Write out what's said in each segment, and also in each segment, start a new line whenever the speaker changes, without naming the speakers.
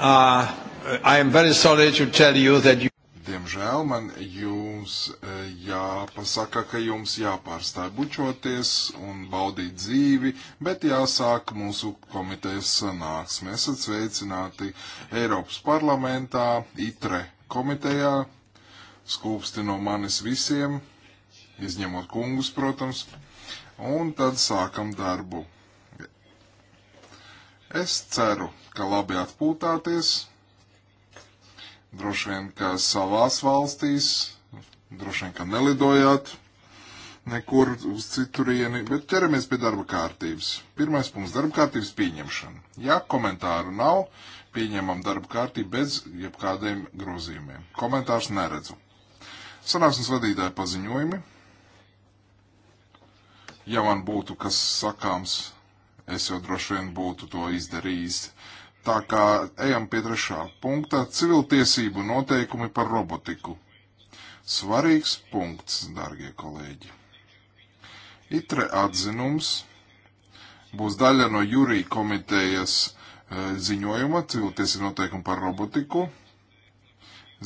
Uh, I am very sorry to tell you that you Diemžēl man jums uh, jāpasaka, ka jums jāpārstāj bučoties un baudīt dzīvi, bet jāsāk mūsu komitejas sanāksme. Esat sveicināti Eiropas parlamentā, ITRE komitejā, skūpsti no manis visiem, izņemot kungus, protams, un tad sākam darbu. Es ceru, ka labi atpūtāties. Droši vien, ka savās valstīs, droši vien, ka nelidojāt nekur uz citurieni, bet ķeramies pie darba kārtības. Pirmais punkts - darba kārtības pieņemšana. Ja komentāru nav, pieņemam darba kārtību bez jebkādiem grozījumiem. Komentārus neredzu. Sanāksmes vadītāja paziņojumi. Ja man būtu kas sakāms, es jau droši vien būtu to izdarījis Tā kā ejam pie trešā punktā - civiltiesību noteikumi par robotiku. Svarīgs punkts, dārgie kolēģi. ITRE atzinums būs daļa no jūrija komitejas e, ziņojuma civiltiesību noteikumu par robotiku.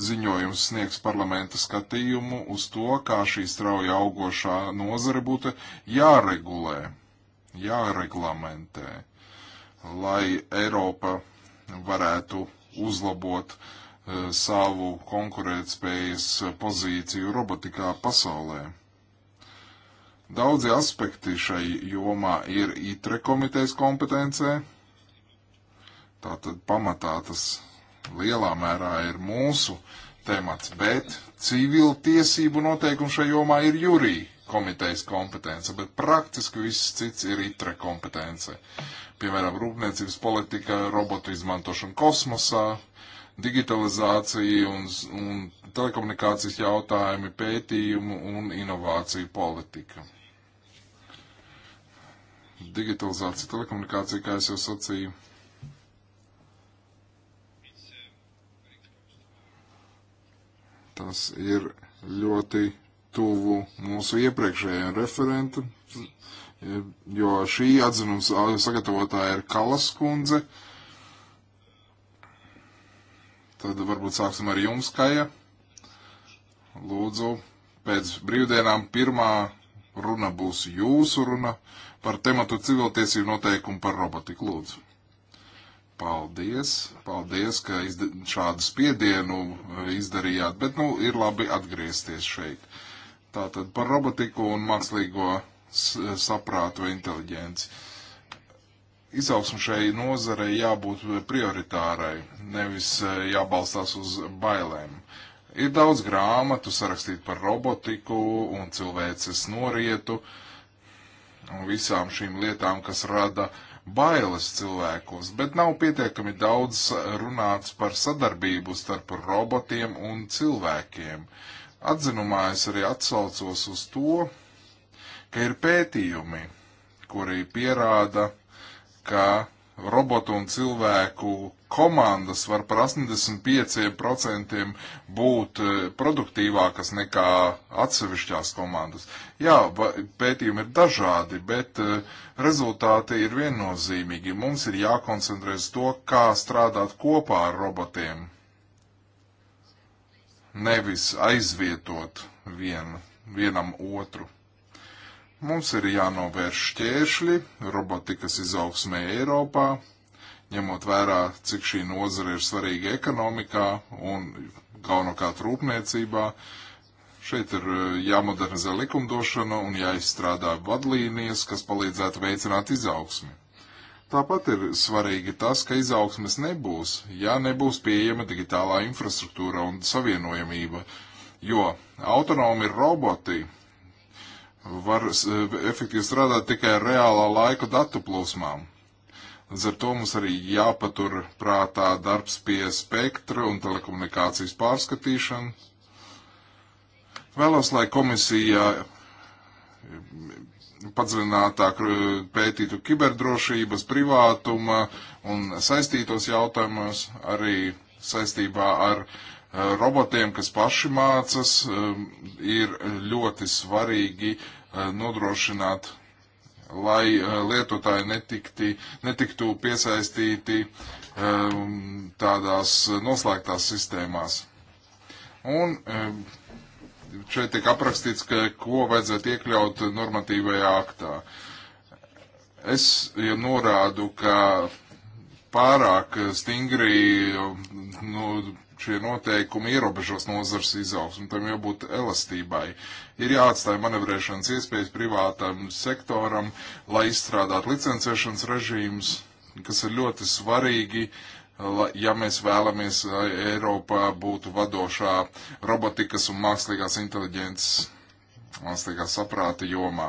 Ziņojums sniegs parlamenta skatījumu uz to, kā šī strauja augošā nozare būtu jāregulē, jāreglamentē lai Eiropa varētu uzlabot uh, savu konkurētspējas pozīciju robotikā pasaulē. Daudzi aspekti šai jomā ir ITRE komitejas kompetencē, tātad pamatā tas lielā mērā ir mūsu temats, bet civil tiesību noteikumi šajā jomā ir jūrija komitejas kompetence, bet praktiski viss cits ir itre kompetence. Piemēram, rūpniecības politika, robotu izmantošana kosmosā, digitalizācija un, un telekomunikācijas jautājumi, pētījumu un inovāciju politika. Digitalizācija, telekomunikācija, kā es jau sacīju. Tas ir ļoti tuvu mūsu iepriekšējiem referentu, jo šī atzinums sagatavotāja ir Kalas kundze. Tad varbūt sāksim ar jums, Kaja. Lūdzu, pēc brīvdienām pirmā runa būs jūsu runa par tematu civiltiesību noteikumu par robotiku. Lūdzu. Paldies, paldies, ka izd šādu spiedienu izdarījāt, bet nu ir labi atgriezties šeit. Tātad par robotiku un mākslīgo saprātu vai inteliģenci. Izaugsmu šai nozarei jābūt prioritārai, nevis e, jābalstās uz bailēm. Ir daudz grāmatu sarakstīt par robotiku un cilvēces norietu un visām šīm lietām, kas rada bailes cilvēkos, bet nav pietiekami daudz runāts par sadarbību starp robotiem un cilvēkiem. Uh, Atzinumā es arī atsaucos uz to, ka ir pētījumi, kuri pierāda, ka robotu un cilvēku komandas var par 85% būt eh, produktīvākas nekā atsevišķās komandas. Jā, pētījumi ir dažādi, bet eh, rezultāti ir viennozīmīgi. Mums ir jākoncentrēs to, kā strādāt kopā ar robotiem nevis aizvietot vienu, vienam otru. Mums ir jānovērš šķēršļi robotikas izaugsmē Eiropā, ņemot vērā, cik šī nozara ir svarīga ekonomikā un galvenokārt rūpniecībā. Šeit ir eh, jāmodernizē likumdošana un jāizstrādā vadlīnijas, kas palīdzētu veicināt izaugsmi. Tāpat ir svarīgi tas, ka izaugsmes nebūs, ja nebūs pieejama digitālā infrastruktūra un savienojamība, jo autonomi roboti var e, efektīvi strādāt tikai reālā laika datu plūsmām. Līdz ar to mums arī jāpatur prātā darbs pie spektra un telekomunikācijas pārskatīšana. Vēlos, lai komisija padziļinātāk eh, pētītu kiberdrošības, privātuma un saistītos jautājumus arī saistībā ar eh, robotiem, kas paši mācas, eh, ir ļoti svarīgi nodrošināt, lai lietotāji netikti, netiktu piesaistīti tādās noslēgtās sistēmās. Un šeit tiek aprakstīts, ka ko vajadzētu iekļaut normatīvajā aktā. Es jau norādu, ka pārāk stingri nu, šie noteikumi ierobežos nozars izaugsmu, tam jābūt elastībai. Ir jāatstāja manevrēšanas iespējas privātam sektoram, lai izstrādātu licencēšanas režīmus, kas ir ļoti svarīgi uh, ja mēs vēlamies, lai Eiropā būtu vadošā robotikas un mākslīgās inteliģences, mākslīgā saprāta jomā.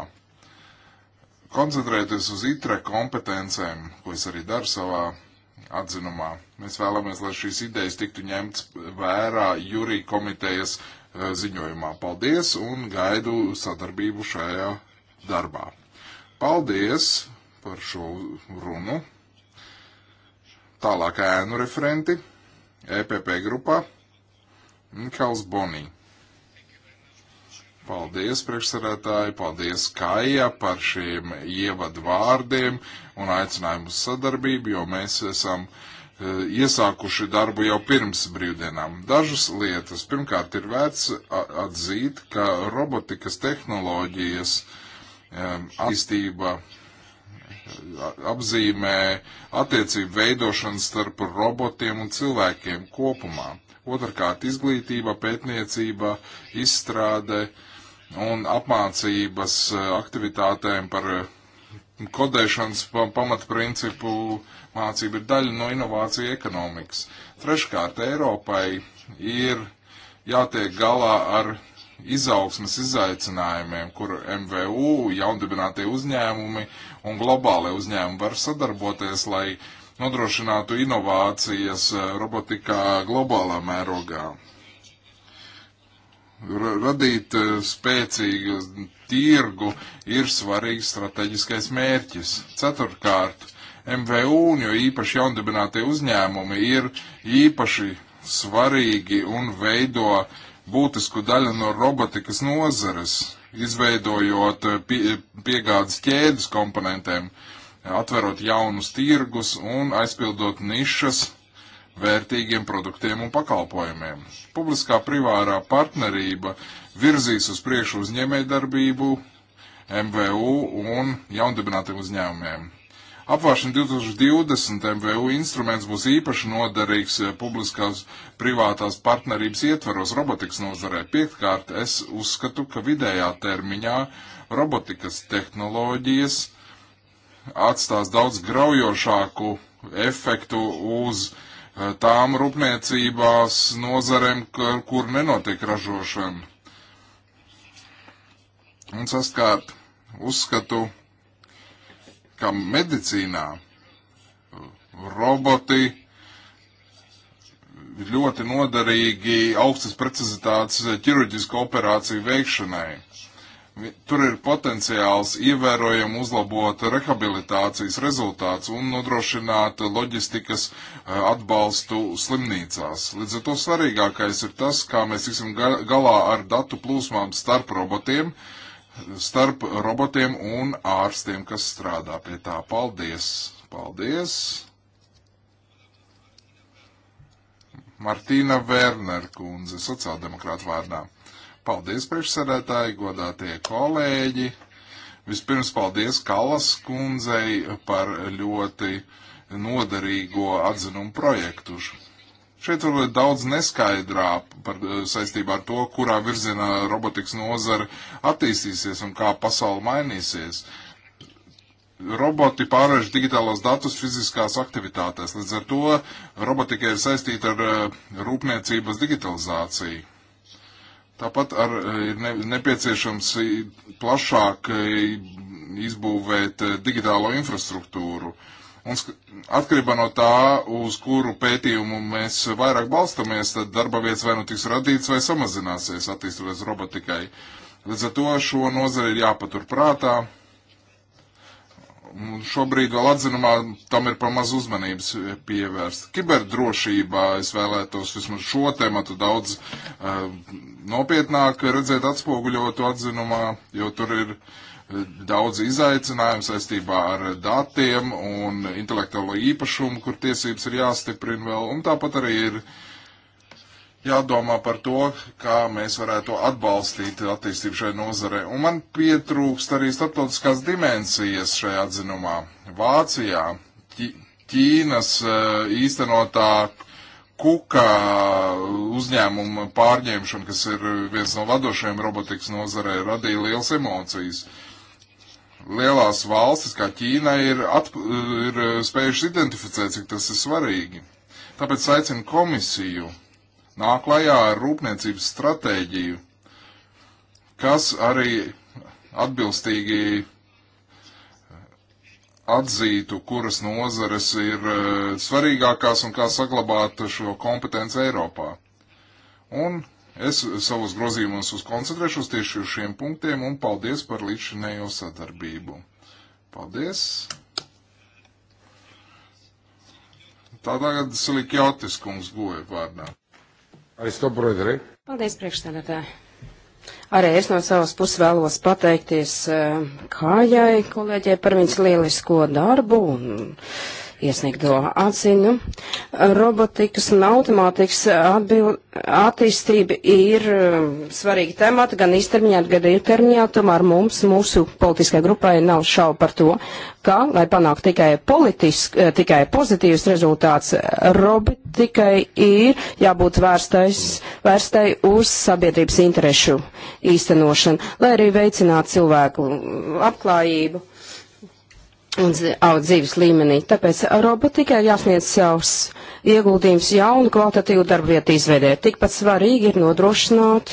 Koncentrēties uz itre kompetencēm, ko es arī daru savā atzinumā, mēs vēlamies, lai šīs idejas tiktu ņemts vērā jūrī komitejas eh, ziņojumā. Paldies un gaidu sadarbību šajā darbā. Paldies par šo runu. Tālāk ēnu referenti EPP grupā Mikls Bonī. Paldies, priekšsarētāji, paldies Kaija par šiem ievadu vārdiem un aicinājumu uz sadarbību, jo mēs esam uh, iesākuši darbu jau pirms brīvdienām. Dažas lietas. Pirmkārt, ir vērts atzīt, ka robotikas tehnoloģijas um, attīstība uh, apzīmē attiecību veidošanu starp robotiem un cilvēkiem kopumā. Otrakārt, izglītība, pētniecība, izstrāde un apmācības eh, aktivitātēm par eh, kodēšanas pamatprincipu mācība ir daļa no inovāciju ekonomikas. Treškārt, Eiropai ir jātiek galā ar izaugsmas izaicinājumiem, kur MVU, jaundibinātie uzņēmumi un globālie uzņēmumi var sadarboties, lai nodrošinātu inovācijas eh, robotikā globālā mērogā. Radīt eh, spēcīgu tirgu ir svarīgs strateģiskais mērķis. Ceturtkārt, MVU un jo īpaši jaundibinātie uzņēmumi ir īpaši svarīgi un veido uh, būtisku daļu no robotikas nozares, izveidojot eh, pie, piegādes ķēdes komponentiem, atverot jaunus tirgus un aizpildot nišas vērtīgiem produktiem un pakalpojumiem. Publiskā privārā partnerība virzīs uz priekšu uzņēmējdarbību, MVU un jaundibinātiem uzņēmumiem. Apvāršana 2020 MVU instruments būs īpaši noderīgs eh, publiskās privātās partnerības ietvaros robotikas nozarē. Piektkārt, es uzskatu, ka vidējā termiņā robotikas tehnoloģijas atstās daudz graujošāku efektu uz eh, tām rūpniecībās nozarēm, kur nenotiek ražošana. Un sastkārt, uzskatu, kā medicīnā uh, roboti ļoti noderīgi augstas precizitātes uh, ķirurģisku operāciju veikšanai. Tur ir potenciāls ievērojami uzlabot rehabilitācijas rezultāts un nodrošināt loģistikas uh, atbalstu slimnīcās. Līdz ar to svarīgākais ir tas, kā mēs tiksim galā ar datu plūsmām starp robotiem, uh, starp robotiem un ārstiem, kas strādā pie tā. Paldies! Paldies! Martīna Werner kundze, sociāldemokrāta vārdā. Paldies, priekšsēdētāji, godātie kolēģi! Vispirms paldies Kalas kundzei par ļoti noderīgo atzinumu projektu Šeit varbūt daudz neskaidrā par, eh, saistībā ar to, kurā virzienā robotikas nozara attīstīsies un kā pasauli mainīsies. Roboti pārvērš digitālos datus fiziskās aktivitātēs, līdz ar to robotika ir saistīta ar eh, rūpniecības digitalizāciju. Tāpat ar, eh, ir ne, nepieciešams plašāk izbūvēt digitālo infrastruktūru. Uh, Un atkarībā no tā, uz kuru pētījumu mēs vairāk balstamies, tad darba vietas vai nu tiks radīts vai samazināsies attīstoties robotikai. Līdz ar to šo nozari ir jāpatur prātā. Un šobrīd vēl atzinumā tam ir pamaz uzmanības pievērst. Kiberdrošībā es vēlētos vismaz šo tematu daudz uh, nopietnāk redzēt atspoguļotu atzinumā, jo tur ir uh, daudz izaicinājumu saistībā ar datiem un intelektuālo īpašumu, kur tiesības ir jāstiprina vēl, un tāpat arī ir jādomā par to, kā mēs varētu atbalstīt attīstību šai nozarei. Un man pietrūkst arī starptautiskās dimensijas šajā atzinumā. Vācijā ķi, Ķīnas eh, īstenotā kuka uzņēmuma pārņemšana, kas ir viens no vadošajiem robotikas nozarē, radīja liels emocijas. Uh, lielās valstis kā Ķīna ir, at, ir eh, spējušas identificēt, cik tas ir svarīgi. Tāpēc aicinu komisiju nāk lajā ar rūpniecības stratēģiju, kas arī atbilstīgi atzītu, kuras nozares ir eh, svarīgākās un kā saglabāt šo kompetenci Eiropā. Un Es savus grozījumus uzkoncentrēšos tieši uz šiem punktiem un paldies par līdzinējo sadarbību. Paldies! Tādā gada Silikjotis kungs goja vārdā. Aiz to, broderi.
Paldies, priekšstādātāji. Arī es no savas puses vēlos pateikties eh, Kājai kolēģei par viņas lielisko darbu un iesniegto atzinu. Robotikas un automātikas atbild, attīstība ir um, svarīga temata gan īstermiņā, gan ilgtermiņā. Tomēr mums, mūsu politiskajai grupai, nav šaubu par to, ka, lai panāktu tikai, politisk, eh, tikai pozitīvs rezultāts, robotikai ir jābūt vērstais, vērstai uz sabiedrības interešu īstenošanu, lai arī veicinātu cilvēku labklājību mm, un dzīves līmenī. Tāpēc robotikai jāsniedz savs ieguldījums jaunu kvalitatīvu darbvietu izveidē. Tikpat svarīgi ir nodrošināt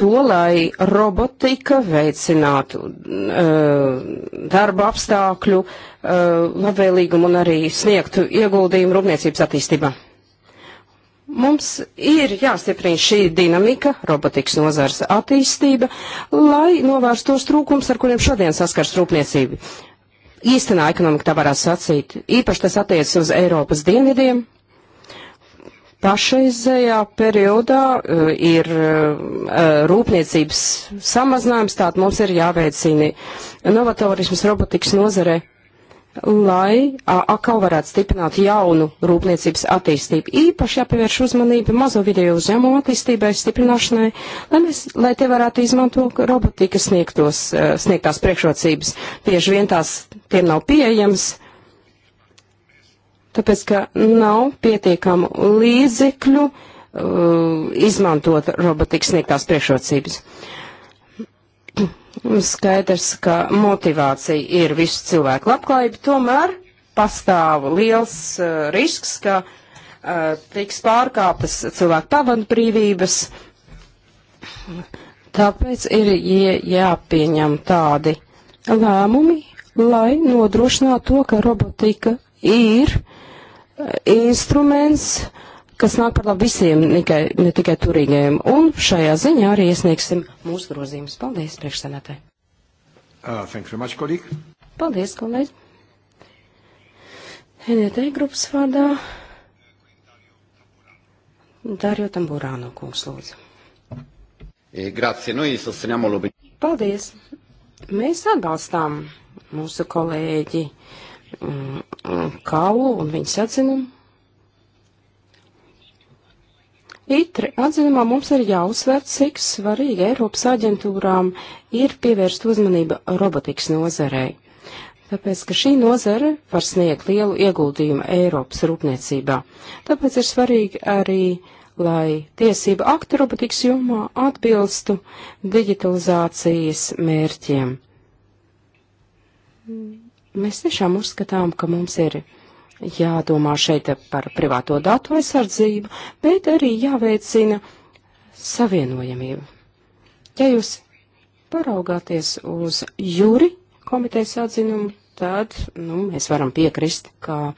to, lai robotika veicinātu uh, darba apstākļu uh, labvēlīgumu un arī sniegtu ieguldījumu rūpniecības attīstībā. Mums ir jāstiprina šī dinamika, robotikas nozars attīstība, lai novērstu tos trūkums, ar kuriem šodien saskars rūpniecība īstenā ekonomika, tā varētu sacīt. Īpaši tas attiecas uz Eiropas dienvidiem. Pašreizējā periodā uh, ir uh, rūpniecības samazinājums, tātad mums ir jāveicina novatorismas robotikas nozare lai atkal varētu stiprināt jaunu rūpniecības attīstību. Īpaši jāpievērš uzmanība mazo video uzņēmumu attīstībai, stiprināšanai, lai, mēs, lai tie varētu izmantot robotikas sniegtos, e, sniegtās priekšrocības. Bieži vien tās tiem nav pieejams, tāpēc ka nav pietiekamu līdzekļu uh, izmantot robotikas sniegtās priekšrocības. Uh, skaidrs, ka motivācija ir visu cilvēku labklājība, tomēr pastāv liels uh, risks, ka uh, tiks pārkāptas cilvēku pavanbrīvības. Tāpēc ir jāpieņem tādi lēmumi, lai nodrošinātu to, ka robotika ir uh, instruments, uh, kas nāk par labu visiem, nekai, ne tikai turīgajiem. Un šajā ziņā arī iesniegsim mūsu grozījumus. Paldies, priekšsēdētāji.
Uh, much, kolīgi.
Paldies, kolēģi. NET grupas vārdā Dario Tamburāno kungs lūdzu.
E, grazie, noi sosteniamo l'opinione.
Paldies. Mēs atbalstām mūsu kolēģi mm, Kalu un viņa sacinumu Itri atzinumā mums ir jāuzsver, cik svarīgi Eiropas aģentūrām ir pievērst uzmanību robotikas nozarei. Tāpēc, ka šī nozare var sniegt lielu ieguldījumu Eiropas rūpniecībā. Tāpēc ir svarīgi arī, lai tiesība akti robotikas jomā atbilstu digitalizācijas mērķiem. Mēs tiešām uzskatām, ka mums ir jādomā šeit par privāto datu aizsardzību, bet arī jāveicina savienojamība. Ja jūs paraugāties uz jūri komitejas atzinumu, tad nu, mēs varam piekrist, ka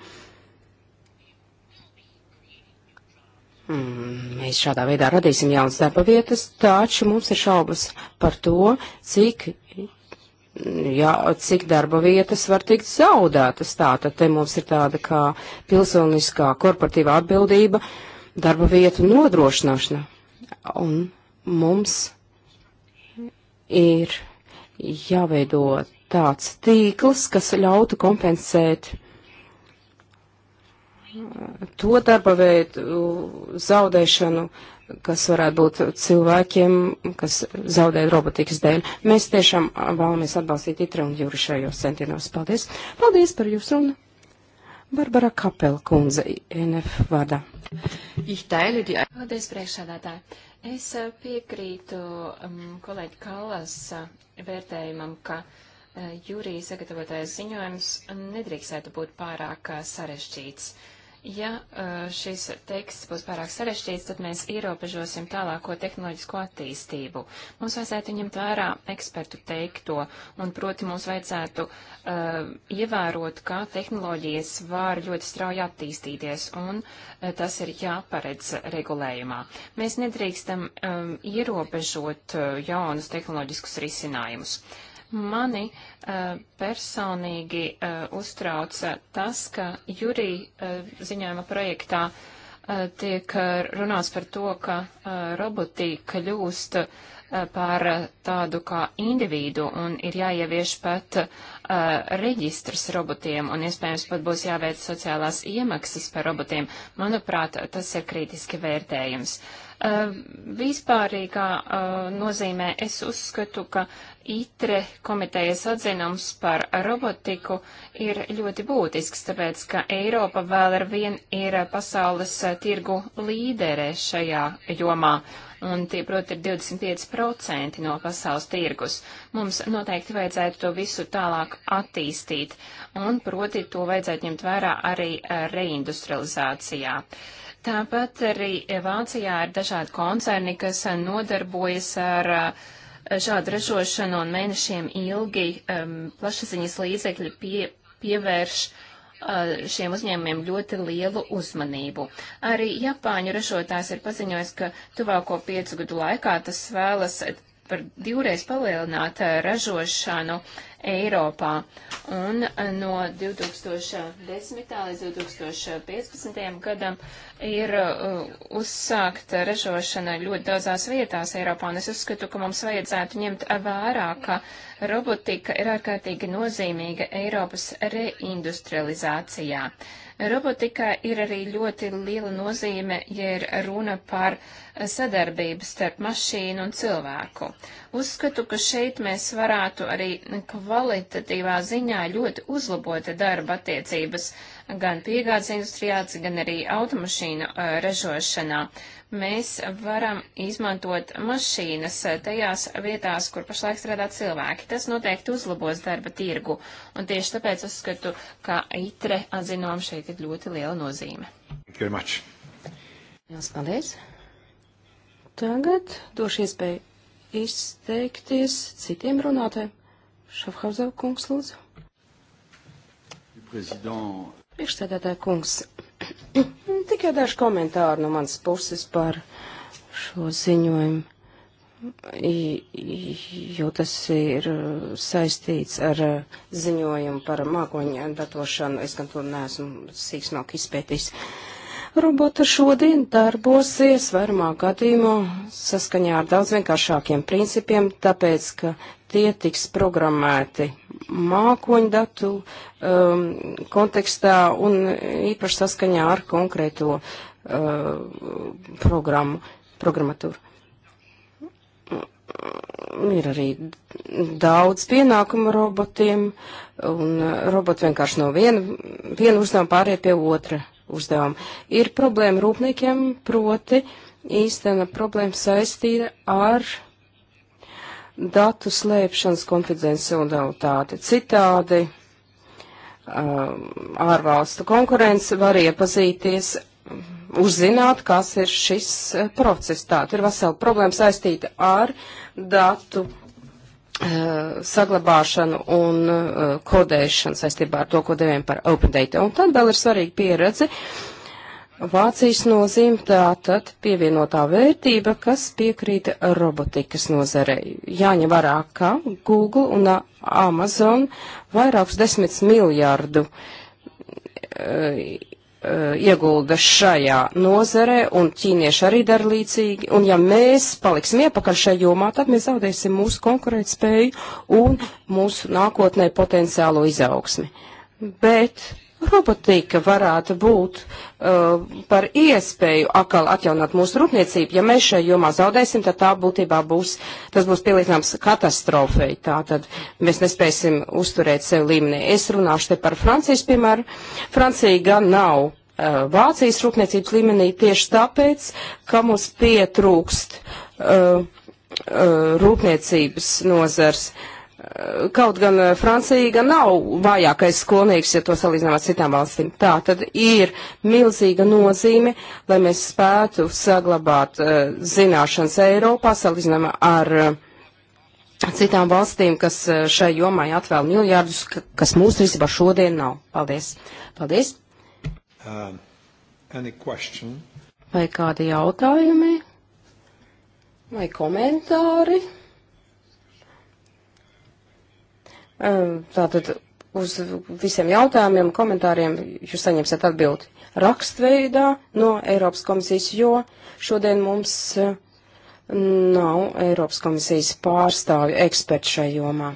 mm, mēs šādā veidā radīsim jaunas darba vietas, taču mums ir šaubas par to, cik jā, cik darba vietas var tikt zaudētas. Tātad te mums ir tāda kā pilsoniskā korporatīvā atbildība darba vietu nodrošināšana. Un mums ir jāveido tāds tīkls, kas ļautu kompensēt to darba veidu zaudēšanu, uh, kas varētu būt cilvēkiem, kas zaudē robotikas dēļ. Mēs tiešām vēlamies atbalstīt Itri un Juri šajos centienos. Paldies! Paldies par jūsu runu! Barbara Kapel kundze, NF vārdā.
Paldies, priekšsādātāji. Es eh, piekrītu um, kolēģi Kallas eh, vērtējumam, ka uh, eh, jūrija sagatavotājas ziņojums nedrīkstētu būt pārāk uh, sarežģīts. Uh, Ja uh, šis teksts būs pārāk sarešķīts, tad mēs ierobežosim tālāko tehnoloģisko attīstību. Mums vajadzētu ņemt vērā ekspertu teikto, un proti mums vajadzētu uh, ievērot, kā tehnoloģijas var ļoti strauji attīstīties, un uh, tas ir jāparedz regulējumā. Mēs nedrīkstam um, ierobežot uh, jaunus tehnoloģiskus risinājumus. Uh, Mani uh, personīgi uh, uztrauca tas, ka jūrī uh, eh, ziņojuma projektā tiek runāts par to, ka roboti kļūst par tādu kā individu un ir jāievieš pat reģistrs robotiem un iespējams pat būs jāveic sociālās iemaksas par robotiem. Manuprāt, tas ir kritiski vērtējums. Uh, Eh, vispārīgā eh, nozīmē es uzskatu, ka ITRE komitejas atzinums par robotiku ir ļoti būtisks, tāpēc, ka Eiropa vēl ar vien ir pasaules eh, tirgu līderē šajā jomā, un tie, proti, ir 25% no pasaules tirgus. Mums noteikti vajadzētu to visu tālāk attīstīt, un, proti, to vajadzētu ņemt vērā arī reindustrializācijā. Tāpat arī eh, Vācijā ir dažādi koncerni, kas eh, nodarbojas ar eh, šādu ražošanu un mēnešiem ilgi um, plašsaziņas līdzekļi pie, pievērš uh, šiem uzņēmumiem ļoti lielu uzmanību. Arī Japāņu ražotājs ir paziņojis, ka tuvāko piecu gadu laikā tas vēlas par divreiz palielināt eh, ražošanu Eiropā. Un eh, no 2010. līdz 2015. gadam ir eh, uzsākta ražošana ļoti daudzās vietās Eiropā, un es uzskatu, ka mums vajadzētu ņemt vērā, ka robotika ir ārkārtīgi nozīmīga Eiropas reindustrializācijā. Uh, Robotikai ir arī ļoti liela nozīme, ja ir runa par sadarbību starp mašīnu un cilvēku. Uzskatu, ka šeit mēs varētu arī kvalitatīvā ziņā ļoti uzlabot darba attiecības gan piegādes industrijāts, gan arī automašīnu uh, ražošanā mēs varam izmantot mašīnas tajās vietās, kur pašlaik strādā cilvēki. Tas noteikti uzlabos darba tirgu, un tieši tāpēc uzskatu, ka itre atzinām šeit ir ļoti liela nozīme. Jās paldies. Tagad došu iespēju izteikties
citiem runātājiem. Šafhauzau kungs lūdzu. Priekšstādātāja kungs, Tikai daži komentāri no manas puses par šo ziņojumu, jo tas ir uh, saistīts ar uh, ziņojumu par mākoņu datošanu. Es gan to neesmu sīksmāk izpētījis. Uh, Robota šodien darbosies vairumā gadījumā saskaņā ar daudz vienkāršākiem principiem, tāpēc, ka tie tiks programmēti mākoņu datu um, kontekstā un īpaši saskaņā ar konkrēto uh, programmu, programmatūru. Ir arī daudz pienākumu robotiem, un uh, roboti vienkārši no viena, viena uzdevuma pāriet pie otra uzdevumu. Ir problēma rūpniekiem, proti īstena problēma saistīta ar datu slēpšanas konfidencialitāti. Citādi um, ārvalstu konkurence var iepazīties, uzzināt, kas ir šis eh, process. Tā ir vesela problēma saistīta ar datu slēpšanu Eh, saglabāšanu un uh, kodēšanu saistībā ar to, ko deviem par Open Data. Un tad vēl ir svarīga pieredze. Vācijas nozīme tātad pievienotā vērtība, kas piekrīt robotikas nozarei. Jāņem vērā, ka Google un Amazon vairākus desmit miljārdu uh, eh, Eh, iegulda šajā nozerē, un ķīnieši arī dara līdzīgi, un ja mēs paliksim iepakaļ šajā jomā, tad mēs zaudēsim mūsu konkurētspēju un mūsu nākotnē potenciālo izaugsmi. Bet robotika varētu būt Uh, par iespēju atkal atjaunot mūsu rūpniecību. Ja mēs šai jomā zaudēsim, tad tā būtībā būs, tas būs pielīdzināms katastrofei. Tā tad mēs nespēsim uzturēt sevi līmenī. Es runāšu te par Francijas, piemēram. Francija gan nav uh, Vācijas rūpniecības līmenī tieši tāpēc, ka mums pietrūkst uh, uh, rūpniecības nozars. Uh, Kaut gan eh, Francija gan nav vājākais skolnieks, ja to salīdzinām ar citām valstīm. Tā tad ir milzīga nozīme, lai mēs spētu saglabāt uh, zināšanas Eiropā, salīdzinām ar uh, citām valstīm, kas uh, šai jomai atvēl miljārdus, ka, kas mūsu rīcībā šodien nav. Paldies. Paldies. Um, Vai kādi jautājumi? Vai komentāri? Ehm, tātad uz visiem jautājumiem, komentāriem jūs saņemsiet atbildi rakstveidā no Eiropas komisijas, jo šodien mums eh, nav Eiropas komisijas pārstāvju eksperti šai jomā.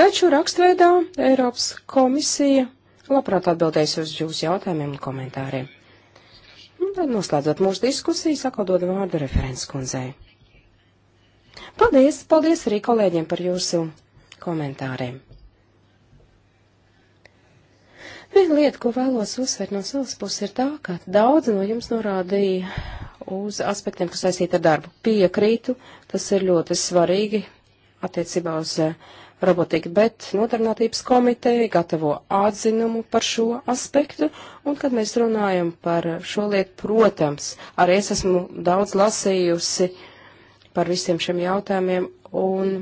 Taču rakstveidā Eiropas komisija labprāt atbildēs uz jūsu jautājumiem un komentāriem. Un nu, tad noslēdzot mūsu diskusiju, sakot dodu vārdu referents kundzei. Paldies, paldies arī kolēģiem par jūsu komentāriem. Viena lieta, ko vēlos uzsvērt no savas puses, ir tā, ka daudz no jums norādīja uz aspektiem, kas saistīti ar darbu. Piekrītu, tas ir ļoti svarīgi attiecībā uz eh, robotiku, bet nodarbinātības komiteja gatavo atzinumu par šo aspektu, un kad mēs runājam par šo lietu, protams, arī es esmu daudz lasījusi par visiem šiem jautājumiem, un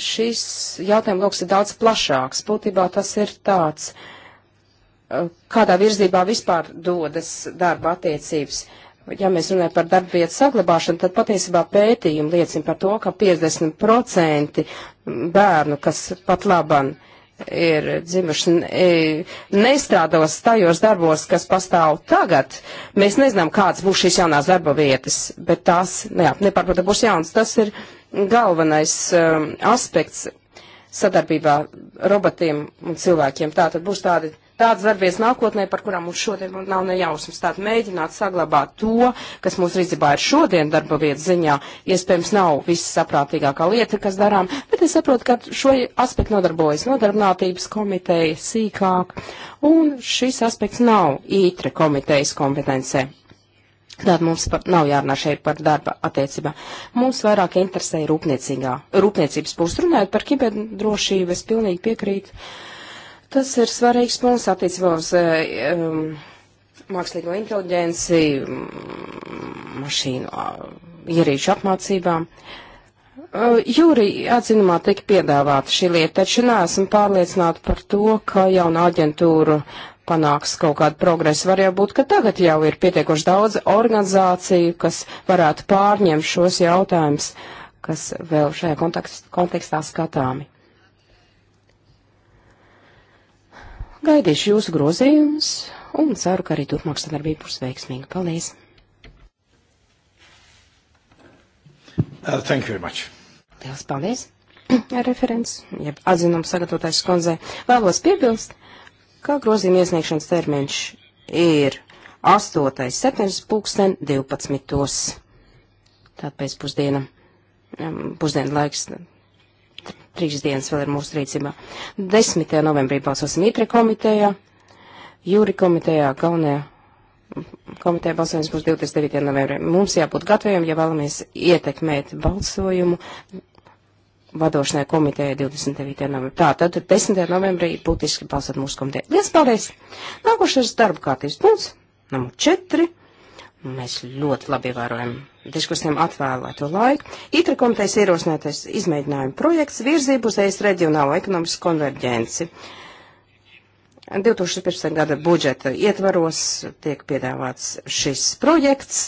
šis jautājums kaut kas ir daudz plašāks. Būtībā tas ir tāds, uh, kādā virzībā vispār dodas darba attiecības. Ja mēs runājam par darba vietu saglabāšanu, tad patiesībā pētījumi liecina par to, ka 50% bērnu, kas pat laban ir dzimuši, e, nestrādos tajos darbos, kas pastāv tagad. Mēs nezinām, kāds būs šīs jaunās darba vietas, bet tās, jā, nepārprota būs jaunas. Tas ir uh, galvenais um, aspekts sadarbībā robotiem un cilvēkiem. Tā tad būs tādi, tāds darbies nākotnē, par kurām mums šodien nav nejausmas. Tātad mēģināt saglabāt to, kas mūsu rīcībā ir šodien darba vietas ziņā, iespējams nav viss saprātīgākā lieta, kas darām, bet es saprotu, ka šo aspektu nodarbojas nodarbinātības komiteja sīkāk, un šis aspekts nav ītre komitejas kompetencē. Tad mums par, nav jārunā šeit par darba attiecībā. Mums vairāk interesē rūpniecīgā, rūpniecības pusi. Runājot par kiberdrošību, es pilnīgi piekrītu. Tas ir svarīgs punkts attiecībā uz eh, um, mākslīgo inteliģenci, mm, mašīnu ierīču apmācībām. Uh, Jūri atzinumā tika piedāvāta šī lieta, taču neesmu pārliecināta par to, ka jauna aģentūra uh, panāks kaut kādu progresu. Var jau būt, ka tagad jau ir pietiekoši daudz organizāciju, kas varētu pārņemt šos jautājumus, kas vēl šajā kontekstā skatāmi. Gaidīšu jūsu grozījumus un ceru, ka arī turpmāk sadarbība būs veiksmīga. Paldies!
Uh, thank you very much.
Lielas paldies! Referents, jeb atzinums sagatavotais skundzei, vēlos piebilst, uh, ka grozījuma iesniegšanas termiņš ir 8. septembris pulksten 12. Tātad pēc pusdiena, pusdiena laiks trīs dienas vēl ir mūsu rīcībā. 10. novembrī balsosim ITRE komitejā, jūri komitejā, galvenajā komiteja balsojums būs 29. novembrī. Mums jābūt gataviem, ja vēlamies ietekmēt balsojumu vadošanai komitejai 29. novembrī. Tā, tad 10. novembrī būtiski balsot mūsu komitejai. Liels paldies! Nākošais darba kārtības punkts, numur 4. Mēs ļoti labi ievērojam diskusijām atvēlēto laiku. Itra komitejas ierosinātais izmēģinājuma projekts virzību uz ES reģionālo ekonomisku konverģenci. 2015. gada budžeta ietvaros tiek piedāvāts šis projekts.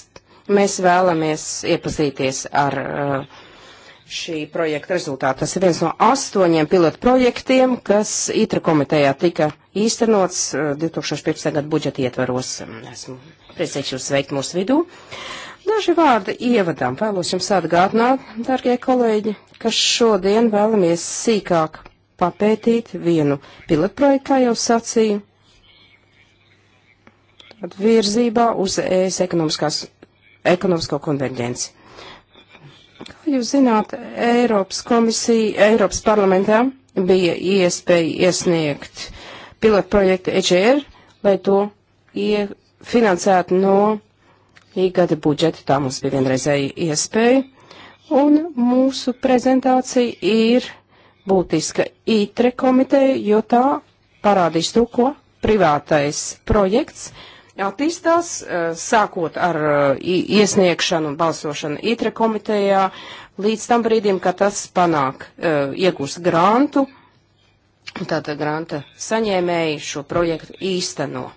Mēs vēlamies iepazīties ar uh, šī projekta rezultāti. Tas ir viens no astoņiem pilotu projektiem, kas ITRA komitejā tika īstenots 2015. Eh, gada budžeta ietvaros. Esmu priecīgs jūs sveikt mūsu vidū. Daži vārdi ievadām vēlos jums atgādināt, darbie kolēģi, ka šodien vēlamies sīkāk papētīt vienu pilotprojektu, kā jau sacīju, virzībā uz ES ekonomiskās, ekonomisko konverģenci. Kā jūs zināt, Eiropas komisija, Eiropas parlamentā bija iespēja iesniegt pilotprojektu EGR, lai to finansētu no īgada budžeta. Tā mums bija vienreizēja iespēja. Un mūsu prezentācija ir būtiska ITRE komiteja, jo tā parādīs to, ko privātais projekts attīstās, eh, sākot ar eh, iesniegšanu un balsošanu ITRE komitejā, līdz tam brīdim, kad tas panāk, eh, iegūst grantu, tātad granta saņēmēji šo projektu īsteno.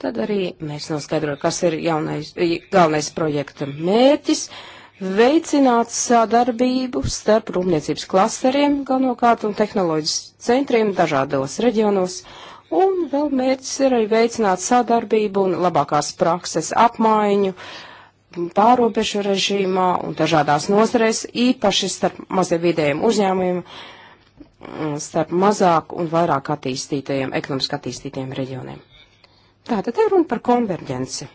Tad arī mēs noskaidrojam, kas ir jaunais, galvenais projekta mērķis - veicināt sadarbību starp rūpniecības klasteriem galvenokārt un tehnoloģijas centriem dažādos reģionos. Uh, Un vēl mērķis ir arī veicināt sadarbību un labākās prakses apmaiņu pārobežu režīmā un dažādās nozarēs, īpaši starp maziem vidējiem uzņēmumiem, mm, starp mazāk un vairāk attīstītajiem, ekonomiski attīstītajiem reģioniem. Tātad ir runa par konverģenci.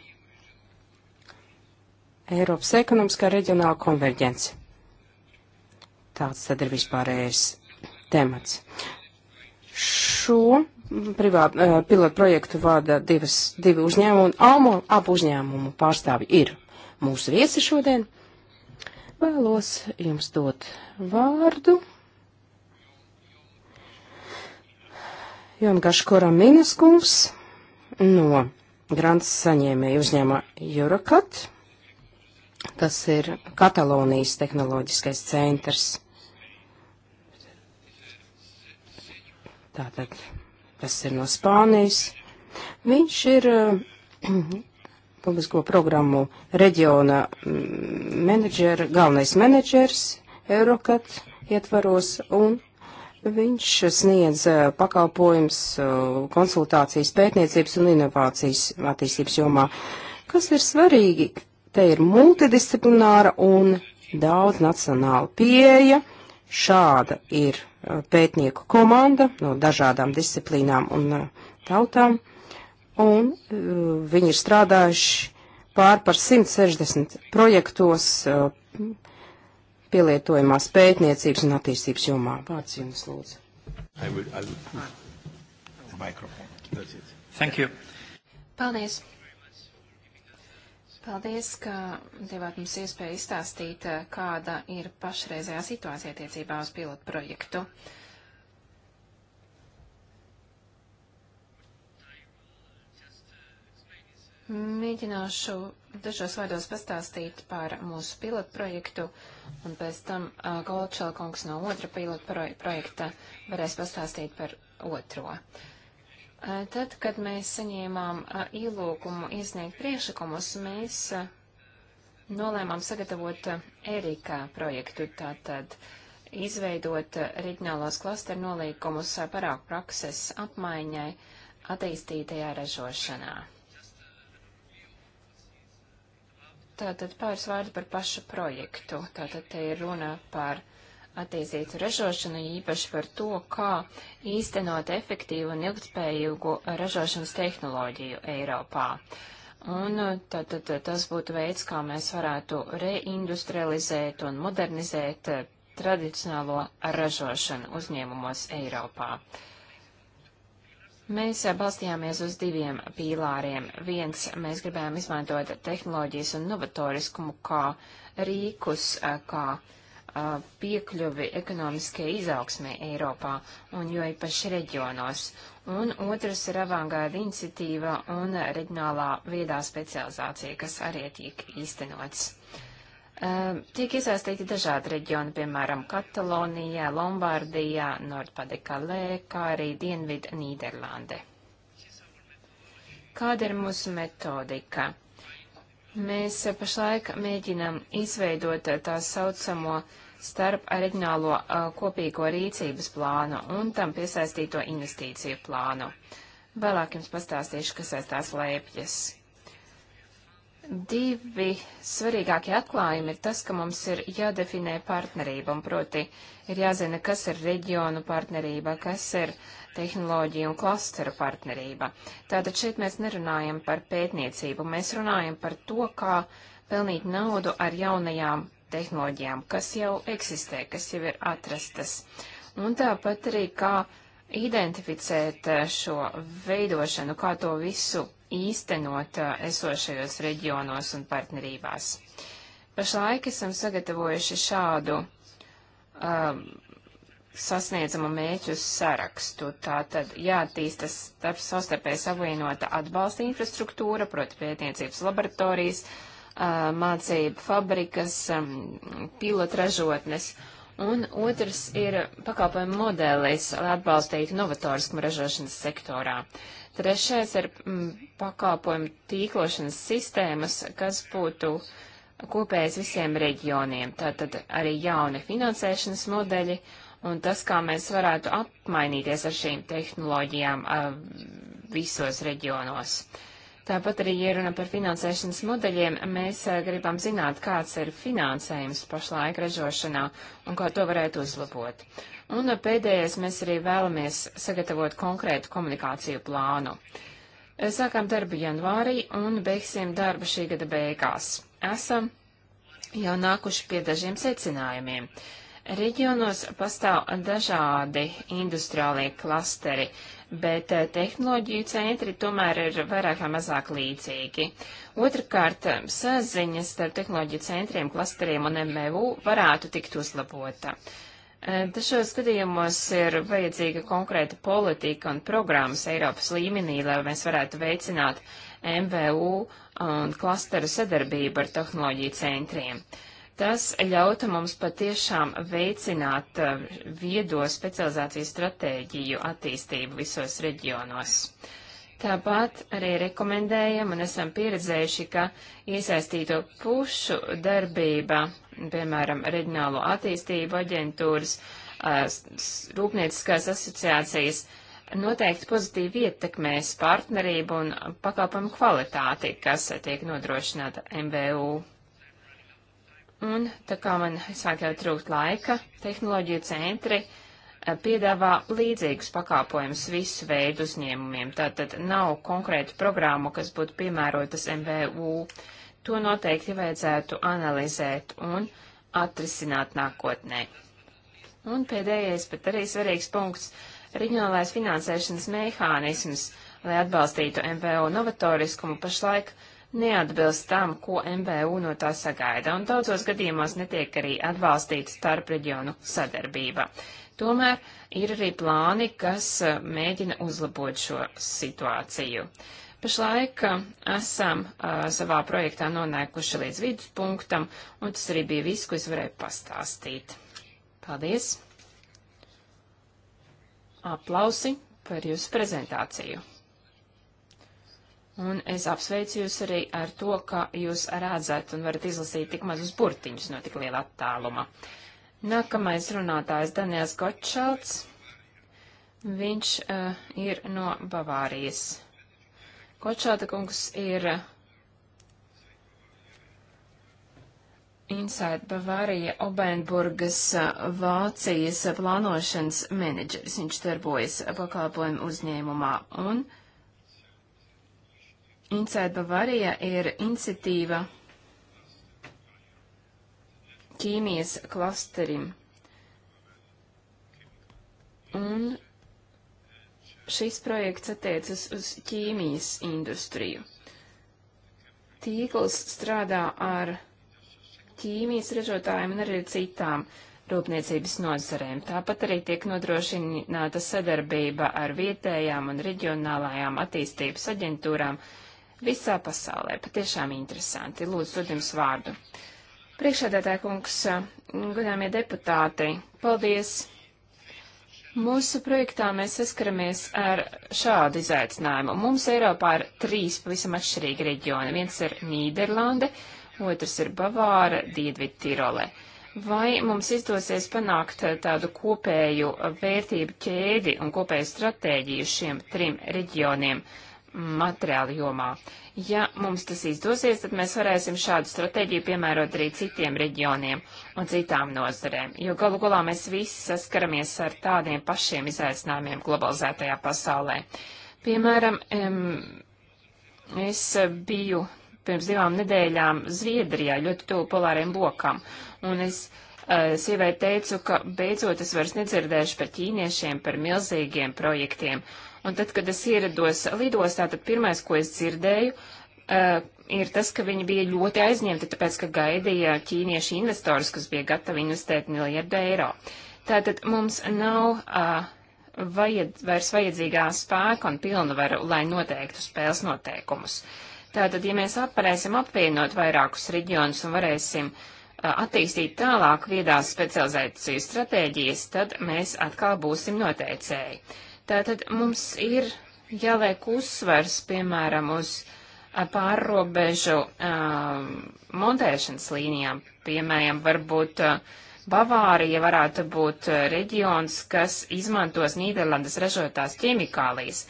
Eiropas ekonomiskā reģionāla konverģence. Tāds tad ir vispārējais temats. Šo privāt, eh, pilotu projektu vada divas, divi uzņēmumi, un AMO abu uzņēmumu pārstāvi ir mūsu viesi šodien. Vēlos jums dot vārdu. Jongaškora Minaskungs no grants saņēmēja uzņēma Eurocat. Tas ir Katalonijas tehnoloģiskais centrs. Tātad kas ir no Spānijas. Viņš ir eh, publisko programmu reģiona mm, menedžera, galvenais menedžers Eurokat ietvaros, un viņš sniedz eh, pakalpojums eh, konsultācijas pētniecības un inovācijas attīstības jomā. Kas ir svarīgi? Te ir multidisciplināra un daudz nacionāla pieeja. Šāda ir pētnieku komanda no dažādām disciplīnām un uh, tautām, un uh, viņi ir strādājuši pār par 160 projektos uh, pielietojumās pētniecības un attīstības jomā. Vārds jums lūdzu.
I will, I will. Thank you. Paldies. Paldies, ka devāt mums iespēju izstāstīt, eh, kāda ir pašreizējā situācija attiecībā uz pilotu projektu. Mēģināšu dažos vārdos pastāstīt par mūsu pilotu projektu, un pēc tam uh, eh, Goldšelkungs no otra pilotu pro projekta varēs pastāstīt par otro. Uh, Eh, tad, kad mēs saņēmām eh, ielūgumu iesniegt priekšlikumus, mēs eh, nolēmām sagatavot Erika projektu, tātad izveidot reģionālos klasteru nolīkumus parāku prakses apmaiņai attīstītajā ražošanā. Tātad pāris vārdi par pašu projektu. Tātad te ir runa par attīstītu ražošanu, īpaši par to, kā īstenot efektīvu un ilgtspējīgu ražošanas tehnoloģiju Eiropā. Un uh, tad, tad tas būtu veids, kā mēs varētu reindustrializēt un modernizēt uh, tradicionālo ražošanu uzņēmumos Eiropā. Mēs uh, balstījāmies uz diviem pīlāriem. Viens, mēs gribējām izmantot tehnoloģijas un novatoriskumu kā rīkus, kā piekļuvi ekonomiskajai izaugsmē Eiropā un jo īpaši reģionos, un otrs ir avangāda iniciatīva un reģionālā viedā specializācija, kas arī tiek īstenots. Uh, tiek iesaistīti dažādi reģioni, piemēram, Katalonijā, Lombardijā, Nordpadekalē, kā arī Dienvid Nīderlande. Kāda ir mūsu metodika? Mēs pašlaik mēģinam izveidot tā saucamo uh, starp reģionālo uh, kopīgo rīcības plānu un tam piesaistīto investīciju plānu. Vēlāk jums pastāstīšu, kas aiz tās lēpjas. Divi svarīgākie atklājumi ir tas, ka mums ir jādefinē partnerība, un proti ir jāzina, kas ir reģionu partnerība, kas ir tehnoloģija un klasteru partnerība. Tātad šeit mēs nerunājam par pētniecību, mēs runājam par to, kā pelnīt naudu ar jaunajām tehnoloģijām, kas jau eksistē, kas jau ir atrastas. Un tāpat arī kā identificēt eh, šo veidošanu, kā to visu īstenot eh, esošajos reģionos un partnerībās. Pašlaik esam sagatavojuši šādu um, ehm, sasniedzama mēķu sarakstu. Tātad jāattīstas starp savstarpēji savienota atbalsta infrastruktūra, proti pētniecības laboratorijas, uh, mācību fabrikas, pilotražotnes. Un otrs ir pakalpojumu modelis, lai atbalstītu novatoriskumu ražošanas sektorā. Trešais ir pakalpojumu tīklošanas sistēmas, kas būtu kopējas visiem reģioniem. Tātad arī jauni finansēšanas modeļi un tas, kā mēs varētu apmainīties ar šīm tehnoloģijām visos reģionos. Uh, Tāpat arī, ja runa par finansēšanas modeļiem, mēs eh, gribam zināt, kāds ir finansējums pašlaik ražošanā un kā to varētu uzlabot. Un pēdējais mēs arī vēlamies sagatavot konkrētu komunikāciju plānu. Eh, Sākam darbu janvārī un beigsim darbu šī gada beigās. Esam jau nākuši pie dažiem secinājumiem. Reģionos pastāv dažādi industriālie klasteri. Uh, bet eh, tehnoloģiju centri tomēr ir vairāk vai mazāk līdzīgi. Otrakārt, eh, saziņas starp tehnoloģiju centriem, klasteriem un MVU varētu tikt uzlabota. Eh, dažos gadījumos ir vajadzīga konkrēta politika un programmas Eiropas līmenī, lai mēs varētu veicināt MVU un klasteru sadarbību ar tehnoloģiju centriem. Uh, Tas ļautu mums patiešām veicināt eh, viedo specializācijas stratēģiju attīstību visos reģionos. Tāpat arī rekomendējam un esam pieredzējuši, ka iesaistīto pušu darbība, piemēram, reģionālo attīstību aģentūras, eh, rūpnieciskās asociācijas, noteikti pozitīvi ietekmēs partnerību un pakalpojumu kvalitāti, kas tiek nodrošināta MVU Un tā kā man sāk jau trūkt laika, tehnoloģiju centri eh, piedāvā līdzīgus pakāpojumus visu veidu uzņēmumiem. Tātad nav konkrētu programmu, kas būtu piemērotas MVU. To noteikti vajadzētu analizēt un atrisināt nākotnē. Un pēdējais, bet arī svarīgs punkts - reģionālais finansēšanas mehānisms, lai atbalstītu MVU novatoriskumu pašlaik neatbilst tam, ko MBU no tā sagaida, un daudzos gadījumos netiek arī atbalstīta starpreģionu sadarbība. Tomēr ir arī plāni, kas uh, mēģina uzlabot šo situāciju. Pašlaik uh, esam uh, savā projektā nonākuši līdz viduspunktam, un tas arī bija viss, ko es varēju pastāstīt. Paldies! Aplausi par jūsu prezentāciju! Un es apsveicu jūs arī ar to, ka jūs redzat un varat izlasīt tik mazus burtiņus no tik liela attāluma. Nākamais runātājs Daniels Gotšalds. Viņš uh, ir no Bavārijas. Gotšalda kungs ir eh, Inside Bavārija Obenburgas eh, Vācijas plānošanas menedžeris. Viņš darbojas pakalpojumu uzņēmumā un uh, Inside Bavaria ir iniciatīva ķīmijas klasterim. Un šis projekts attiecas uz ķīmijas industriju. Tīkls strādā ar ķīmijas ražotājiem un arī citām rūpniecības nozarēm. Tāpat arī tiek nodrošināta sadarbība ar vietējām un reģionālajām attīstības aģentūrām, uh, visā pasaulē. Patiešām interesanti. Lūdzu, dod jums vārdu. Priekšādātāja kungs, godāmie deputāti, paldies! Mūsu projektā mēs saskaramies ar šādu izaicinājumu. Mums Eiropā ir trīs pavisam atšķirīgi reģioni. Viens ir Nīderlande, otrs ir Bavāra, Diedvit Tirole. Vai mums izdosies panākt tādu kopēju vērtību ķēdi un kopēju stratēģiju šiem trim reģioniem? Uh, materiālu jomā. Ja mums tas izdosies, tad mēs varēsim šādu stratēģiju piemērot arī citiem reģioniem un citām nozarēm, jo galu galā mēs visi saskaramies ar tādiem pašiem izaicinājumiem globalizētajā pasaulē. Piemēram, es biju pirms divām nedēļām Zviedrijā, ļoti tuvu polāriem lokam, un es eh, sievai teicu, ka beidzot es vairs nedzirdēšu par ķīniešiem, par milzīgiem projektiem, Un tad, kad es ierados lidostā, tad pirmais, ko es dzirdēju, uh, ir tas, ka viņi bija ļoti aizņemti, tāpēc, ka gaidīja ķīniešu investorus, kas bija gatavi investēt miljardu eiro. Tātad mums nav uh, vajad, vairs vajadzīgā spēka un pilnvaru, lai noteiktu spēles noteikumus. Tātad, ja mēs varēsim apvienot vairākus reģionus un varēsim uh, attīstīt tālāk viedās specializācijas stratēģijas, tad mēs atkal būsim noteicēji. Uh, Tātad mums ir jāliek uzsvers, piemēram, uz pārrobežu uh, montēšanas līnijām. Piemēram, varbūt uh, Bavārija varētu būt uh, reģions, kas izmantos Nīderlandes ražotās ķemikālijas,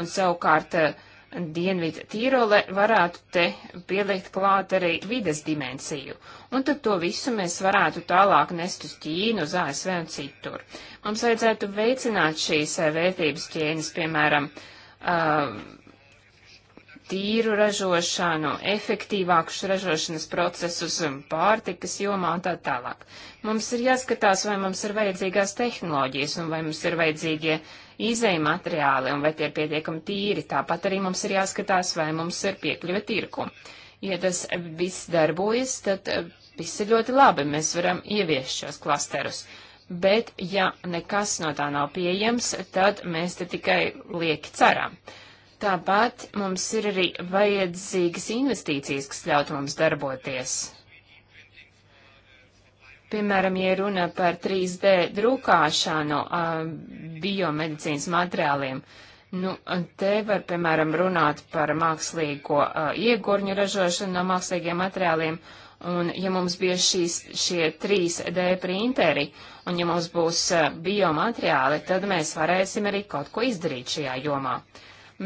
un savukārt uh, Dienvidu Tīrole varētu te pielikt klāt arī vides dimensiju, un tad to visu mēs varētu tālāk nest uz Ķīnu, uz ASV un citur. Mums vajadzētu veicināt šīs eh, vērtības ķēnes, piemēram, eh, tīru ražošanu, efektīvākus ražošanas procesus, um, pārtikas jomā un tā tālāk. Mums ir jāskatās, vai mums ir vajadzīgās tehnoloģijas un vai mums ir vajadzīgie izēja materiāli un vai tie ir pietiekami tīri. Tāpat arī mums ir jāskatās, vai mums ir piekļuve tirkumu. Ja tas viss darbojas, tad eh, viss ir ļoti labi, mēs varam ieviest šos klasterus. Bet, ja nekas no tā nav pieejams, tad mēs te tikai lieki ceram. Tāpat mums ir arī vajadzīgas investīcijas, kas ļautu mums darboties. Piemēram, ja runa par 3D drukāšanu biomedicīnas materiāliem, nu, te var, piemēram, runāt par mākslīgo iegurņu ražošanu no mākslīgiem materiāliem, un ja mums bija šīs, šie 3D printeri, un ja mums būs biomateriāli, tad mēs varēsim arī kaut ko izdarīt šajā jomā.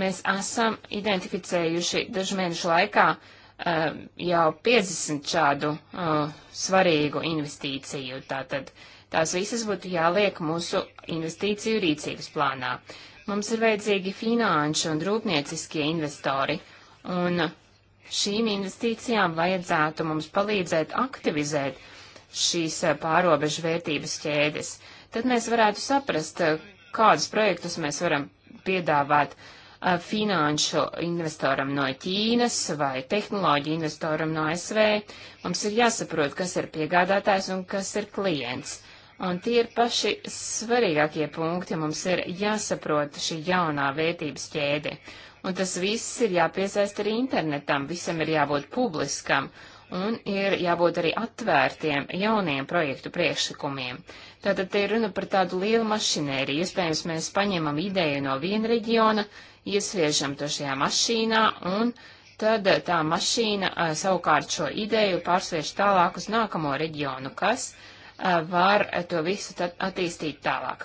Mēs esam identificējuši dažu mēnešu laikā uh, Um, jau 50 šādu uh, svarīgu investīciju. Tātad tās visas būtu jāliek mūsu investīciju rīcības plānā. Mums ir vajadzīgi finanšu un rūpnieciskie investori, un šīm investīcijām vajadzētu mums palīdzēt aktivizēt šīs uh, pārobežu vērtības ķēdes. Tad mēs varētu saprast, uh, kādus projektus mēs varam piedāvāt uh, Eh, finanšu investoram no Ķīnas vai tehnoloģiju investoram no ASV. Mums ir jāsaprot, kas ir piegādātājs un kas ir klients. Un tie ir paši svarīgākie punkti. Mums ir jāsaprot šī jaunā vērtības ķēde. Un tas viss ir jāpiesaist arī internetam, visam ir jābūt publiskam un ir jābūt arī atvērtiem jauniem projektu priekšlikumiem. Tātad te ir runa par tādu lielu mašinēriju. Iespējams, mēs paņemam ideju no viena reģiona, iesviežam to šajā mašīnā un tad eh, tā mašīna a, eh, savukārt šo ideju pārsviež tālāk uz nākamo reģionu, kas a, eh, var a, to visu attīstīt tālāk.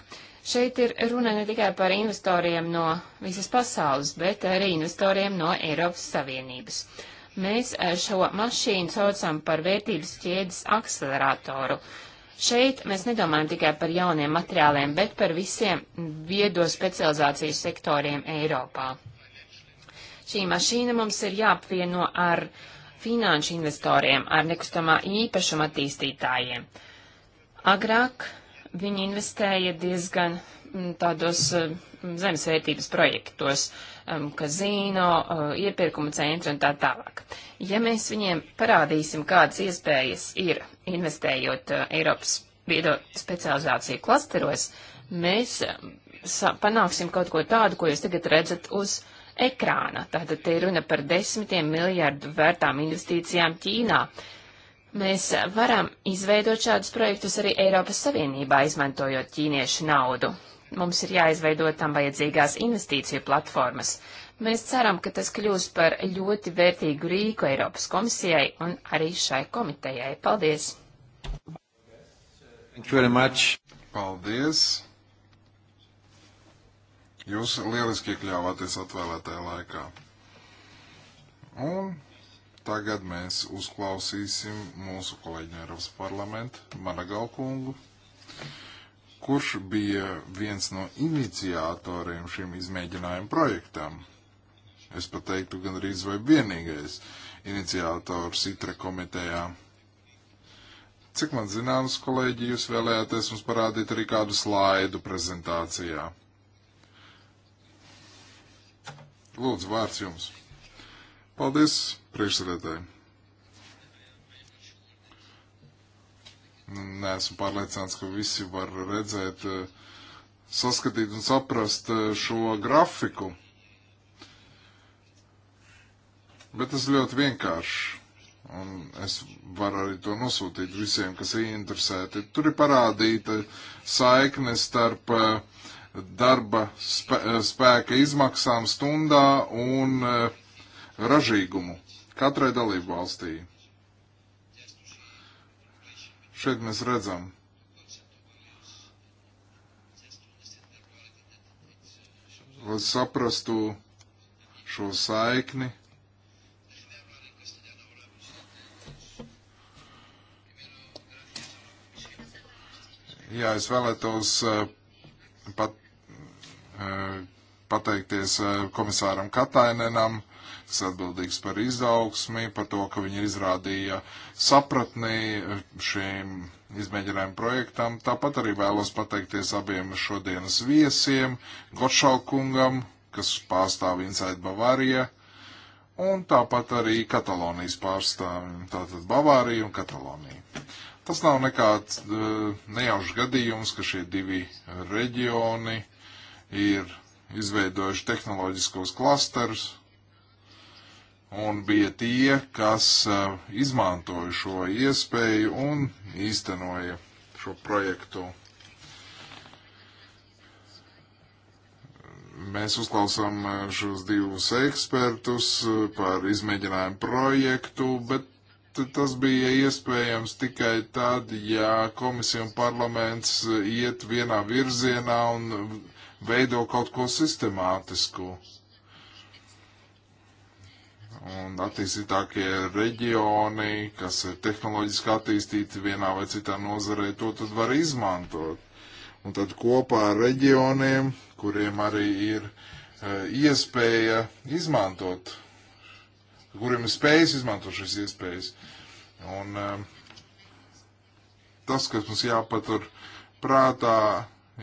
Šeit ir runa ne tikai par investoriem no visas pasaules, bet arī investoriem no Eiropas Savienības. Mēs šo mašīnu saucam par vērtības ķēdes akceleratoru. Šeit mēs nedomājam tikai par jauniem materiāliem, bet par visiem viedo specializācijas sektoriem Eiropā. Šī mašīna mums ir jāapvieno ar finanšu investoriem, ar nekustamā īpašuma attīstītājiem. Agrāk viņi investēja diezgan tādos zemesvērtības projektos, kazino, e, iepirkuma centri un tā tālāk. Ja mēs viņiem parādīsim, kādas iespējas ir investējot e, Eiropas viedo specializāciju klasteros, mēs panāksim kaut ko tādu, ko jūs tagad redzat uz ekrāna. Tātad te ir runa par desmitiem miljardu vērtām investīcijām Ķīnā. Mēs varam izveidot šādus projektus arī Eiropas Savienībā, izmantojot ķīniešu naudu. Mums ir jāizveido tam vajadzīgās investīciju platformas. Mēs ceram, ka tas kļūs par ļoti vērtīgu rīku Eiropas komisijai un arī šai komitejai. Paldies! Thank you very much. Paldies!
Jūs lieliski iekļāvāties atvēlētajā laikā. Un tagad mēs uzklausīsim mūsu kolēģi Eiropas parlamentu, Managalkungu. kungu kurš bija viens no iniciatoriem šim izmēģinājumu projektam. Es pat teiktu, gandrīz vai vienīgais iniciators ITRE komitejā. Cik man zināms, kolēģi, jūs vēlējāties mums parādīt arī kādu slaidu prezentācijā. Lūdzu, vārds jums. Paldies, priekšsēdētāji. Neesmu pārliecināts, ka visi var redzēt, eh, saskatīt un saprast eh, šo grafiku. Bet tas ļoti vienkārši. Un es varu arī to nosūtīt visiem, kas ir interesēti. Tur ir parādīta saikne starp eh, darba spēka izmaksām stundā un ražīgumu katrai dalību valstī. Šeit mēs redzam. Lai saprastu šo saikni. Jā, es vēlētos eh, pat, eh, pateikties eh, komisāram Katainenam kas atbildīgs par izaugsmi, par to, ka viņi izrādīja sapratni šīm izmēģinājumu projektam. Tāpat arī vēlos pateikties abiem šodienas viesiem, Gotšalkungam, kas pārstāv Inside Bavārija, un tāpat arī Katalonijas pārstāvjiem, tātad Bavāriju un Kataloniju. Tas nav nekāds e, nejaušs gadījums, ka šie divi reģioni ir izveidojuši tehnoloģiskos klasterus, un bija tie, kas uh, izmantoja šo iespēju un īstenoja šo projektu. Mēs uzklausām eh, šos divus ekspertus eh, par izmēģinājumu projektu, bet tas bija iespējams tikai tad, ja komisija un parlaments iet vienā virzienā un veido kaut ko sistemātisku. Uh, un attīstītākie reģioni, kas ir tehnoloģiski attīstīti vienā vai citā nozarē, to tad var izmantot. Un tad kopā ar reģioniem, kuriem arī ir uh, iespēja izmantot, kuriem ir spējas izmantot šīs iespējas. Un uh, tas, kas mums jāpatur prātā,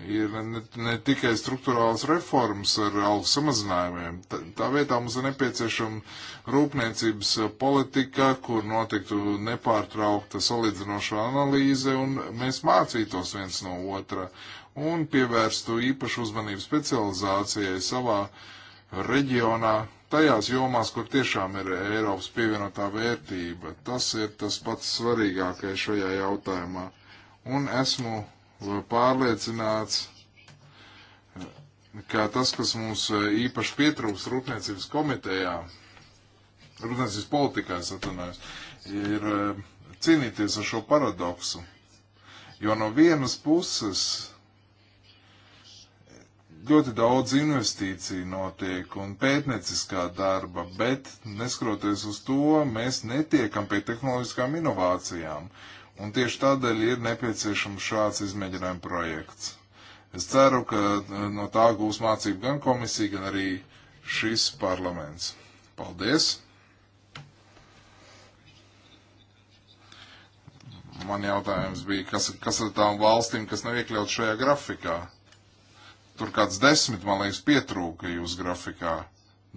ir ne, ne tikai struktūrāls reformas ar algu samazinājumiem. Tā, tā vietā mums ir nepieciešama rūpniecības politika, kur notiktu nepārtraukta salīdzinoša analīze, un mēs mācītos viens no otra un pievērstu īpašu uzmanību specializācijai savā reģionā, tajās jomās, kur tiešām ir Eiropas pievienotā vērtība. Tas ir tas pats svarīgākais šajā jautājumā. Un esmu pārliecināts, ka tas, kas mums eh, īpaši pietrūks rūpniecības komitejā, rūpniecības politikā, es atvainojos, ir eh, cīnīties ar šo paradoksu. Jo no vienas puses ļoti daudz investīciju notiek un pētnieciskā darba, bet neskroties uz to, mēs netiekam pie tehnoloģiskām inovācijām. Uh, Un tieši tādēļ ir nepieciešams šāds izmēģinājuma projekts. Es ceru, ka e, no tā gūs mācību gan komisija, gan arī šis parlaments. Paldies! Man jautājums bija, kas, kas ir tām valstīm, kas nav iekļaut šajā grafikā? Tur kāds desmit, man liekas, pietrūka jūs grafikā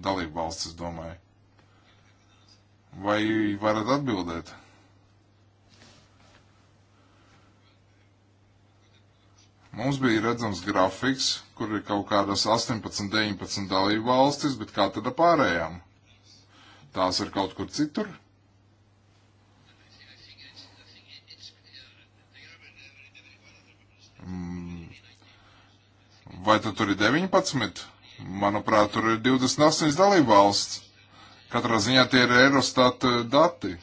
dalību valsts, es domāju. Vai varat atbildēt? Mums bija redzams grafiks, kur ir kaut kādas 18, 19 dalību valstis, bet kā tad ar pārējām? Tās ir kaut kur citur? Mm. Vai tad tur ir 19? Manuprāt, tur ir 28 dalību valsts. Katrā ziņā tie ir Eurostat eh, dati.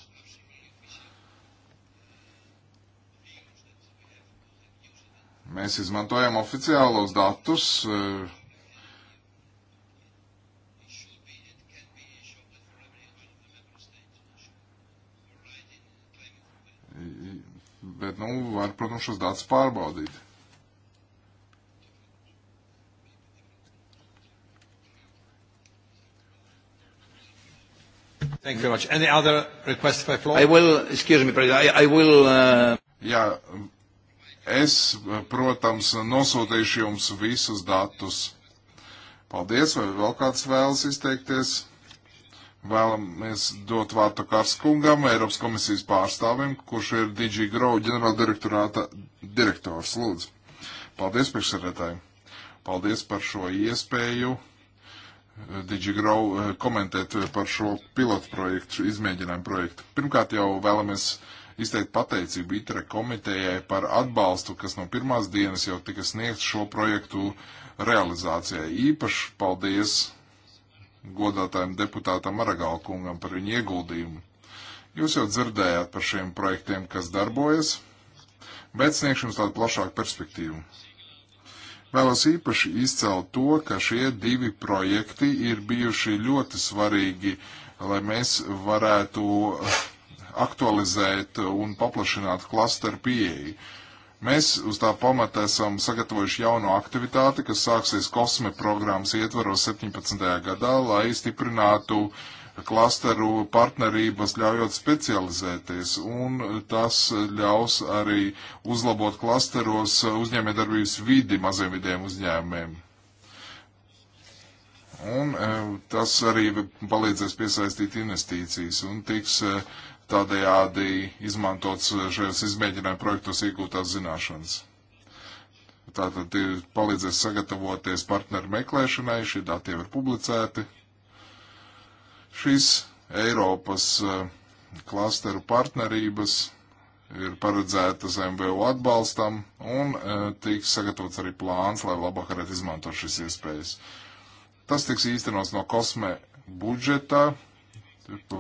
Mēs izmantojam oficiālos datus. Eh, bet, nu, var, protams, šos datus pārbaudīt. Thank you very much. Any other request for floor? I will, excuse me, President, I, I will... Uh... Jā, Es, protams, nosūtīšu jums visus datus. Paldies, vai vēl kāds vēlas izteikties? Vēlamies dot vārtu Karskungam, Eiropas komisijas pārstāvim, kurš ir DG Grow ģenerāldirektorāta direktors. Lūdzu. Paldies, priekšsēdētāji. Paldies par šo iespēju eh, DG Grow eh, komentēt eh, par šo pilotu projektu, izmēģinājumu projektu. Pirmkārt jau vēlamies. Uh, izteikt pateicību ITRE komitejai par atbalstu, kas no pirmās dienas jau tika sniegts šo projektu realizācijai. Īpaši paldies godātājiem deputātam Aragalkungam par viņu ieguldījumu. Jūs jau dzirdējāt par šiem projektiem, kas darbojas, bet sniegšu jums tādu plašāku perspektīvu. Vēlos īpaši izcelt to, ka šie divi projekti ir bijuši ļoti svarīgi, lai mēs varētu aktualizēt un paplašināt klasteru pieeju. Mēs uz tā pamata esam sagatavojuši jauno aktivitāti, kas sāksies kosme programmas ietvaros 17. gadā, lai stiprinātu klasteru partnerības, ļaujot specializēties, un tas ļaus arī uzlabot klasteros uzņēmējdarbības vidi maziem vidiem uzņēmumiem. Un eh, tas arī palīdzēs piesaistīt investīcijas un tiks uh, tādējādi izmantots šajos izmēģinājumu projektos iegūtās zināšanas. Tātad palīdzēs sagatavoties partneru meklēšanai, šie dati jau ir publicēti. Šīs Eiropas eh, klasteru partnerības ir paredzētas MVU atbalstam un eh, tiks sagatavots arī plāns, lai labāk varētu izmantot šīs iespējas. Tas tiks īstenots no kosme budžeta,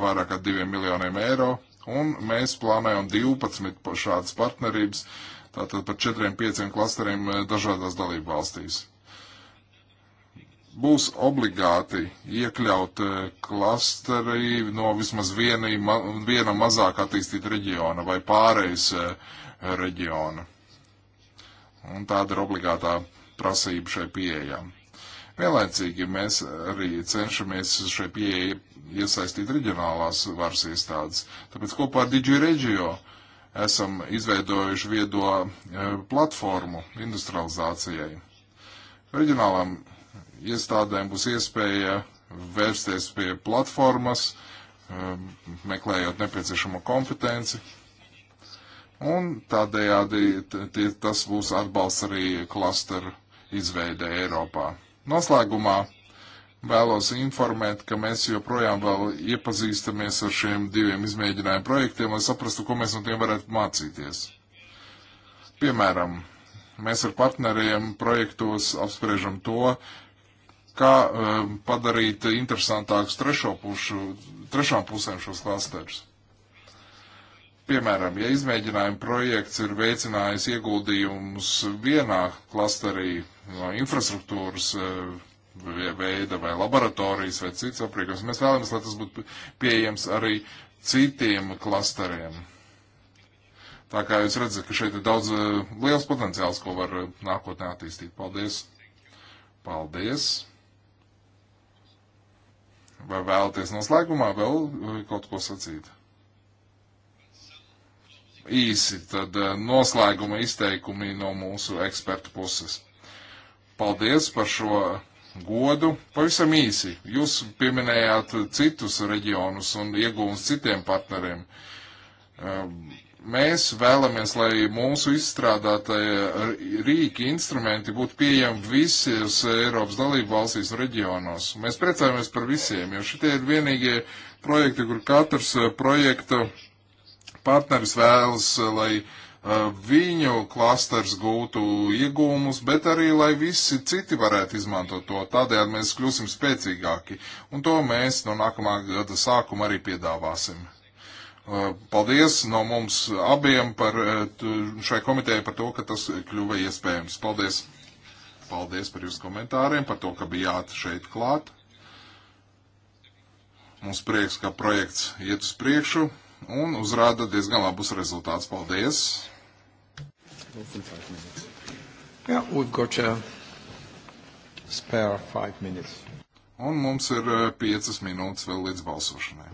vairāk kā 2 miljoniem eiro, un mēs plānojam 12 šādas partnerības, tātad par 4-5 klasteriem eh, dažādās dalību valstīs. Būs obligāti iekļaut eh, klasteri no vismaz viena, viena mazāk attīstīta reģiona vai pārējais eh, reģiona. Un tāda ir obligātā prasība šai pieejām. Vienlaicīgi mēs arī cenšamies šai pieeja iesaistīt reģionālās varas iestādes. Tāpēc kopā ar DigiRegio esam izveidojuši viedo e, platformu industrializācijai. Reģionālām iestādēm būs iespēja vērsties pie platformas, e, meklējot nepieciešamo kompetenci. Un tādējādi tie, tas būs atbalsts arī klasteru izveidē Eiropā. Noslēgumā Vēlos informēt, ka mēs joprojām vēl iepazīstamies ar šiem diviem izmēģinājumu projektiem, lai saprastu, ko mēs no tiem varētu mācīties. Piemēram, mēs ar partneriem projektos apspriežam to, kā um, padarīt interesantākus pušu, trešām pusēm šos klasterus. Piemēram, ja izmēģinājuma projekts ir veicinājis ieguldījumus vienā klasterī no infrastruktūras uh, veida vai laboratorijas vai cits aprīkojums. Mēs vēlamies, lai tas būtu pieejams arī citiem klasteriem. Tā kā jūs redzat, ka šeit ir daudz e, liels potenciāls, ko var e, nākotnē attīstīt. Paldies! Paldies! Vai vēlaties noslēgumā vēl e, kaut ko sacīt? Īsi tad noslēguma izteikumi no mūsu ekspertu puses. Paldies par šo godu. Pavisam īsi, jūs pieminējāt citus reģionus un iegūmus citiem partneriem. Mēs vēlamies, lai mūsu izstrādātie rīki, instrumenti būtu pieejami visos Eiropas dalību valstīs un reģionos. Mēs priecājamies par visiem, jo šitie ir vienīgie projekti, kur katrs eh, projekta partneris vēlas, eh, lai uh, Eh, viņu klasters gūtu iegūmus, bet arī, lai visi citi varētu izmantot to. Tādējādi mēs kļūsim spēcīgāki, un to mēs no nākamā gada sākuma arī piedāvāsim. Eh, paldies no mums abiem par eh, šai komitejai par to, ka tas kļuva iespējams. Paldies! Paldies par jūsu komentāriem, par to, ka bijāt šeit klāt. Mums prieks, ka projekts iet uz priekšu un uzrāda diezgan labus rezultātus. Paldies! less than five minutes. Yeah, we've got a spare five minutes. Un mums ir eh, piecas minūtes vēl līdz balsošanai.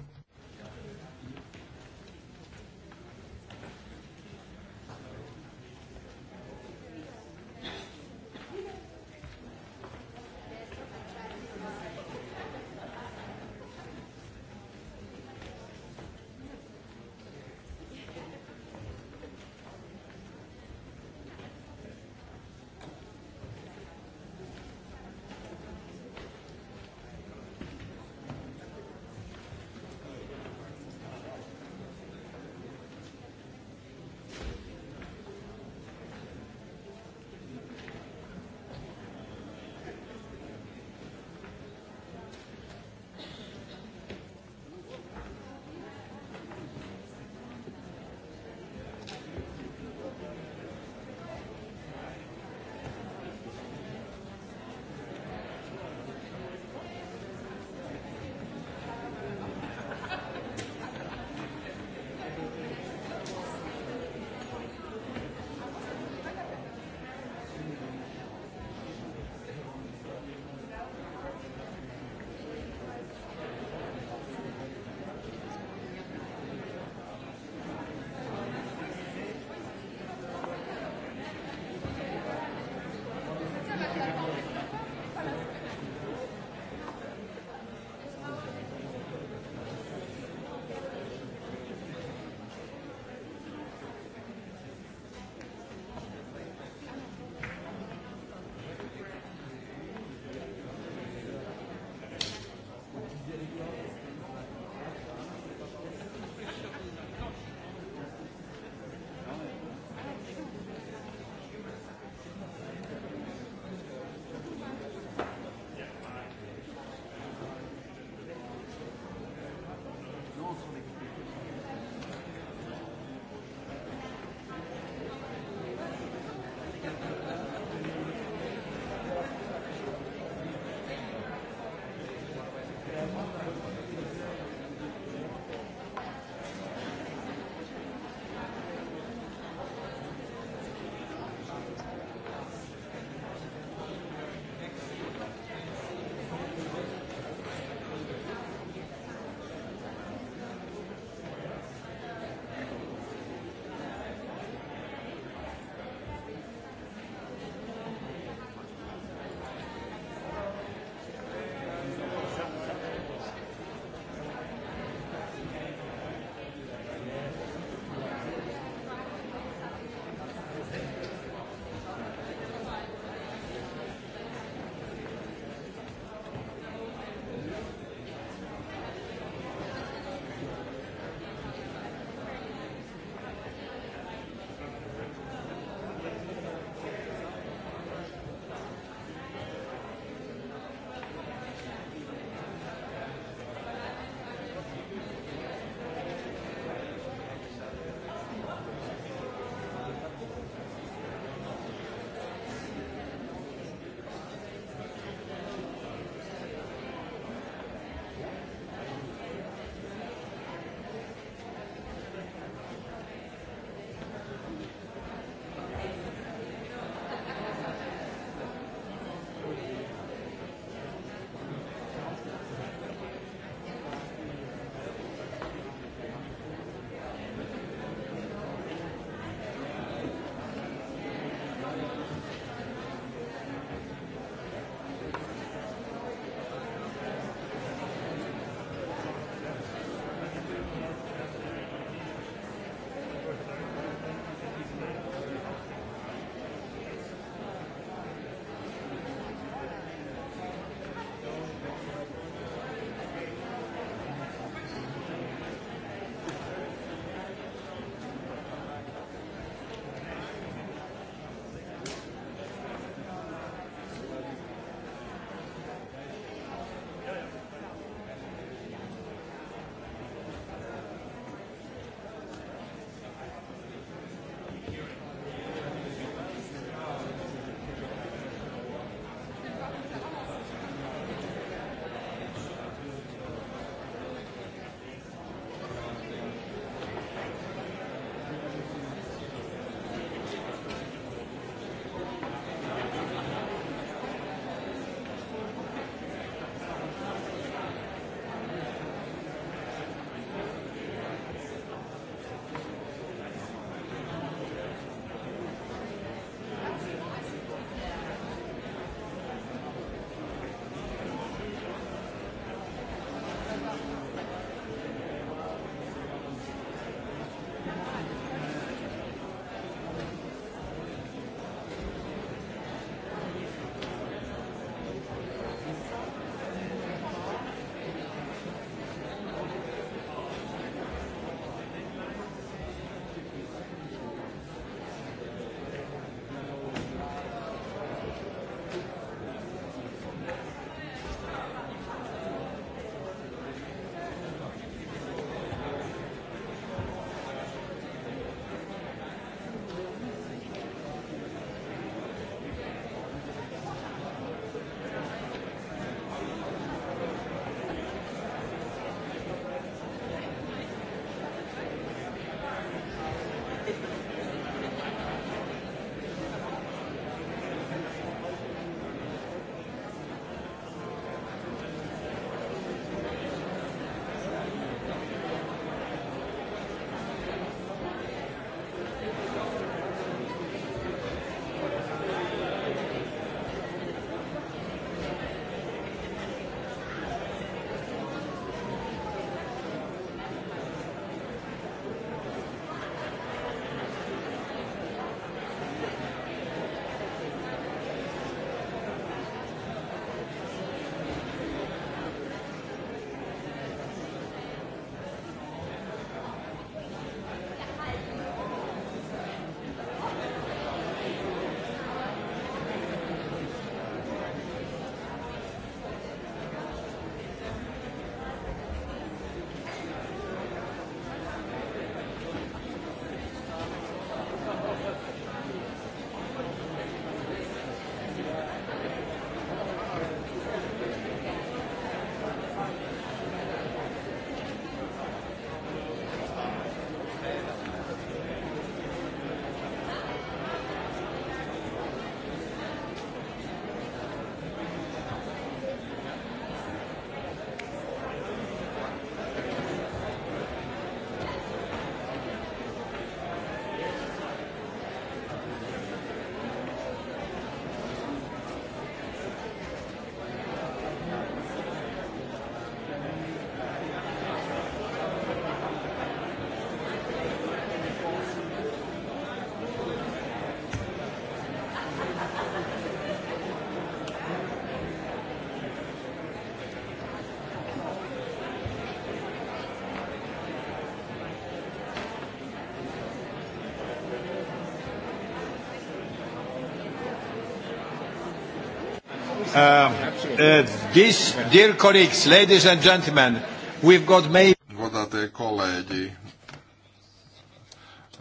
Uh, uh, this,
dear colleagues, ladies and gentlemen, we've got may... Godātie kolēģi,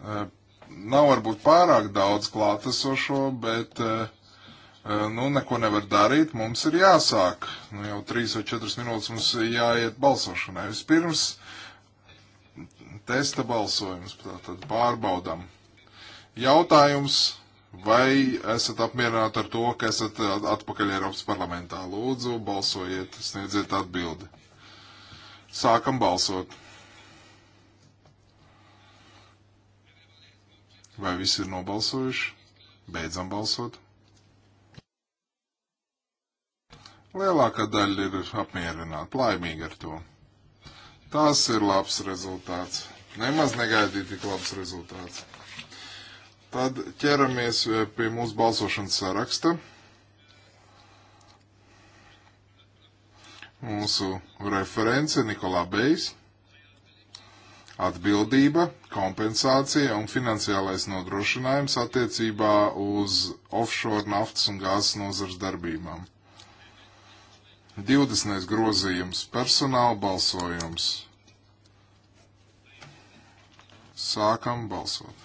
uh, nav varbūt pārāk daudz klātesošo, bet uh, uh, nu, neko nevar darīt, mums ir jāsāk. Nu, jau trīs vai četras minūtes mums jāiet balsošanai. Vispirms testa balsojums, tātad pārbaudam. Jautājums Vai esat apmierināti ar to, ka esat uh, atpakaļ Eiropas parlamentā? Lūdzu, balsojiet, sniedziet atbildi. Sākam balsot. Vai visi ir nobalsojuši? Beidzam balsot. Lielākā daļa ir apmierināta, laimīga ar to. Tas ir labs rezultāts. Nemaz negaidīja tik labs rezultāts. Tad ķeramies e, pie mūsu balsošanas saraksta. Mūsu reference Nikolā Bejs. Atbildība, kompensācija un finansiālais nodrošinājums attiecībā uz offshore naftas un gāzes nozars darbībām. 20. grozījums - personāla balsojums. Sākam balsot.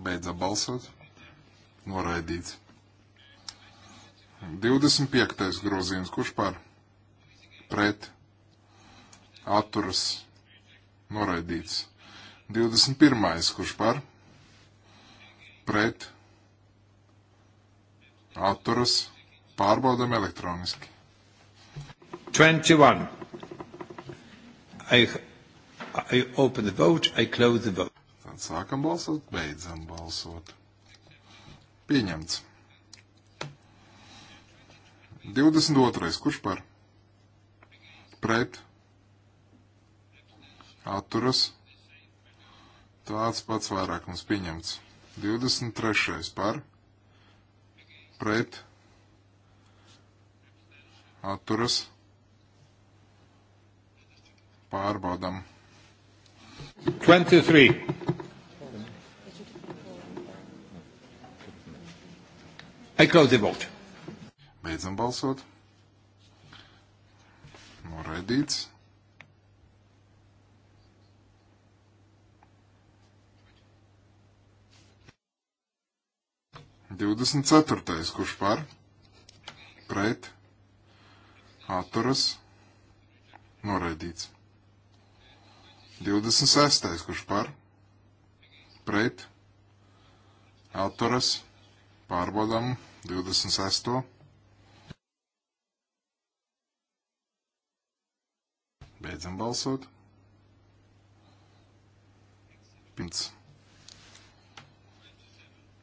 Beidzam balsot. Noraidīts. 25. grozījums. Kurš par? Pret. Atturas. Noraidīts. 21. Kurš par? Pret. Atturas. Pārbaudam elektroniski. 21. I, I open the vote, I close the vote. Tad sākam balsot, beidzam balsot. Pieņemts. 22. Kurš par? Pret. Atturas. Tāds pats vairākums pieņemts. 23. par. Pret. Atturas. Pārbaudam. 23. I close the vote. Beidzam balsot. Noraidīts. Divdesmit ceturtais, kurš par, pret, atturas, noraidīts. Divdesmit sestais, kurš par, pret, atturas, pārbaudām, 26. Beidzam balsot. Pins.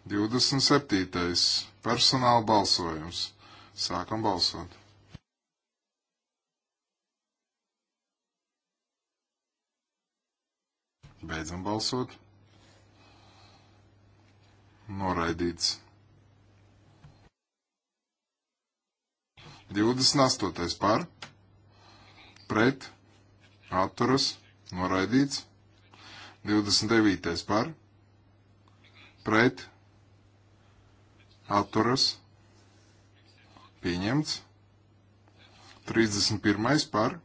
27. Personāla balsojums. Sākam balsot. Beidzam balsot. Noraidīts. 28. par, pret, atturas, noraidīts. 29. par, pret, atturas, pieņemts. 31. par,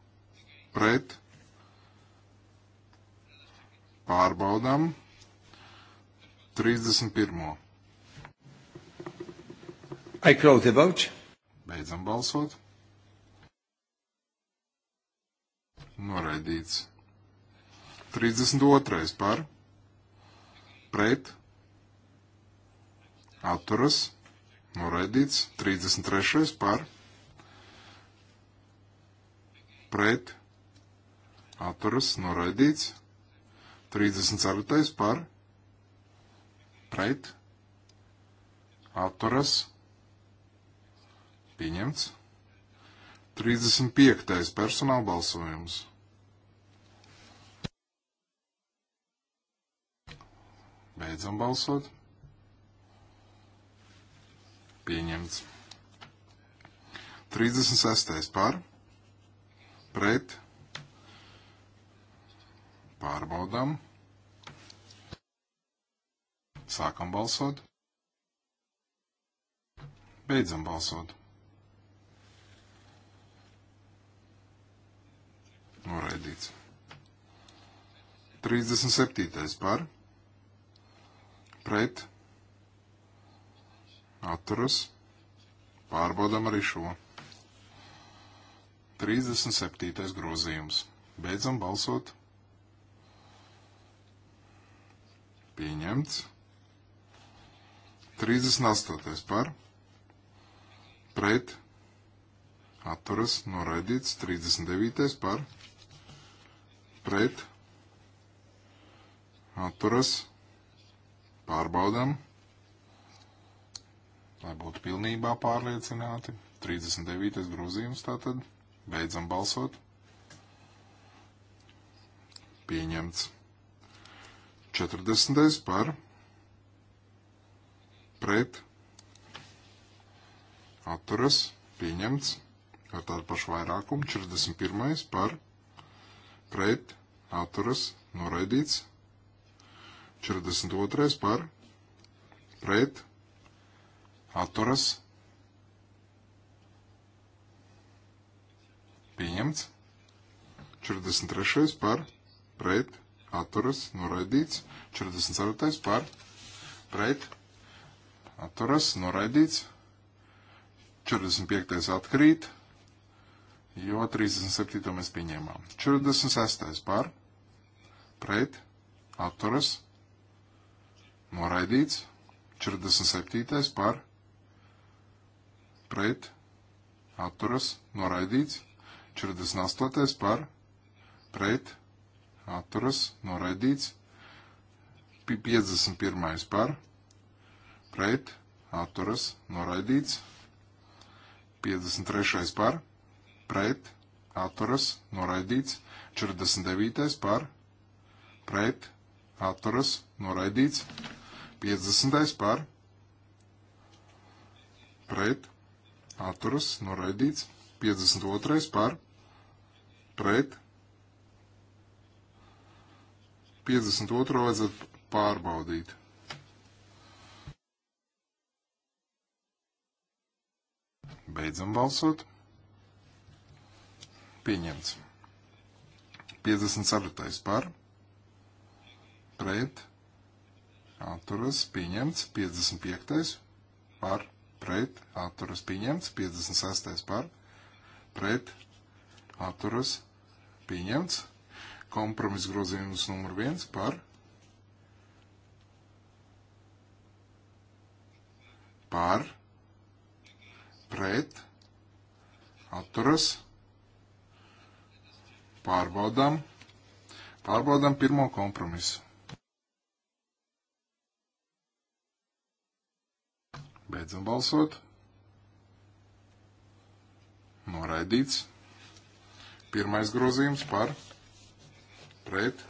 pret, pārbaudām. 31. I close the vote. Beidzam balsot. Noraidīts. 32. par. Pret. Atturas. Noraidīts. 33. par. Pret. Atturas. Noraidīts. 34. par. Pret. Atturas. Pieņemts. 35. personāla balsojums. Beidzam balsot. Pieņemts. 36. par. Pret. Pārbaudām. Sākam balsot. Beidzam balsot. Noraidīts. 37. par. Pret. Atturas. Pārbaudam arī šo. 37. grozījums. Beidzam balsot. Pieņemts. 38. par. Pret. Atturas. Noraidīts. 39. par. Pret pret, atturas, pārbaudam, lai būtu pilnībā pārliecināti. 39. grozījums tātad, beidzam balsot, pieņemts. 40. par, pret, atturas, pieņemts, ar tādu pašu vairākumu, 41. par, pret, pret, atturas, noraidīts. 42. par, pret, atturas, pieņemts. 43. par, pret, atturas, noraidīts. 44. par, pret, atturas, noraidīts. 45. atkrīt jo 37. mēs pieņēmām. 46. par, pret, atturas, noraidīts. 47. par, pret, atturas, noraidīts. 48. par, pret, atturas, noraidīts. 51. par, pret, atturas, noraidīts. 53. par, pret, pret, atturas, noraidīts. 49. par, pret, atturas, noraidīts. 50. par, pret, atturas, noraidīts. 52. par, pret. 52. vajadzētu pārbaudīt. Beidzam balsot pieņemts. 54. par, pret, atturas, pieņemts. 55. par, pret, atturas, pieņemts. 56. par, pret, atturas, pieņemts. Kompromis grozījums numur 1 par, par, pret, atturas, pieņemts Pārbaudām. Pārbaudām pirmo kompromisu. Beidzam balsot. Noraidīts. Pirmais grozījums par pret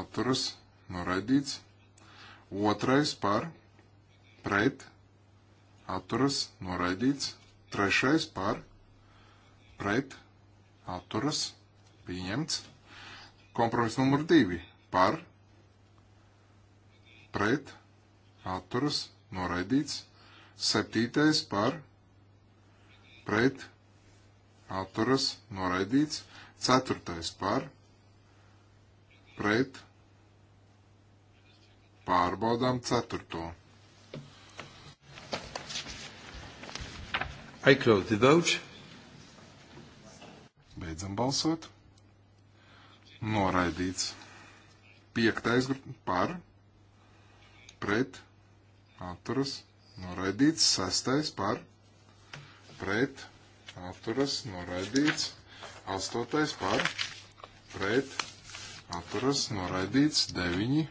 atturas noraidīts. Otrais par pret atturas noraidīts. Trešais par pret atturas noraidīts pieņemts. Kompromiss numur divi par, pret, atturas, noraidīts. Septītais par, pret, atturas, noraidīts. Ceturtais par, pret, pārbaudām ceturto. I close the vote. Beidzam balsot noraidīts. Piektais par, pret, atturas, noraidīts. Sestais par, pret, atturas, noraidīts. Astotais par, pret, atturas, noraidīts. Deviņi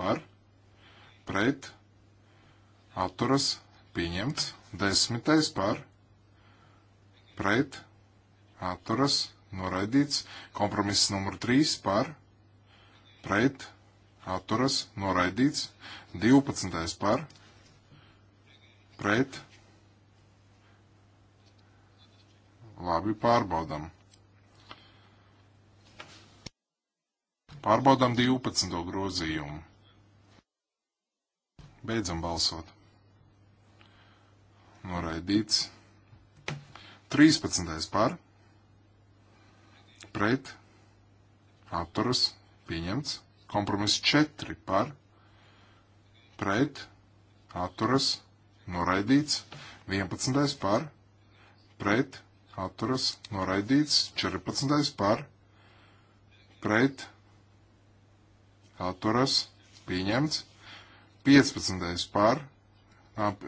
par, pret, atturas, pieņemts. Desmitais par, pret, atturas, noraidīts noraidīts. Kompromiss numur 3 par, pret, atturas, noraidīts. 12. par, pret, labi pārbaudam. Pārbaudām 12. grozījumu. Beidzam balsot. Noraidīts. 13. par pret, atturas, pieņemts. Kompromiss 4 par, pret, atturas, noraidīts. 11. par, pret, atturas, noraidīts. 14. par, pret, atturas, pieņemts. 15. par,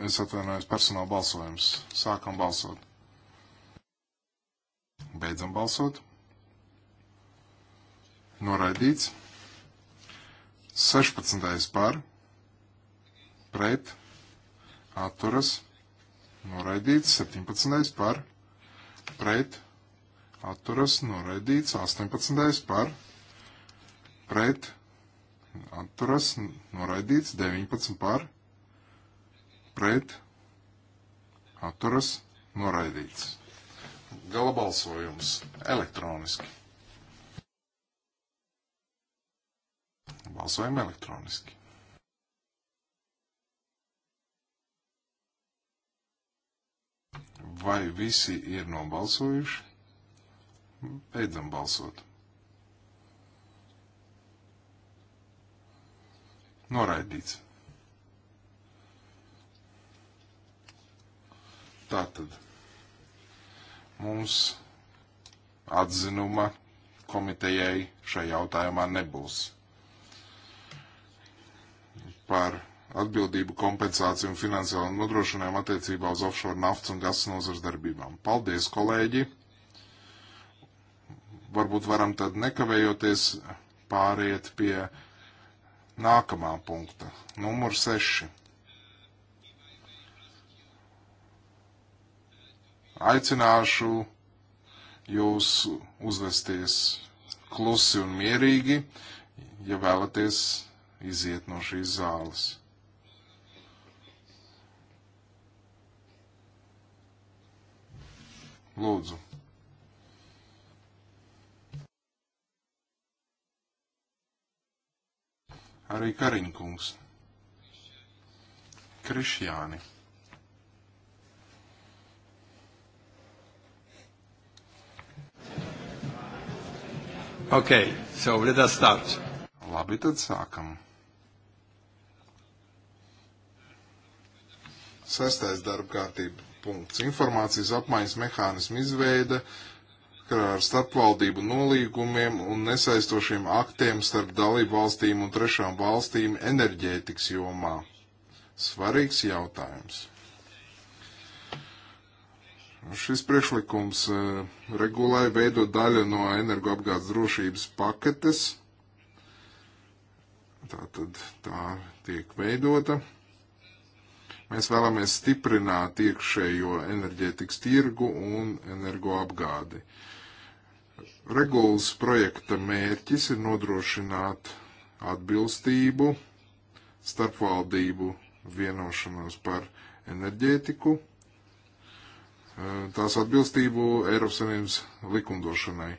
es atvainojos, personāla balsojums. Sākam balsot. Beidzam balsot noraidīts. 16. par, pret, atturas, noraidīts. 17. par, pret, atturas, noraidīts. 18. par, pret, atturas, noraidīts. 19. par, pret, atturas, noraidīts. Gala balsojums elektroniski. Balsojam elektroniski. Vai visi ir nobalsojuši? Beidzam balsot. Noraidīts. Tātad mums atzinuma komitejai šajā jautājumā nebūs par atbildību, kompensāciju un finansiālu nodrošinājumu attiecībā uz offshore naftas un gasas nozars darbībām. Paldies, kolēģi! Varbūt varam tad nekavējoties pāriet pie nākamā punkta, numur 6. Aicināšu jūs uzvesties klusi un mierīgi, ja vēlaties iziet no šīs zāles. Lūdzu. Arī Kariņkungs. Krišjāni. Okay, so let us start. Labi, tad sākam. Sestais darba kārtība punkts. Informācijas apmaiņas mehānismu izveida ar starpvaldību nolīgumiem un nesaistošiem aktiem starp dalību valstīm un trešām valstīm enerģētikas jomā. Svarīgs jautājums. Šis priekšlikums e, regulē veido daļu no energoapgādes drošības paketes. Tātad tā tiek veidota. Mēs vēlamies stiprināt iekšējo enerģētikas tirgu un energoapgādi. Regulas projekta mērķis ir nodrošināt atbilstību starpvaldību vienošanos par enerģētiku, tās atbilstību Eiropas Savienības likumdošanai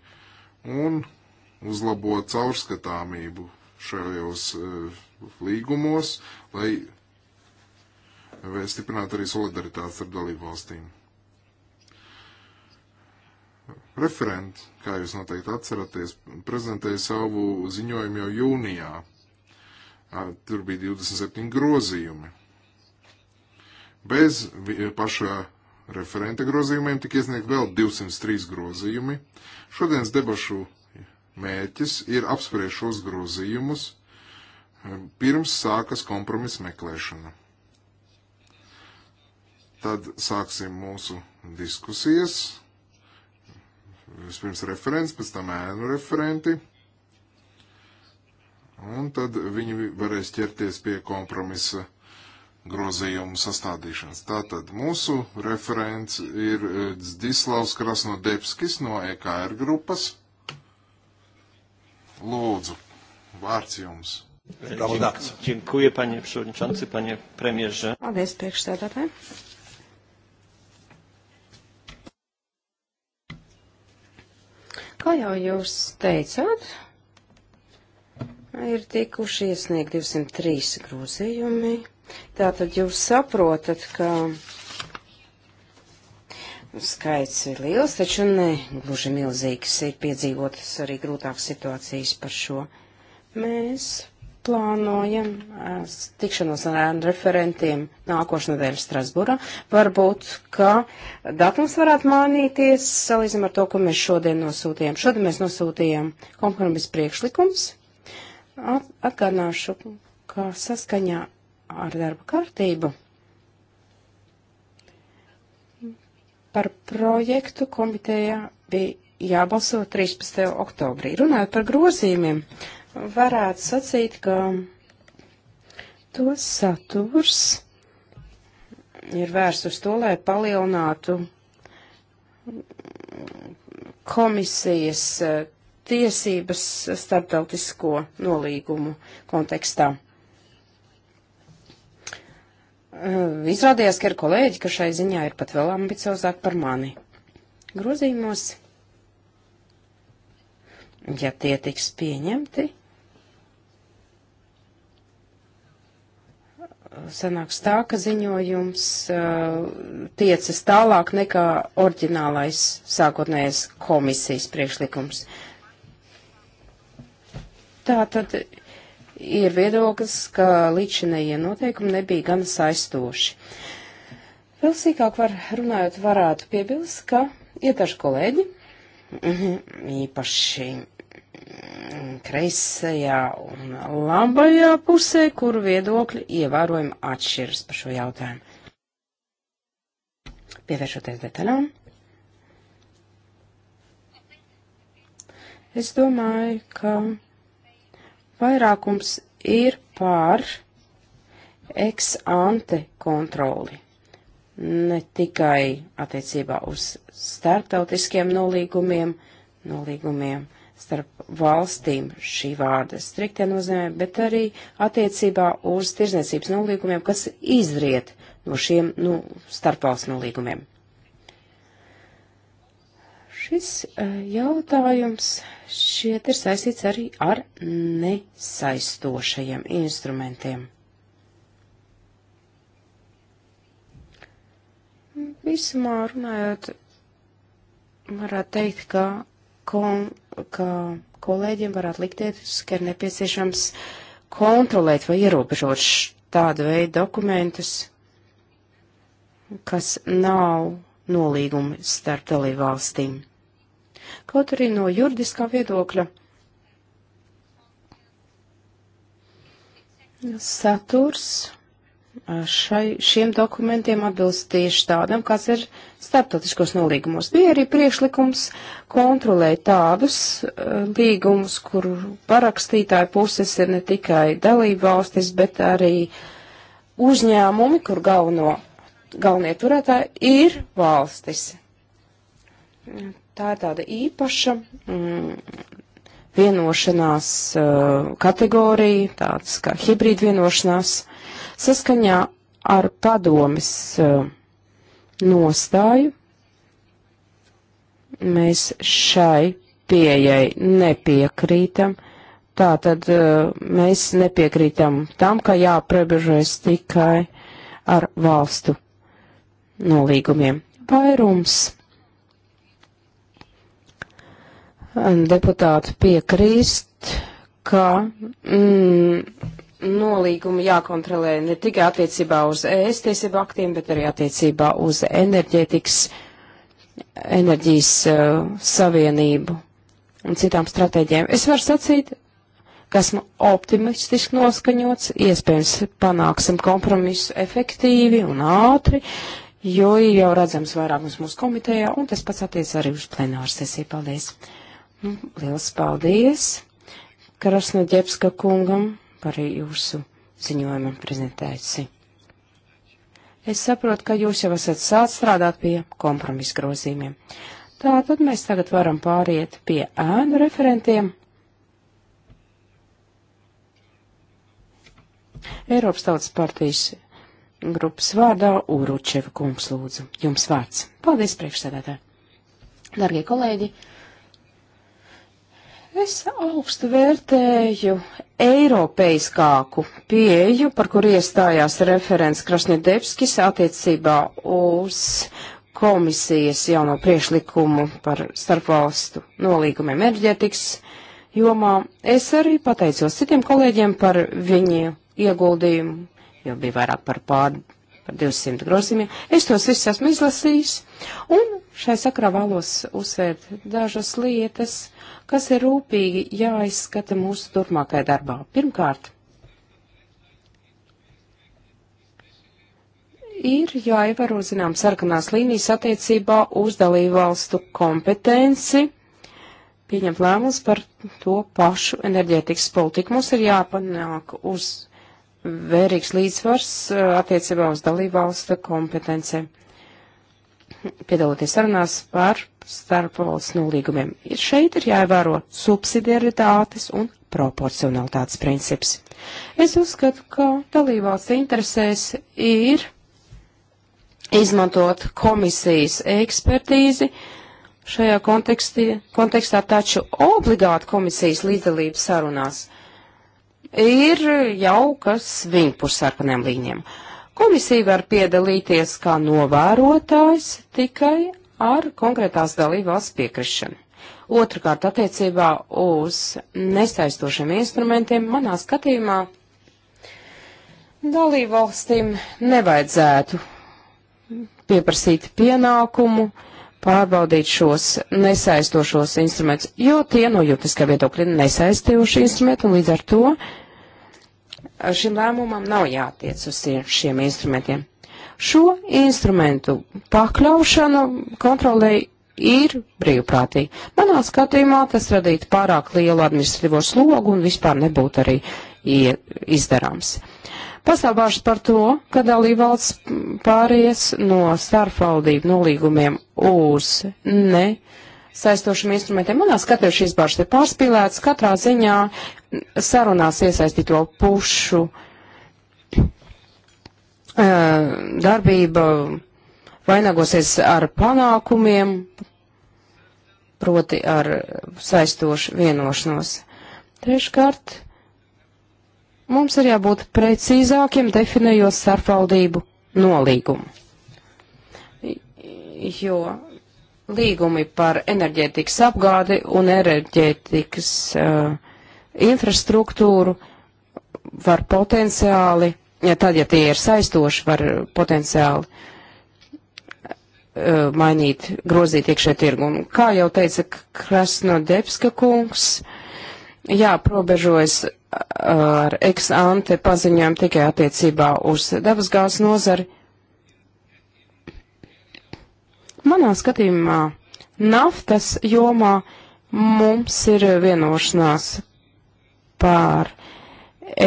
un uzlabot caurskatāmību šajos eh, līgumos, lai stiprināt arī solidaritāti starp dalību valstīm. Referent, kā jūs noteikti atceraties, prezentēja savu ziņojumu jau jūnijā. Tur bija 27 grozījumi. Bez pašā referenta grozījumiem tika iesniegt vēl 203 grozījumi. Šodienas debašu mērķis ir apspriest šos grozījumus pirms sākas kompromisa meklēšana. Tad sāksim mūsu diskusijas. Vispirms referents, pēc tam ēnu referenti. Un tad viņi varēs ķerties pie kompromisa grozījumu sastādīšanas. Tātad mūsu referents ir eh, Zdislavs Krasnodebskis no EKR grupas. Lūdzu, vārds jums. Dziękuję, panie przewodniczący, panie
premierze. Paldies, priekšstādātāji. Kā jau jūs teicāt, ir tikuši iesniegt 203 grozījumi. Tātad jūs saprotat, ka skaits ir liels, taču ne gluži milzīgs. Ir piedzīvotas arī grūtākas situācijas par šo. Mēs plānojam tikšanos ar ēnu referentiem nākošu nedēļu Strasburā. Varbūt, ka datums varētu mainīties, salīdzinām ar to, ko mēs šodien nosūtījām. Šodien mēs nosūtījām kompromisu priekšlikums. At, atgādināšu, ka saskaņā ar darba kārtību par projektu komitejā bija jābalso 13. oktobrī. Runājot par grozījumiem, uh, varētu sacīt, ka to saturs ir vērsts uz to, lai palielinātu komisijas eh, tiesības starptautisko nolīgumu kontekstā. Eh, izrādījās, ka ir kolēģi, ka šai ziņā ir pat vēl ambiciozāk par mani. Grozījumos, ja tie tiks pieņemti, sanāks tā, ka ziņojums uh, tiecas tālāk nekā oriģinālais sākotnējais komisijas priekšlikums. Tā tad ir viedoklis, ka līdzinējie noteikumi nebija gan saistoši. Vēl sīkāk var runājot, varētu piebilst, ka ir daži kolēģi, mhm, īpaši kreisajā un labajā pusē, kur viedokļi ievērojami atšķiras par šo jautājumu. Pievēršoties detaļām. Es domāju, ka vairākums ir pār ex ante kontroli. Ne tikai attiecībā uz starptautiskiem nolīgumiem, nolīgumiem starp valstīm šī vārda striktē nozīmē, bet arī attiecībā uz tirzniecības nolīgumiem, kas izriet no šiem nu, starpvalsts nolīgumiem. Šis eh, jautājums šiet ir saistīts arī ar nesaistošajiem instrumentiem. Visumā runājot, varētu teikt, ka kon ka kolēģiem varētu likties, ka ir nepieciešams kontrolēt vai ierobežot tādu veidu dokumentus, kas nav nolīgumi starp dalībvalstīm. Kaut arī no juridiskā viedokļa saturs šai, šiem dokumentiem atbilst tieši tādam, kas ir starptautiskos nolīgumos. Bija arī priekšlikums kontrolēt tādus uh, līgumus, kur parakstītāja puses ir ne tikai dalība valstis, bet arī uzņēmumi, kur galveno, galvenie turētāji ir valstis. Tā ir tāda īpaša mm, vienošanās uh, kategorija, tāds kā hibrīd vienošanās, saskaņā ar padomis. Uh, nostāju. Mēs šai pieejai nepiekrītam. Tātad uh, mēs nepiekrītam tam, ka jāprebežojas tikai ar valstu nolīgumiem. Vairums deputātu piekrīst, ka mm, nolīgumi jākontrolē ne tikai attiecībā uz ES tiesību aktiem, bet arī attiecībā uz enerģētikas, enerģijas uh, savienību un citām stratēģijām. Es varu sacīt, ka esmu optimistiski noskaņots, iespējams panāksim kompromisu efektīvi un ātri, jo ir jau redzams vairākums mūsu komitejā, un tas pats attiec arī uz plenāru sesiju. Paldies! Nu, Lielas paldies Krasnoģepska kungam! par jūsu ziņojumu prezentēsi. Es saprotu, ka jūs jau esat sācis strādāt pie kompromisa grozījumiem. Tā tad mēs tagad varam pāriet pie ēnu referentiem. Eiropas Tautas partijas grupas vārdā Uručeva kungs lūdzu. Jums vārds. Paldies priekšsēdētāji. Dargie kolēģi, uh, Es augstu vērtēju eiropeiskāku pieeju, par kur iestājās referents Krasniedebskis attiecībā uz komisijas jauno priešlikumu par starpvalstu nolīgumiem enerģētikas jomā. Es arī pateicos citiem kolēģiem par viņu ieguldījumu, jo bija vairāk par pār par 200 grozījumiem. Es tos visus esmu izlasījis, un šai sakrā vēlos uzsvērt dažas lietas, kas ir rūpīgi jāizskata mūsu turpmākajā darbā. Pirmkārt, ir jāievaro zinām sarkanās līnijas attiecībā uz dalību valstu kompetenci pieņemt lēmumus par to pašu enerģētikas politiku. Mums ir jāpanāk uz vērīgs līdzsvars uh, attiecībā uz dalību valsta kompetencēm piedaloties sarunās par starpvalsts nolīgumiem. Šeit ir jāievēro subsidiaritātes un proporcionalitātes princips. Es uzskatu, ka dalībvalsts interesēs ir izmantot komisijas ekspertīzi šajā kontekstā, taču obligāti komisijas līdzdalība sarunās ir jau kas viņpus sarkaniem līņiem. Uh, Komisija var piedalīties kā novērotājs tikai ar konkrētās dalībās piekrišanu. Otrakārt, attiecībā uz nesaistošiem instrumentiem, manā skatījumā dalībvalstīm nevajadzētu pieprasīt pienākumu pārbaudīt šos nesaistošos instrumentus, jo tie no juridiskā viedokļa nesaistoši instrumenti, un līdz ar to uh, šim lēmumam nav jātiec uz šiem instrumentiem. Šo instrumentu pakļaušana kontrolē ir brīvprātīgi. Manā skatījumā tas radītu pārāk lielu administratīvo slogu un vispār nebūtu arī izdarāms. Pastāv bāžas par to, ka dalībvalsts pāries no starpvaldību nolīgumiem uz ne saistošiem instrumentiem. Manā skatījumā šīs bāžas ir pārspīlētas katrā ziņā sarunās iesaistīto pušu eh, darbība vainagosies ar panākumiem, proti ar saistošu vienošanos. Treškārt, mums ir jābūt precīzākiem definējot starpvaldību nolīgumu. Jo līgumi par enerģētikas apgādi un enerģētikas uh, infrastruktūru var potenciāli, ja tad, ja tie ir saistoši, var potenciāli uh, mainīt, grozīt iekšē tirgu. Un kā jau teica Krasnodebska kungs, jāprobežojas eh, ar ex ante paziņojumu tikai attiecībā uz dabasgāzes nozari. Manā skatījumā naftas jomā mums ir vienošanās pār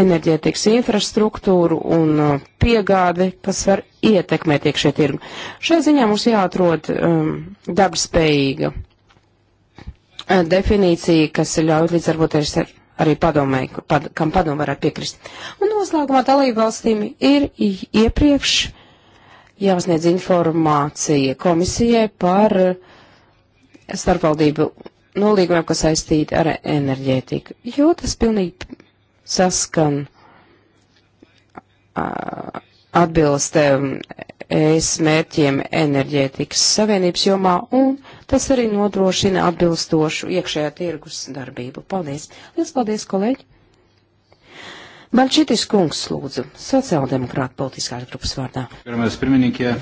enerģētikas infrastruktūru un uh, piegādi, kas var ietekmēt iekšē tirgu. Šai ziņā mums jāatrod um, dabspējīga uh, definīcija, kas ļauj līdzdarboties ar, arī padomē, pad, kam padomu varētu piekrist. Un noslēgumā dalībvalstīm ir iepriekš jāsniedz informācija komisijai par uh, starpvaldību nolīgumiem, kas saistīti ar enerģētiku, jo tas pilnīgi saskan atbilst ES mērķiem enerģētikas savienības jomā, un tas arī nodrošina atbilstošu iekšējā tirgus darbību. Paldies! Lielas paldies, kolēģi! Balčītis kungs, lūdzu, sociāldemokrāta politiskās grupas vārdā.
Pirmās pirmininkie,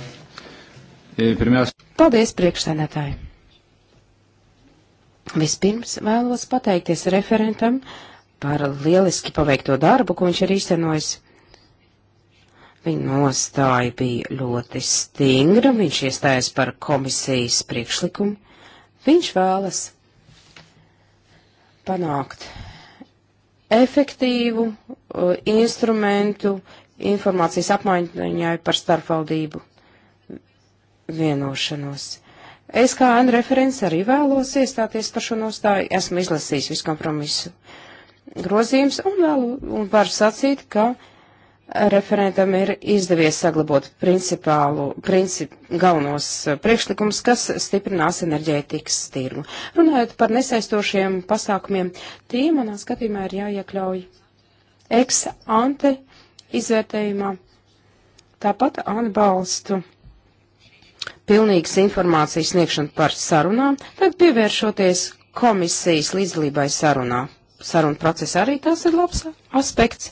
e, pirmās.
Paldies, priekšsēdētāji. Vispirms vēlos pateikties referentam par lieliski paveikto darbu, ko viņš ir īstenojis. Viņa nostāja bija ļoti stingra, viņš iestājas par komisijas priekšlikumu. Viņš vēlas panākt efektīvu uh, instrumentu informācijas apmaiņai par starpvaldību vienošanos. Es kā N referents arī vēlos iestāties par šo nostāju. Esmu izlasījis visu kompromisu grozījums un vēl un var sacīt, ka referentam ir izdevies saglabot principālu, princip, galvenos priekšlikumus, kas stiprinās enerģētikas tirgu. Runājot par nesaistošiem pasākumiem, tie manā skatījumā ir jāiekļauj ex ante izvērtējumā. Tāpat atbalstu pilnīgas informācijas sniegšanu par sarunām, tad pievēršoties komisijas līdzdalībai sarunā. Saruna procesā arī tas ir labs aspekts.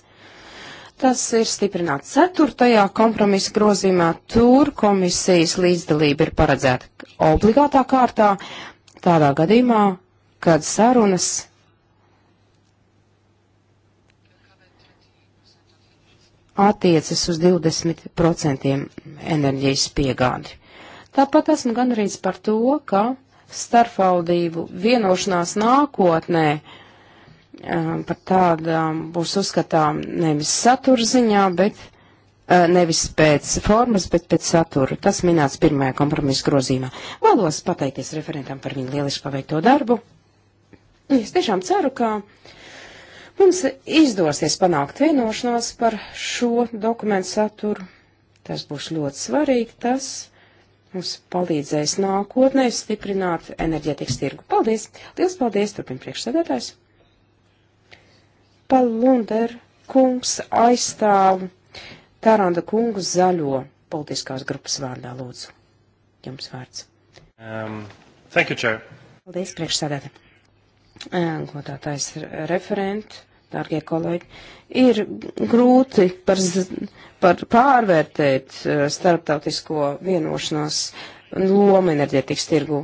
Tas ir stiprināts ceturtajā kompromisa grozīmā. Tur komisijas līdzdalība ir paredzēta obligātā kārtā, tādā gadījumā, kad sarunas attiecas uz 20% enerģijas piegādi. Tāpat esmu gandrīz par to, ka starpvaldību vienošanās nākotnē um, par tādām būs uzskatām nevis satura ziņā, bet uh, nevis pēc formas, bet pēc satura. Tas minēts pirmajā kompromisa grozīmā. Vēlos pateikties referentam par viņu lieliski paveikto darbu. Es tiešām ceru, ka mums izdosies panākt vienošanos par šo dokumentu saturu. Tas būs ļoti svarīgi. Tas mums palīdzēs nākotnē stiprināt enerģētikas tirgu. Paldies! Liels paldies! Turpin priekšsēdētājs. Palunder kungs aizstāv Tāranda kungu zaļo politiskās grupas vārdā lūdzu. Jums vārds. Um, thank you, Chair. Paldies, priekšsēdētāji. Godātais referent, dārgie kolēģi, ir grūti par, par pārvērtēt eh, starptautisko vienošanos lomu enerģētikas tirgū.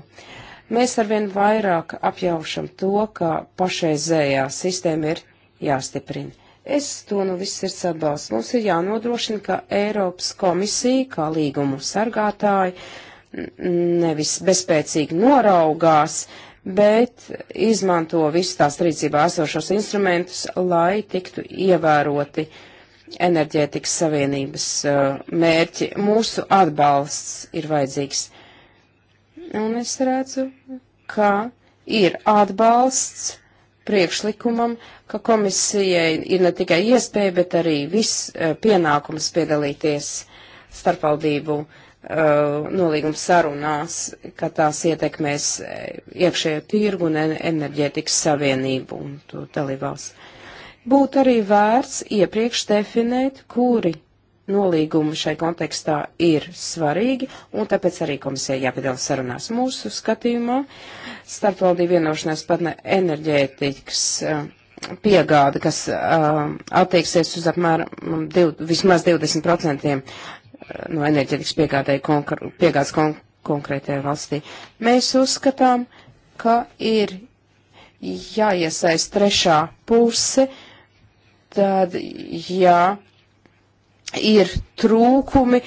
Mēs arvien vairāk apjaušam to, ka pašreizējā sistēma ir jāstiprina. Es to no nu viss sirds atbalstu. Mums ir jānodrošina, ka Eiropas komisija, kā līgumu sargātāji, nevis bezpēcīgi noraugās uh, bet izmanto visus tās rīcībā esošos instrumentus, lai tiktu ievēroti enerģētikas savienības uh, mērķi. Mūsu atbalsts ir vajadzīgs. Un es redzu, ka ir atbalsts priekšlikumam, ka komisijai ir ne tikai iespēja, bet arī viss uh, pienākums piedalīties starpvaldību uh, Uh, nolīgums sarunās, ka tās ietekmēs uh, iekšējo tirgu un enerģētikas savienību un to dalībās. Būtu arī vērts iepriekš definēt, kuri nolīgumi šai kontekstā ir svarīgi, un tāpēc arī komisija jāpiedalās sarunās mūsu skatījumā. Starpvaldība vienošanās pat ne enerģētikas uh, piegāde, kas attieksies uz apmēram div, vismaz 20% no enerģetikas piegādēja konkr piegādes kon konkrētajā valstī. Mēs uzskatām, ka ir jāiesaist trešā puse, tad jā, ir trūkumi,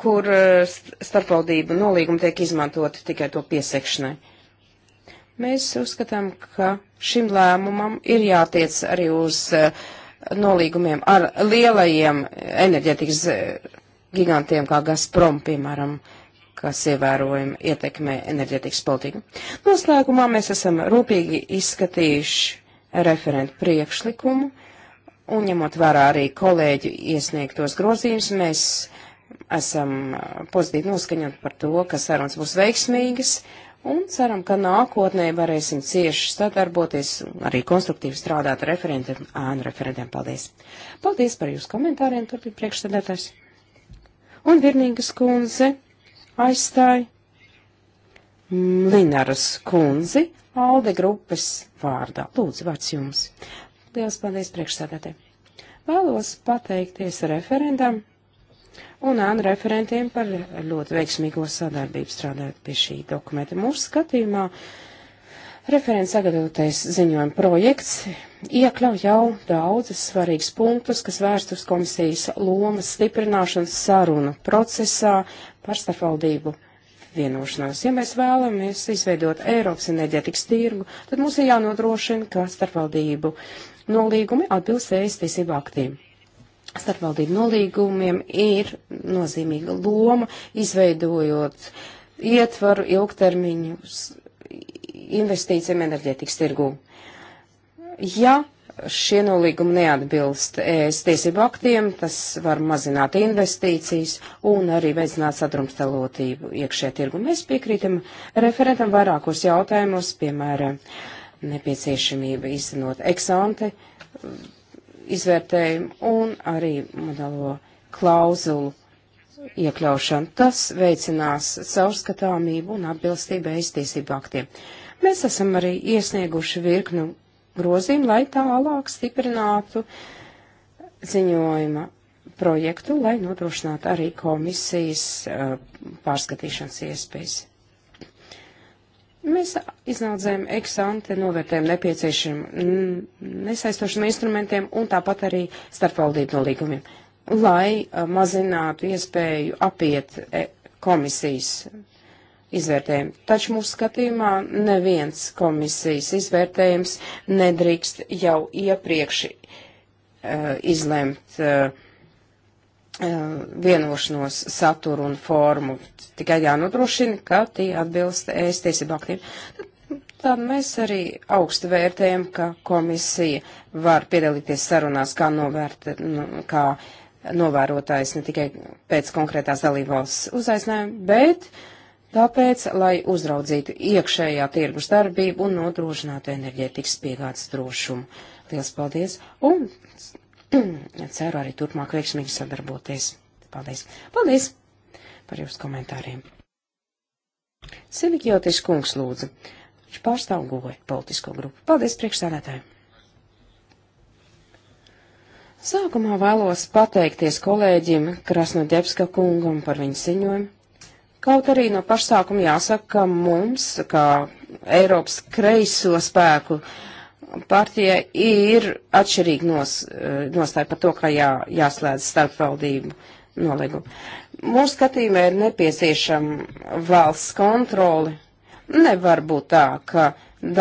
kur eh, starpvaldību nolīgumi tiek izmantoti tikai to piesekšanai. Mēs uzskatām, ka šim lēmumam ir jātiec arī uz eh, nolīgumiem ar lielajiem enerģetikas eh, gigantiem kā Gazprom, piemēram, kas ievērojami ietekmē enerģetikas politiku. Noslēgumā mēs esam rūpīgi izskatījuši referentu priekšlikumu, un ņemot vērā arī kolēģu iesniegtos grozījumus, mēs esam uh, pozitīvi noskaņot par to, ka sarunas būs veiksmīgas, un ceram, ka nākotnē varēsim cieši sadarboties, arī konstruktīvi strādāt referentiem, ānu referentiem. Paldies! Paldies par jūsu komentāriem, turpin priekšsēdētājs! un Virnīgas kundze aizstāja Linaras kundzi Alde grupas vārdā. Lūdzu, vārds jums. Lielas paldies priekšsēdētē. Vēlos pateikties referendam un ānu referentiem par ļoti veiksmīgo sadarbību strādājot pie šī dokumenta. Mūsu skatījumā uh, Referents sagatavotais ziņojuma projekts iekļauj jau daudzas svarīgas punktus, kas vērst uz komisijas lomas stiprināšanas sarunu procesā par starpvaldību vienošanās. Ja mēs vēlamies izveidot Eiropas enerģetikas tirgu, tad mums ir jānodrošina, ka starpvaldību nolīgumi atbilst ES tiesību aktiem. Starpvaldību nolīgumiem ir nozīmīga loma, izveidojot ietvaru ilgtermiņus investīcijām enerģētikas tirgū. Ja šie nolīgumi neatbilst ES tiesību aktiem, tas var mazināt investīcijas un arī veicināt sadrumstalotību iekšē tirgu. Mēs piekrītam referentam vairākos jautājumos, piemēram, nepieciešamība īstenot eksante mm, izvērtējumu un arī modelo klauzulu iekļaušanu. Tas veicinās caurskatāmību un atbilstību ES tiesību aktiem. Uh, Mēs esam arī iesnieguši virknu grozījumu, lai tālāk stiprinātu ziņojuma projektu, lai nodrošinātu arī komisijas uh, pārskatīšanas iespējas. Mēs iznaudzējam eksante, novērtējam nepieciešamiem mm, nesaistošiem instrumentiem un tāpat arī starpvaldību nolīgumiem, lai uh, mazinātu iespēju apiet e komisijas izvērtējumu. Taču mūsu skatījumā neviens komisijas izvērtējums nedrīkst jau iepriekš uh, izlemt uh, uh, vienošanos saturu un formu. Tikai jānodrošina, ka tie atbilst ēst tiesību aktiem. Tad mēs arī augstu vērtējam, ka komisija var piedalīties sarunās kā, novērt, nu, kā novērotājs ne tikai pēc konkrētās dalībvalsts uzaicinājuma, bet uh, Tāpēc, lai uzraudzītu iekšējā tirgus darbību un nodrošinātu enerģētikas piegādes drošumu. Lielas paldies un ceru arī turpmāk veiksmīgi sadarboties. Paldies! Paldies par jūsu komentāriem! Sivikjotis kungs lūdzu. Viņš pārstāv goja politisko grupu. Paldies priekšsēdētāji! Sākumā vēlos pateikties kolēģim Krasnodebska kungam par viņu ziņojumu Kaut arī no pašsākuma jāsaka, ka mums, kā Eiropas kreiso spēku partija, ir atšķirīga nos, eh, nostāja par to, ka jā, jāslēdz starpvaldību nolīgumu. Mūsu skatījumā ir nepieciešama valsts kontroli. Nevar būt tā, ka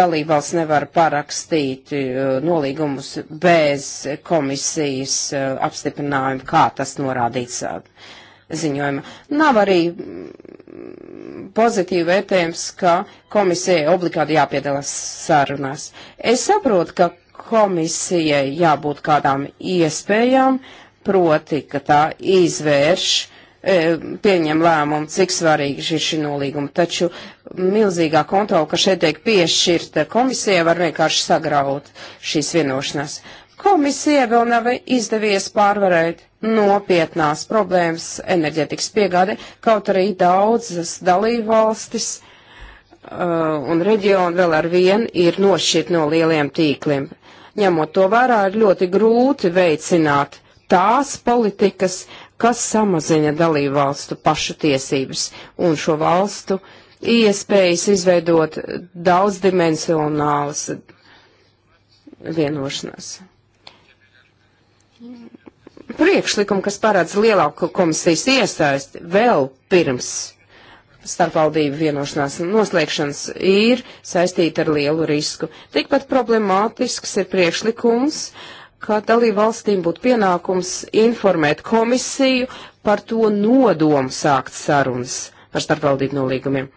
dalībvalsts nevar parakstīt eh, nolīgumus bez komisijas eh, apstiprinājuma, kā tas norādīts ziņojuma. Nav arī mm, pozitīvi vērtējums, ka komisija obligāti jāpiedalās sarunās. Es saprotu, ka komisijai jābūt kādām iespējām, proti, ka tā izvērš, e, pieņem lēmumu, cik svarīgi ir šī, šī nolīguma, taču milzīgā kontrola, ka šeit tiek piešķirta komisija, var vienkārši sagraut šīs vienošanās. Komisija vēl nav izdevies pārvarēt nopietnās problēmas enerģetikas piegāde, kaut arī daudzas dalībvalstis uh, un reģioni vēl ar vienu ir nošķirt no lieliem tīkliem. Ņemot to vērā, ir ļoti grūti veicināt tās politikas, kas samazina dalībvalstu pašu tiesības un šo valstu iespējas izveidot daudzdimensionālas vienošanās priekšlikumu, kas parāds lielāku komisijas iesaisti vēl pirms starpvaldību vienošanās noslēgšanas, ir saistīta ar lielu risku. Tikpat problemātisks ir priekšlikums, ka dalību valstīm būtu pienākums informēt komisiju par to nodomu sākt sarunas par starpvaldību nolīgumiem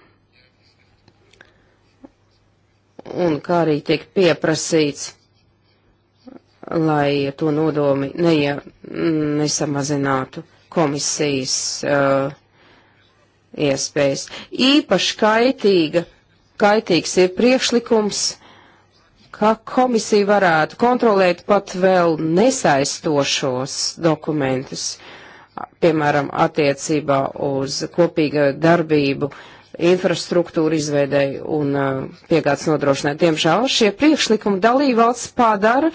un kā arī tiek pieprasīts lai to nodomi neie, nesamazinātu komisijas uh, iespējas. Īpaši kaitīga, kaitīgs ir priekšlikums, ka komisija varētu kontrolēt pat vēl nesaistošos dokumentus, piemēram, attiecībā uz kopīgu darbību infrastruktūru izveidēji un uh, piegādes nodrošināja. Diemžēl šie priekšlikumi dalībvalsts padara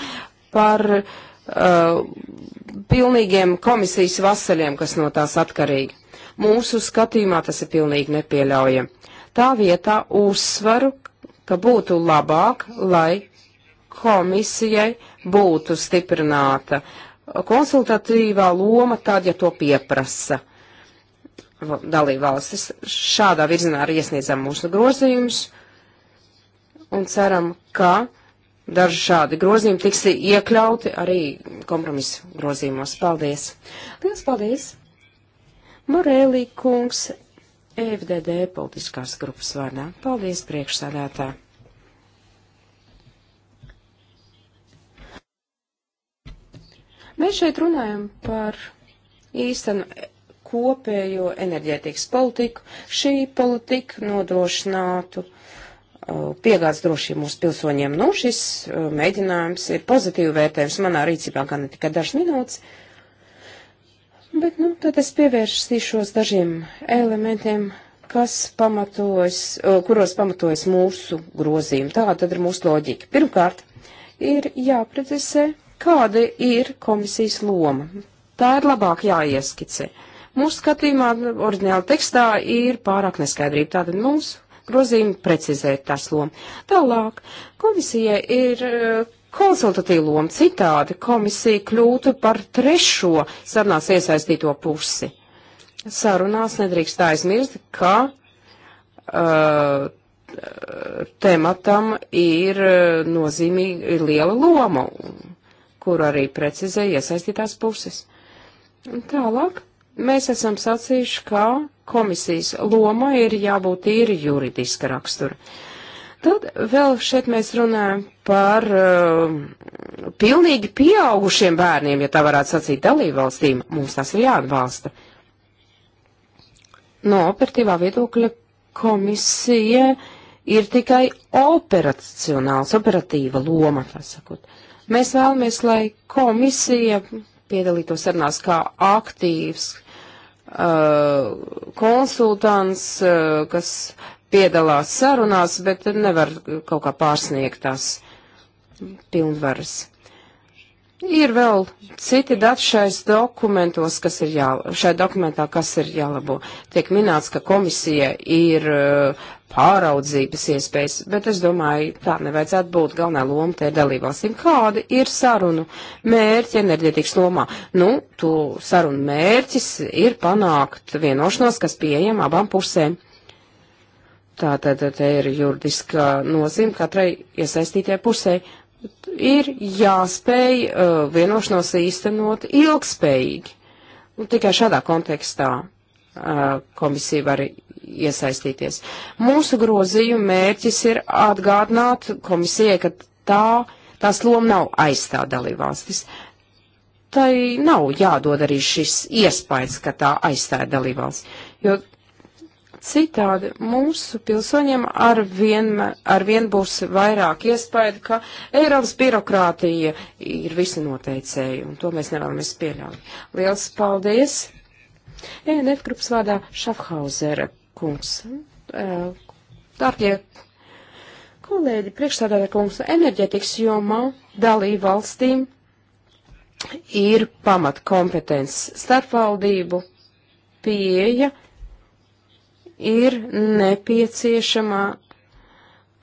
par uh, pilnīgiem komisijas vasaļiem, kas no tās atkarīgi. Mūsu skatījumā tas ir pilnīgi nepieļaujami. Tā vietā uzsvaru, ka būtu labāk, lai komisijai būtu stiprināta konsultatīvā loma tad, ja to pieprasa dalībvalstis. Šādā virzienā arī iesniedzam mūsu grozījumus un ceram, ka daži šādi grozījumi tiks iekļauti arī kompromisu grozījumos. Paldies! Liels paldies! Morēlī kungs, EFDD politiskās grupas vārdā. Paldies, priekšsādātā! Mēs šeit runājam par īstenu kopējo enerģētikas politiku. Šī politika nodrošinātu Eh, piegādes drošību mūsu pilsoņiem. Nu, šis eh, mēģinājums ir pozitīvi vērtējums manā rīcībā, gan ne tikai dažas minūtes, bet, nu, tad es pievērsīšos dažiem elementiem, kas pamatojas, eh, kuros pamatojas mūsu grozījumi. Tā tad ir mūsu loģika. Pirmkārt, ir jāprecizē, kāda ir komisijas loma. Tā ir labāk jāieskicē. Mūsu skatījumā, oriģināla tekstā, ir pārāk neskaidrība. Tātad mūsu grozījumi precizē tās lomu. Tālāk, komisija ir eh, konsultatīva loma citādi, komisija kļūtu par trešo sarunās iesaistīto pusi. Sarunās nedrīkst aizmirst, ka uh, tematam ir eh, nozīmīga, ir liela loma, kur arī precizē iesaistītās puses. Un tālāk Mēs esam sacījuši, ka komisijas loma ir jābūt tīri juridiska rakstura. Tad vēl šeit mēs runājam par uh, pilnīgi pieaugušiem bērniem, ja tā varētu sacīt dalībvalstīm. Mums tas ir jāatbalsta. No operatīvā viedokļa komisija ir tikai operacionāls, operatīva loma, tā sakot. Mēs vēlamies, lai komisija piedalītos sarunās kā aktīvs Uh, konsultants, uh, kas piedalās sarunās, bet nevar kaut kā pārsniegt tās pilnvaras. Ir vēl citi dati šais dokumentos, kas ir jā, šai dokumentā, kas ir jālabo. Tiek minēts, ka komisija ir uh, pāraudzības iespējas, bet es domāju, tā nevajadzētu būt galvenā loma te dalībvalstīm. Kādi ir sarunu mērķi enerģetikas lomā? Nu, to sarunu mērķis ir panākt vienošanos, kas pieejam abām pusēm. Tātad te ir juridiska nozīme katrai iesaistītajai pusē. Ir jāspēj uh, vienošanos īstenot ilgspējīgi. Un nu, tikai šādā kontekstā uh, komisija var iesaistīties. Mūsu grozījuma mērķis ir atgādināt komisijai, ka tā, tās loma nav aizstāt dalībvalstis. Tai nav jādod arī šis iespējas, ka tā aizstāja dalībvalsts, jo citādi mūsu pilsoņiem ar vien, ar vien būs vairāk iespēja, ka Eiropas birokrātija ir visi noteicēji, un to mēs nevēlamies pieļaut. Liels paldies! ENF grupas vārdā Šafhauzera kungs. Dārgie kolēģi, priekšstādātāja kungs, enerģetikas jomā dalību valstīm ir pamatkompetence. Starpvaldību pieeja ir nepieciešama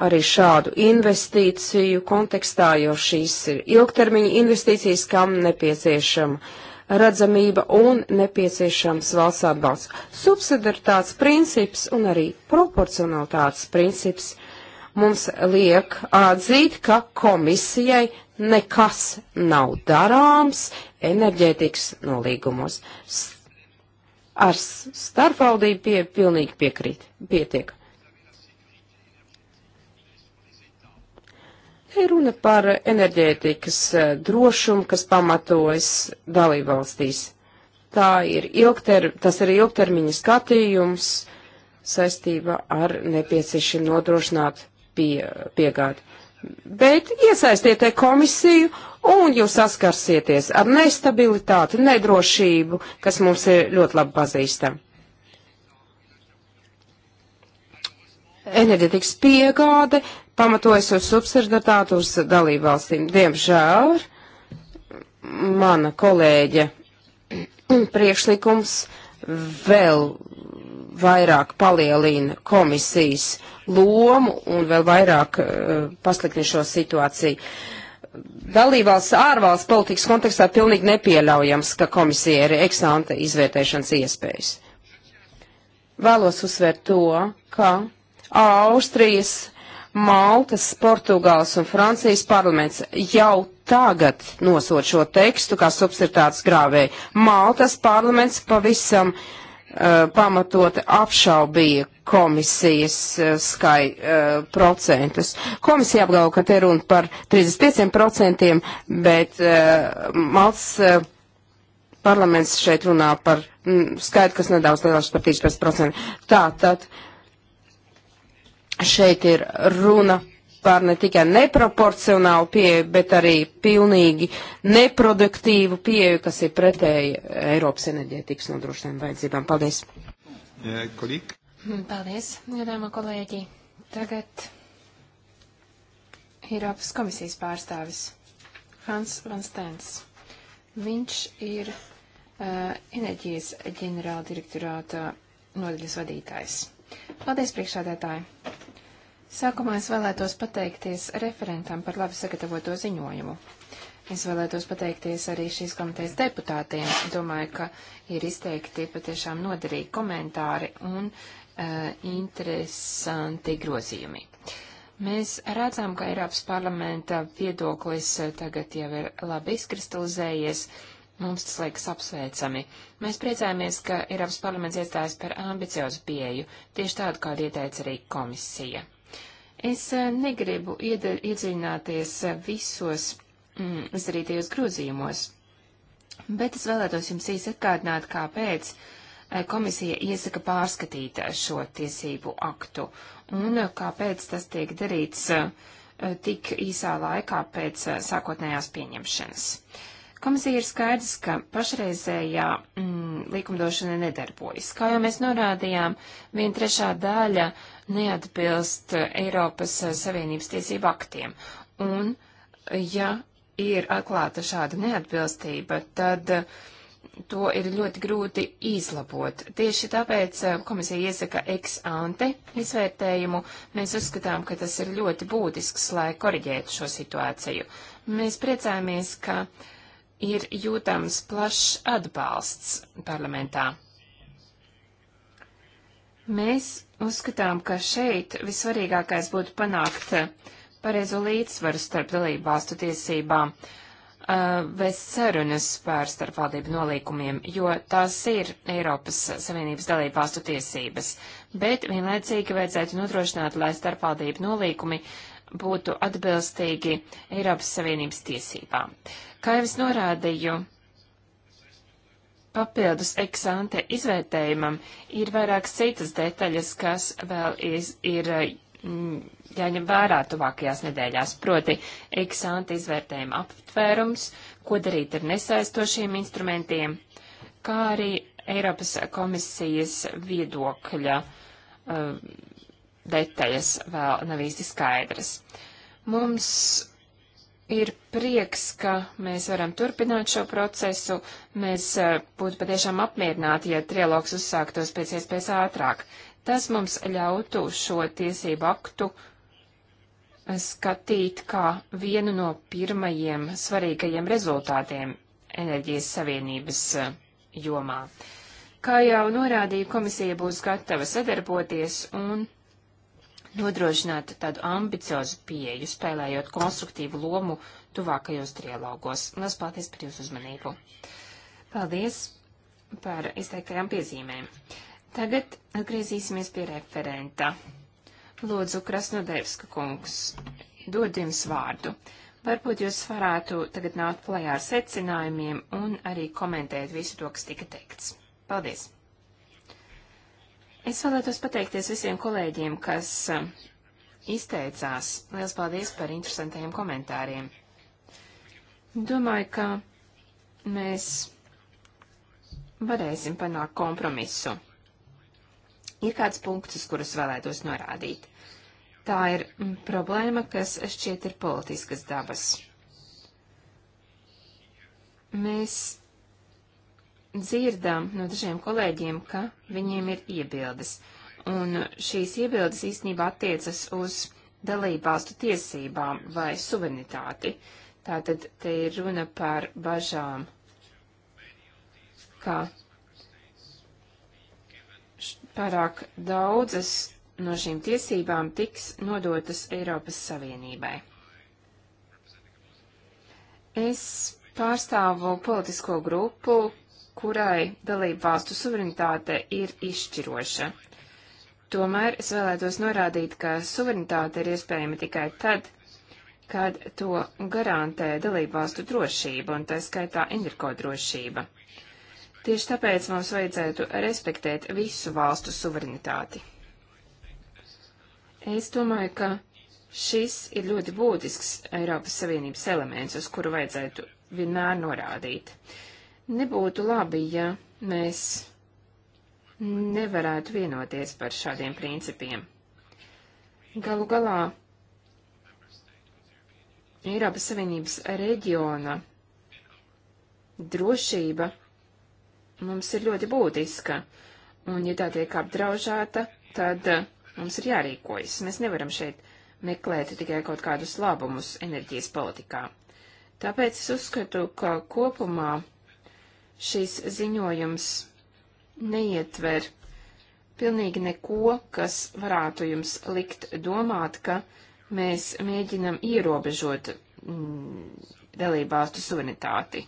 arī šādu investīciju kontekstā, jo šīs ir ilgtermiņa investīcijas, kam nepieciešama redzamība un nepieciešams valsts atbalsts. Subsidaritātes princips un arī proporcionalitātes princips mums liek atzīt, ka komisijai nekas nav darāms enerģētikas nolīgumos. Ar starpvaldību pie, pilnīgi piekrīt, pietiek. Ir runa par enerģētikas eh, drošumu, kas pamatojas dalībvalstīs. Tā ir ilgter, tas ir ilgtermiņa skatījums saistībā ar nepieciešam nodrošināt pie, piegādi. Bet iesaistiet komisiju un jūs saskarsieties ar nestabilitāti, nedrošību, kas mums ir ļoti labi pazīstama. Enerģetikas piegāde pamatojas uz subsidiatātu uz dalību valstīm. Diemžēl mana kolēģe priekšlikums vēl vairāk palielina komisijas lomu un vēl vairāk uh, pasliktina šo situāciju. Dalībvalsts ārvalsts politikas kontekstā pilnīgi nepieļaujams, ka komisija ir eksanta izvērtēšanas iespējas. Vēlos uzsvērt to, ka Austrijas Maltas, Portugāles un Francijas parlaments jau tagad nosot šo tekstu kā subsidiāts grāvēji. Maltas parlaments pavisam uh, pamatot apšaubīja komisijas uh, skai uh, procentus. Komisija apgalvo, ka te runa par 35%, bet uh, Maltas uh, parlaments šeit runā par mm, skaitu, kas nedaudz lielāks par 35%. Tātad. Tā, šeit ir runa par ne tikai neproporcionālu pieeju, bet arī pilnīgi neproduktīvu pieeju, kas ir pretēji Eiropas enerģētikas nodrošinājuma vajadzībām. Paldies!
Eh, kolīgi.
Paldies, gadāmā kolēģi. Tagad Eiropas komisijas pārstāvis Hans Van Stens. Viņš ir uh, enerģijas ģenerāldirektorāta nodaļas vadītājs. Paldies, priekšādētāji! Sākumā es vēlētos pateikties referentam par labi sagatavoto ziņojumu. Es vēlētos pateikties arī šīs komitejas deputātiem. Domāju, ka ir izteikti patiešām noderīgi komentāri un uh, interesanti grozījumi. Mēs redzam, ka Eiropas parlamenta viedoklis eh, tagad jau ir labi izkristalizējies. Uh, Mums tas liekas apsveicami. Mēs priecājamies, ka Eiropas parlaments iestājas par ambiciozu pieeju, tieši tādu, kādu ieteica arī komisija. Es eh, negribu iedziļināties eh, visos mm, izdarītajos grozījumos, bet es vēlētos jums īsi atgādināt, kāpēc eh, komisija iesaka pārskatīt šo tiesību aktu un kāpēc tas tiek darīts tik īsā laikā pēc sākotnējās pieņemšanas. Uh, Komisija ir skaidrs, ka pašreizējā mm, likumdošana nedarbojas. Kā jau mēs norādījām, viena trešā daļa neatbilst eh, Eiropas eh, Savienības tiesību aktiem. Un, ja ir atklāta šāda neatbilstība, tad eh, to ir ļoti grūti izlabot. Tieši tāpēc komisija iesaka ex ante izvērtējumu. Mēs uzskatām, ka tas ir ļoti būtisks, lai koriģētu šo situāciju. Mēs priecājamies, ka uh, ir jūtams plašs atbalsts parlamentā. Mēs uzskatām, ka šeit visvarīgākais būtu panākt pareizo līdzsvaru starp dalību valstu tiesībām, vēst uh, sarunas par starpvaldību nolīkumiem, jo tās ir Eiropas Savienības dalību valstu tiesības, bet vienlaicīgi vajadzētu nodrošināt, lai starpvaldību nolīkumi uh, būtu atbilstīgi Eiropas Savienības tiesībām. Kā jau es norādīju, papildus eksante izvērtējumam ir vairākas citas detaļas, kas vēl iz, ir mm, jāņem vērā tuvākajās nedēļās, proti eksante izvērtējuma aptvērums, ko darīt ar nesaistošiem instrumentiem, kā arī Eiropas komisijas viedokļa uh, detaļas vēl nav īsti skaidras. Mums ir prieks, ka mēs varam turpināt šo procesu. Mēs eh, būtu patiešām apmierināti, ja trialogs uzsāktos pēc iespējas ātrāk. Tas mums ļautu šo tiesību aktu eh, skatīt kā vienu no pirmajiem svarīgajiem rezultātiem enerģijas savienības eh, jomā. Kā jau norādīja, komisija būs gatava sadarboties un nodrošināt tādu ambiciozu pieeju, spēlējot konstruktīvu lomu tuvākajos trialogos. Lielas paldies par jūsu uzmanību. Paldies par izteiktajām piezīmēm. Tagad atgriezīsimies pie referenta. Lūdzu, Krasnodevska kungs, dod jums vārdu. Varbūt jūs varētu tagad nākt klajā ar secinājumiem un arī komentēt visu to, kas tika teikts. Paldies! Es vēlētos pateikties visiem kolēģiem, kas um, izteicās. Liels paldies par interesantajiem komentāriem. Domāju, ka mēs varēsim panākt kompromisu. Ir kāds punkts, uz kurus vēlētos norādīt. Tā ir mm, problēma, kas šķiet ir politiskas dabas. Mēs dzirdam no dažiem kolēģiem, ka viņiem ir iebildes. Un šīs iebildes īstenībā attiecas uz dalībvalstu tiesībām vai suverenitāti. Tātad te ir runa par bažām, ka pārāk daudzas no šīm tiesībām tiks nodotas Eiropas Savienībai. Es pārstāvu politisko grupu, kurai dalību valstu suverenitāte ir izšķiroša. Tomēr es vēlētos norādīt, ka suverenitāte ir iespējama tikai tad, kad to garantē dalību valstu drošība, un tā skaitā energo drošība. Tieši tāpēc mums vajadzētu respektēt visu valstu suverenitāti. Es domāju, ka šis ir ļoti būtisks Eiropas Savienības elements, uz kuru vajadzētu vienmēr norādīt. Uh, Nebūtu labi, ja mēs nevarētu vienoties par šādiem principiem. Galu galā Eiropas Savienības reģiona drošība mums ir ļoti būtiska, un ja tā tiek apdraužāta, tad eh, mums ir jārīkojas. Mēs nevaram šeit meklēt tikai kaut kādus labumus enerģijas politikā. Tāpēc es uzskatu, ka kopumā šīs ziņojums neietver pilnīgi neko, kas varētu jums likt domāt, ka mēs mēģinam ierobežot mm, dalībvalstu suverenitāti.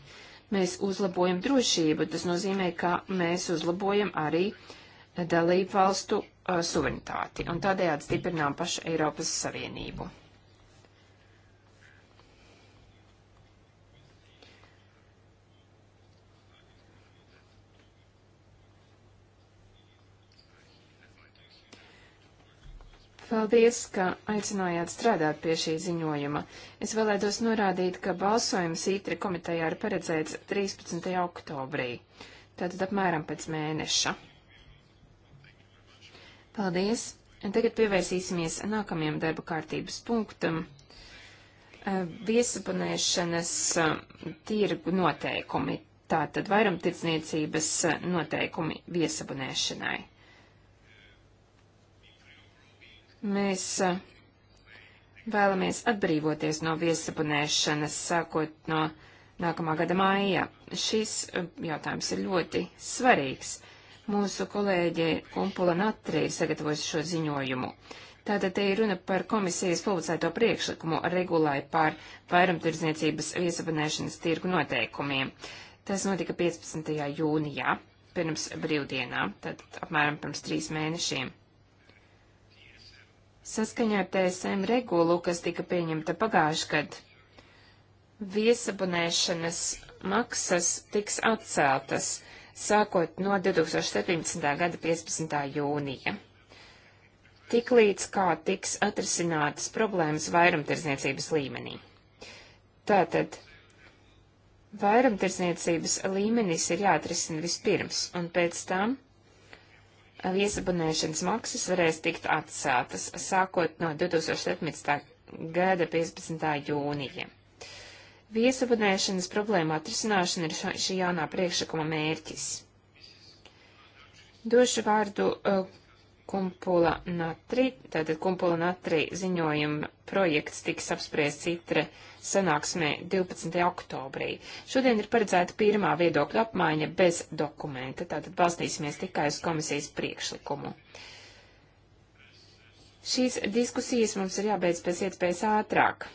Mēs uzlabojam drošību, tas nozīmē, ka mēs uzlabojam arī dalībvalstu uh, suverenitāti un tādējādi stiprinām pašu Eiropas Savienību. Paldies, ka aicinājāt strādāt pie šī ziņojuma. Es vēlētos norādīt, ka balsojums ītri komitejā ir paredzēts 13. oktobrī, tātad apmēram pēc mēneša. Paldies! Tagad pievērsīsimies nākamajam darba kārtības punktam eh, - viesapanēšanas eh, tirgu noteikumi, tātad vairumtirdzniecības eh, noteikumi viesapanēšanai. Mēs vēlamies atbrīvoties no viesabunēšanas sākot no nākamā gada māja. Šis jautājums ir ļoti svarīgs. Mūsu kolēģi Kumpula Natri ir sagatavojusi šo ziņojumu. Tātad te ir runa par komisijas publicēto priekšlikumu regulai pār vairumtirdzniecības viesabanēšanas tirgu noteikumiem. Tas notika 15. jūnijā, pirms brīvdienām, tad apmēram pirms trīs mēnešiem. Saskaņā ar TSM regulu, kas tika pieņemta pagājuši gad, viesabunēšanas maksas tiks atceltas, sākot no 2017. gada 15. jūnija. Tiklīdz kā tiks atrisinātas problēmas vairumtirdzniecības līmenī. Tātad vairumtirdzniecības līmenis ir jāatrisina vispirms, un pēc tam viesabunēšanas maksas varēs tikt atceltas sākot no 2017. gada 15. jūnija. Viesabunēšanas problēma atrisināšana ir šī jaunā priekšlikuma mērķis. Došu vārdu uh, Kumpula Natri, tātad Kumpula Natri ziņojuma projekts tiks apspriests citre sanāksmē 12. oktobrī. Šodien ir paredzēta pirmā viedokļa apmaiņa bez dokumenta, tātad balstīsimies tikai uz komisijas priekšlikumu. Šīs diskusijas mums ir jābeidz pēc iespējas ātrāk.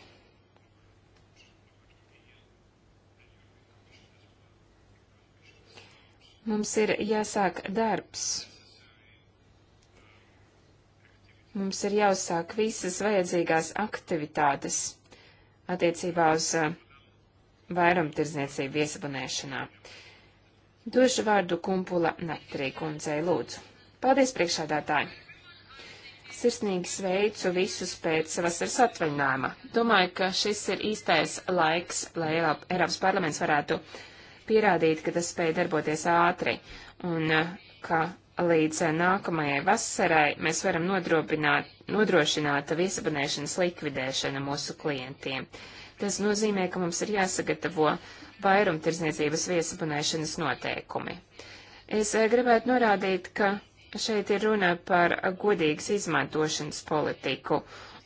Mums ir jāsāk darbs Mums ir jāuzsāk visas vajadzīgās aktivitātes attiecībā uz eh, vairumtirdzniecību viesabunēšanā. Došu vārdu kumpula Natrī kundzei lūdzu. Paldies priekšādātāji! Sirsnīgi sveicu visus pēc vasaras atvaļinājuma. Domāju, ka šis ir īstais laiks, lai Eiropas parlaments varētu pierādīt, ka tas spēja darboties ātri un eh, ka līdz eh, nākamajai vasarai mēs varam nodrošināt viesabonēšanas likvidēšanu mūsu klientiem. Tas nozīmē, ka mums ir jāsagatavo vairumtirdzniecības viesabonēšanas noteikumi. Es eh, gribētu norādīt, ka šeit ir runa par godīgas izmantošanas politiku,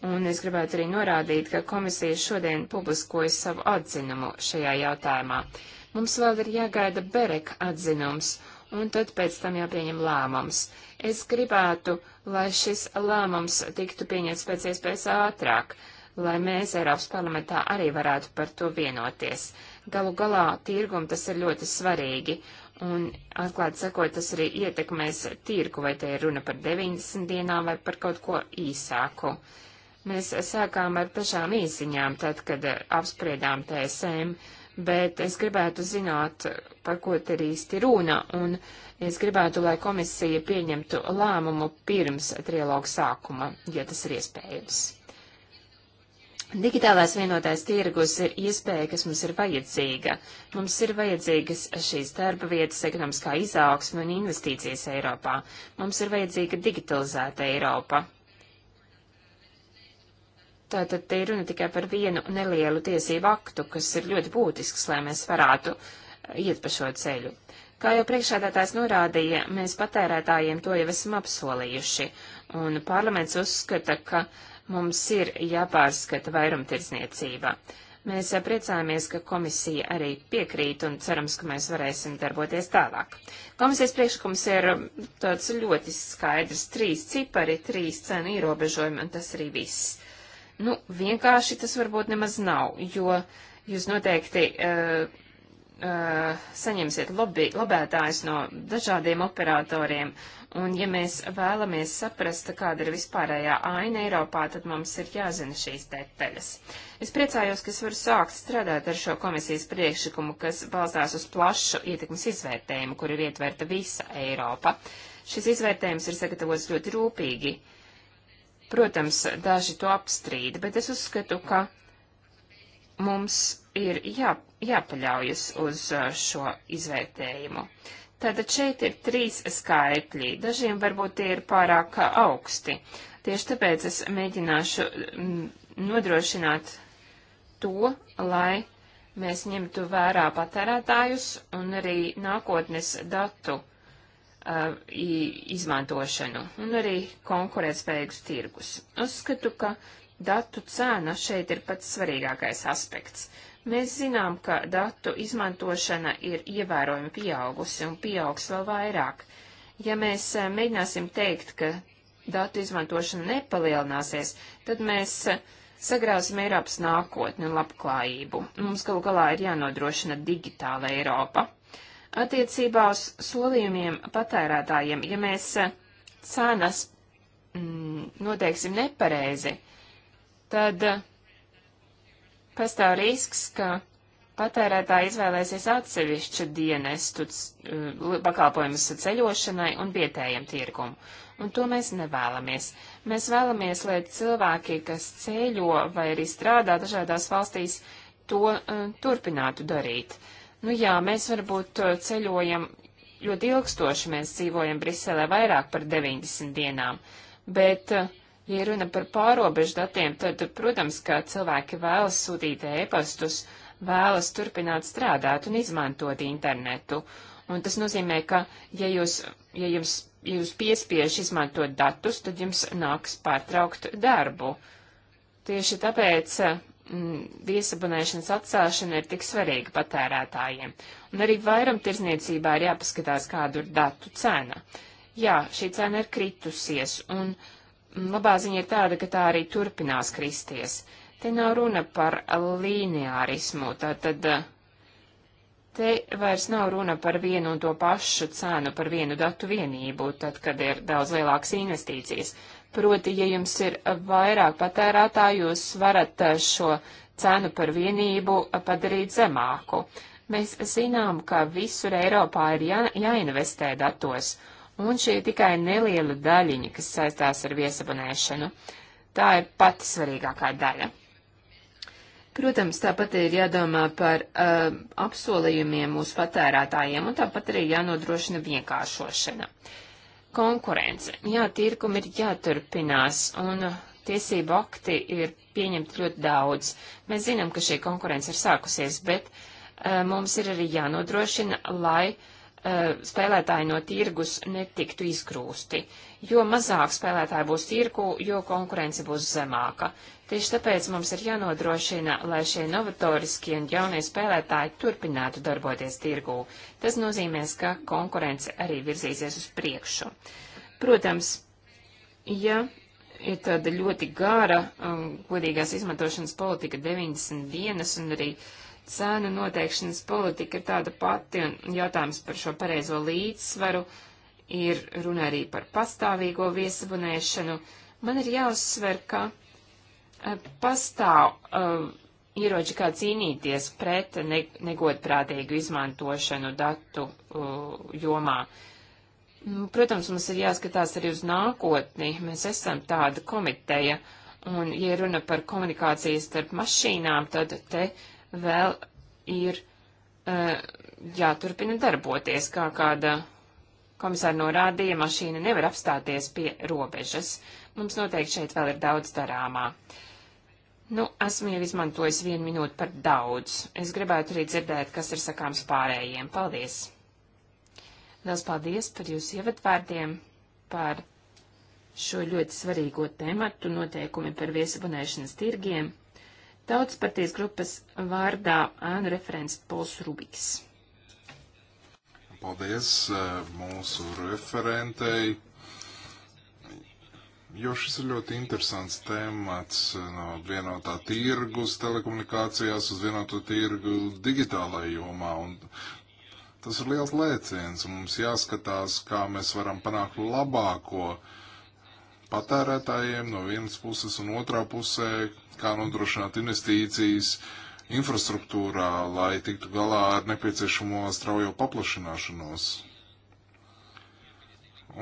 un es gribētu arī norādīt, ka komisija šodien publiskoja savu atzinumu šajā jautājumā. Mums vēl ir jāgaida Berek atzinums, un tad pēc tam jāpieņem lēmums. Es gribētu, lai šis lēmums tiktu pieņemts pēc iespējas ātrāk, lai mēs Eiropas parlamentā arī varētu par to vienoties. Galu galā tirgum tas ir ļoti svarīgi, un atklāt sakot, tas arī ietekmēs tirgu, vai te ir runa par 90 dienām vai par kaut ko īsāku. Mēs sākām ar pašām īsiņām, tad, kad apspriedām TSM bet es gribētu zināt, par ko te īsti runa, un es gribētu, lai komisija pieņemtu lēmumu pirms trialogu sākuma, ja tas ir iespējams. Digitālais vienotais tirgus ir iespēja, kas mums ir vajadzīga. Mums ir vajadzīgas šīs darba vietas, ekonomiskā izaugsme un investīcijas Eiropā. Mums ir vajadzīga digitalizēta Eiropa. Tātad te ir runa tikai par vienu nelielu tiesību aktu, kas ir ļoti būtisks, lai mēs varētu eh, iet pa šo ceļu. Kā jau priekšādātājs norādīja, mēs patērētājiem to jau esam apsolījuši, un parlaments uzskata, ka mums ir jāpārskata vairumtirdzniecība. Mēs eh, priecājamies, ka komisija arī piekrīt un cerams, ka mēs varēsim darboties tālāk. Komisijas priekšlikums ir um, tāds ļoti skaidrs - trīs cipari, trīs cenu ierobežojumi, un tas arī viss. Nu, vienkārši tas varbūt nemaz nav, jo jūs noteikti uh, uh, saņemsiet lobby, lobētājs no dažādiem operatoriem, un ja mēs vēlamies saprast, kāda ir vispārējā aina Eiropā, tad mums ir jāzina šīs detaļas. Es priecājos, ka es varu sākt strādāt ar šo komisijas priekšlikumu, kas balstās uz plašu ietekmes izvērtējumu, kur ir ietverta visa Eiropa. Šis izvērtējums ir sagatavots ļoti rūpīgi. Uh, Protams, daži to apstrīd, bet es uzskatu, ka mums ir jā, jāpaļaujas uz šo izvērtējumu. Tātad šeit ir trīs skaitļi. Dažiem varbūt tie ir pārāk augsti. Tieši tāpēc es mēģināšu nodrošināt to, lai mēs ņemtu vērā patērētājus un arī nākotnes datu uh, izmantošanu un arī konkurētspējīgus tirgus. Uzskatu, ka datu cena šeit ir pats svarīgākais aspekts. Mēs zinām, ka datu izmantošana ir ievērojami pieaugusi un pieaugs vēl vairāk. Ja mēs uh, mēģināsim teikt, ka datu izmantošana nepalielināsies, tad mēs uh, sagrāsim Eiropas nākotni un labklājību. Mums galu galā ir jānodrošina digitāla Eiropa. Attiecībā uz solījumiem patērētājiem, ja mēs eh, cenas mm, noteiksim nepareizi, tad eh, pastāv risks, ka patērētāji izvēlēsies atsevišķu dienestu eh, pakalpojumus ceļošanai un vietējiem tirgumu. Un to mēs nevēlamies. Mēs vēlamies, lai cilvēki, kas ceļo vai arī strādā dažādās valstīs, to uh, turpinātu darīt. Uh, Nu jā, mēs varbūt uh, ceļojam ļoti ilgstoši, mēs dzīvojam Briselē vairāk par 90 dienām, bet, uh, ja runa par pārobežu datiem, tad, uh, protams, ka cilvēki vēlas sūtīt ēpastus, vēlas turpināt strādāt un izmantot internetu. Un tas nozīmē, ka, ja jūs, ja jums, ja jūs piespiež izmantot datus, tad jums nāks pārtraukt darbu. Tieši tāpēc Mm, viesabunēšanas atcelšana ir tik svarīga patērētājiem. Un arī vairam tirzniecībā ir jāpaskatās, kādu ir datu cena. Jā, šī cena ir kritusies, un mm, labā ziņa ir tāda, ka tā arī turpinās kristies. Te nav runa par lineārismu, tātad te vairs nav runa par vienu un to pašu cenu, par vienu datu vienību, tad, kad ir daudz lielākas investīcijas. Proti, ja jums ir vairāk patērētāju, jūs varat eh, šo cenu par vienību eh, padarīt zemāku. Mēs zinām, ka visur Eiropā ir jā, jāinvestē datos, un šī ir tikai neliela daļiņa, kas saistās ar viesabonēšanu. Tā ir pati svarīgākā daļa. Protams, tāpat ir jādomā par uh, apsolījumiem mūsu patērētājiem, un tāpat arī jānodrošina vienkāršošana. Uh, konkurence. Jā, tirkumi ir jāturpinās, un tiesību akti ir pieņemti ļoti daudz. Mēs zinām, ka šī konkurence ir sākusies, bet uh, mums ir arī jānodrošina, lai uh, spēlētāji no tirgus netiktu izgrūsti. Jo mazāk spēlētāji būs tirku, jo konkurence būs zemāka. Tieši tāpēc mums ir jānodrošina, lai šie novatoriskie un jaunie spēlētāji turpinātu darboties tirgū. Tas nozīmēs, ka konkurence arī virzīsies uz priekšu. Protams, ja ir tāda ļoti gara um, godīgās izmantošanas politika 90 dienas un arī cēnu noteikšanas politika ir tāda pati un jautājums par šo pareizo līdzsvaru ir runa arī par pastāvīgo viesabunēšanu. Man ir jāuzsver, ka Eh, pastāv uh, ieroči, kā cīnīties pret ne, negodprātīgu izmantošanu datu uh, jomā. Mm, protams, mums ir jāskatās arī uz nākotni. Mēs esam tāda komiteja, un, ja runa par komunikācijas starp mašīnām, tad te vēl ir uh, jāturpina darboties, kā kāda komisāra norādīja, mašīna nevar apstāties pie robežas. Mums noteikti šeit vēl ir daudz darāmā. Uh, Nu, esmu jau izmantojis vienu minūti par daudz. Es gribētu arī dzirdēt, kas ir sakāms pārējiem. Paldies! Liels paldies par jūsu ievadvārdiem, par šo ļoti svarīgo tematu noteikumi par viesabunēšanas tirgiem. Tautas partijas grupas vārdā Ānu referents Pols Rubiks.
Paldies eh, mūsu referentei jo šis ir ļoti interesants temats eh, no vienotā tirgus telekomunikācijās uz vienoto tirgu digitālajā jomā. Un tas ir liels lēciens, un mums jāskatās, kā mēs varam panākt labāko patērētājiem no vienas puses un otrā pusē, kā nodrošināt investīcijas infrastruktūrā, lai tiktu galā ar nepieciešamo straujo paplašināšanos.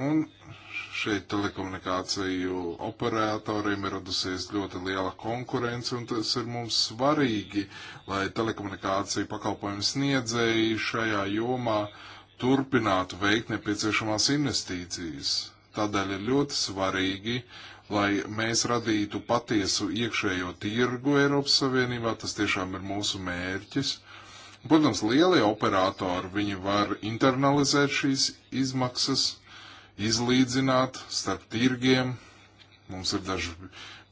Un šeit telekomunikāciju operatoriem ir radusies ļoti liela konkurence, un tas ir mums svarīgi, lai telekomunikāciju pakalpojumu sniedzēji šajā jomā turpinātu veikt nepieciešamās investīcijas. Tādēļ ir ļoti svarīgi, lai mēs radītu patiesu iekšējo tirgu Eiropas Savienībā, tas tiešām ir mūsu mērķis. Protams, lielie operatori, viņi var internalizēt šīs izmaksas, izlīdzināt starp tirgiem. Mums ir daži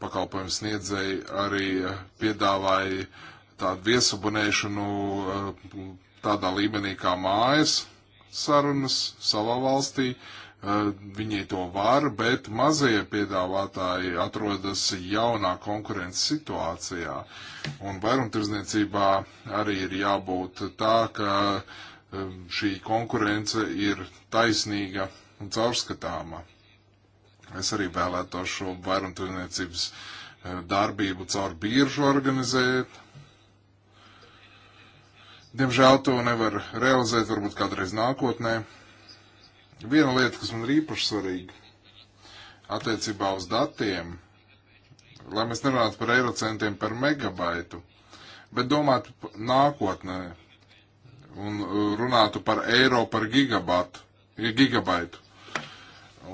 pakalpojumu sniedzēji arī eh, piedāvāja tādu viesabunēšanu eh, tādā līmenī kā mājas sarunas savā valstī. Eh, viņi to var, bet mazie piedāvātāji atrodas jaunā konkurences situācijā. Un vairumtirdzniecībā arī ir jābūt tā, ka šī konkurence ir taisnīga un caurskatāma. Es arī vēlētos šo vairumtirniecības eh, darbību caur biržu organizēt. Diemžēl to nevar realizēt, varbūt kādreiz nākotnē. Viena lieta, kas man ir īpaši svarīga attiecībā uz datiem, lai mēs nerunātu par eirocentiem par megabaitu, bet domātu nākotnē un eh, runātu par eiro par gigabatu, gigabaitu.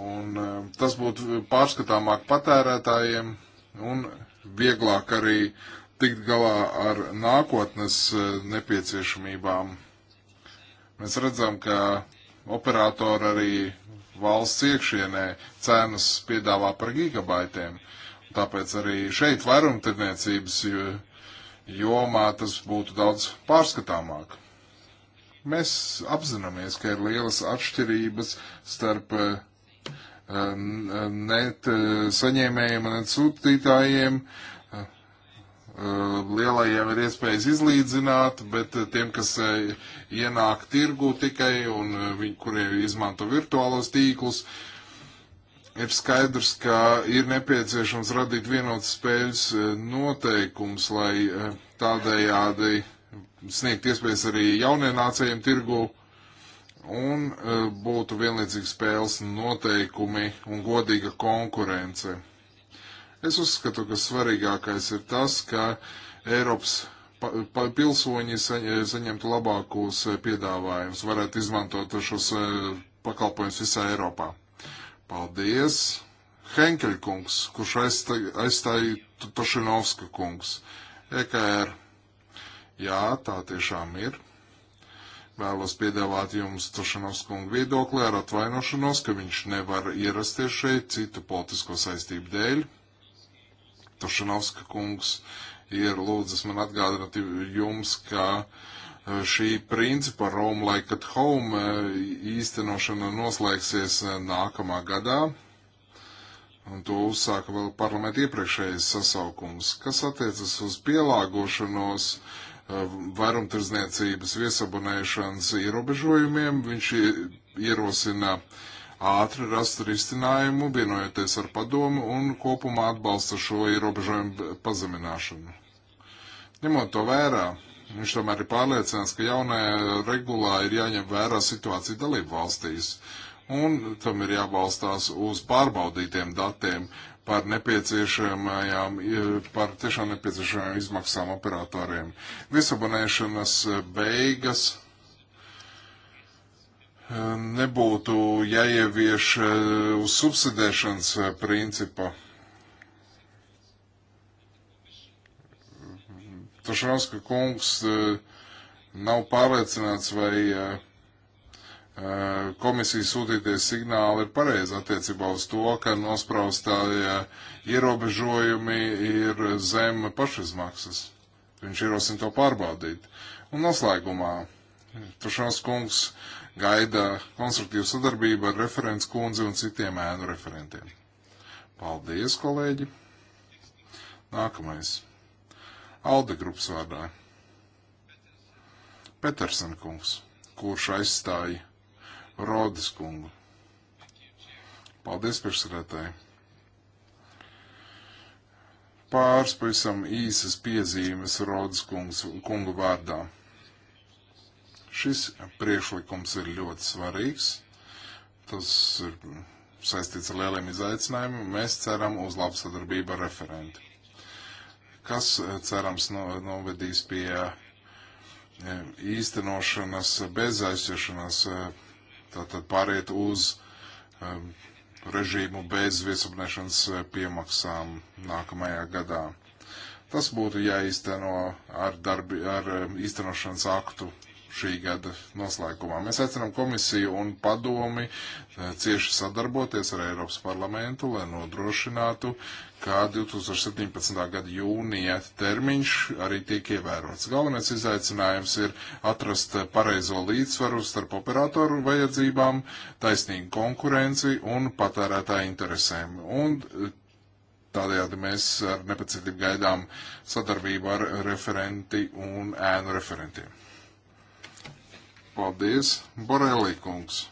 Un e, tas būtu pārskatāmāk patērētājiem un vieglāk arī tikt galā ar nākotnes e, nepieciešamībām. Mēs redzam, ka operatori arī valsts iekšienē cenas piedāvā par gigabaitiem. Tāpēc arī šeit vairumtirniecības jomā tas būtu daudz pārskatāmāk mēs apzināmies, ka ir lielas atšķirības starp e, Ehm, ehm, ne eh, saņēmējiem, ne sūtītājiem. Ehm, lielajiem ir iespējas izlīdzināt, bet eh, tiem, kas eh, ienāk tirgu tikai un kuriem izmanto virtuālos tīklus, ir skaidrs, ka ir nepieciešams radīt vienotas spēļas noteikums, lai tādējādi sniegt iespējas arī jaunienācējiem tirgu uh, un e, būtu vienlīdzīgi spēles noteikumi un godīga konkurence. Es uzskatu, ka svarīgākais ir tas, ka Eiropas pilsoņi e, saņemtu labākos e, piedāvājumus, varētu izmantot šos pakalpojumus visā Eiropā. Paldies! Henkeļkungs, kurš aizstāja Tošinovska kungs. EKR. Er. Jā, tā tiešām ir. Vēlos piedāvāt jums Tošanovskungu viedokli ar atvainošanos, ka viņš nevar ierasties šeit citu politisko saistību dēļ. Tošanovska kungs ir lūdzas man atgādināt jums, ka e, šī principa Rome like at home e, īstenošana noslēgsies e, nākamā gadā. Un to uzsāka vēl parlamenta iepriekšējais sasaukums, kas attiecas uz pielāgošanos uh, varumtirdzniecības viesabonēšanas ierobežojumiem. Viņš ierosina ātri rast risinājumu, vienojoties ar padomu un kopumā atbalsta šo ierobežojumu pazemināšanu. Ņemot to vērā, Viņš tomēr ir pārliecināts, ka jaunajā regulā ir jāņem vērā situācija dalību valstīs, un tam ir jābalstās uz pārbaudītiem datiem, par nepieciešamajām, e, par tiešām nepieciešamajām izmaksām operatoriem. Viesabonēšanas beigas e, nebūtu jāievieš e, uz subsidēšanas principa. Tošanska kungs nav pārliecināts, vai Eh, komisijas sūtīties signāli ir pareizi attiecībā uz to, ka nospraustāja ierobežojumi ir zem pašizmaksas. Viņš ierosina to pārbaudīt. Un noslēgumā Tušās kungs gaida konstruktīvu sadarbību ar referents kundzi un citiem ēnu referentiem. Paldies, kolēģi! Nākamais. Alde grupas vārdā. Petersen kungs, kurš aizstāja Rodas kungu. Paldies, priekšsēdētāji. Pāris pavisam īsas piezīmes Rodas kungs, kungu vārdā. Šis priekšlikums ir ļoti svarīgs. Tas ir saistīts ar lieliem izaicinājumiem. Mēs ceram uz labu sadarbību ar referentu kas, eh, cerams, no, novedīs pie eh, īstenošanas bez aizķeršanās eh, Tātad pāriet uz um, režīmu bez viesapnešanas uh, piemaksām nākamajā gadā. Tas būtu jāizteno ar, darbi, ar um, īstenošanas aktu šī gada noslēgumā. Mēs aicinām komisiju un padomi uh, cieši sadarboties ar Eiropas parlamentu, lai nodrošinātu, ka 2017. gada jūnija termiņš arī tiek ievērots. Galvenais izaicinājums ir atrast pareizo līdzsvaru starp operatoru vajadzībām, taisnīgu konkurenci un patērētāju interesēm. Un eh, tādējādi mēs ar nepacietību gaidām sadarbību ar referenti un ēnu referentiem. Paldies, Borelī kungs,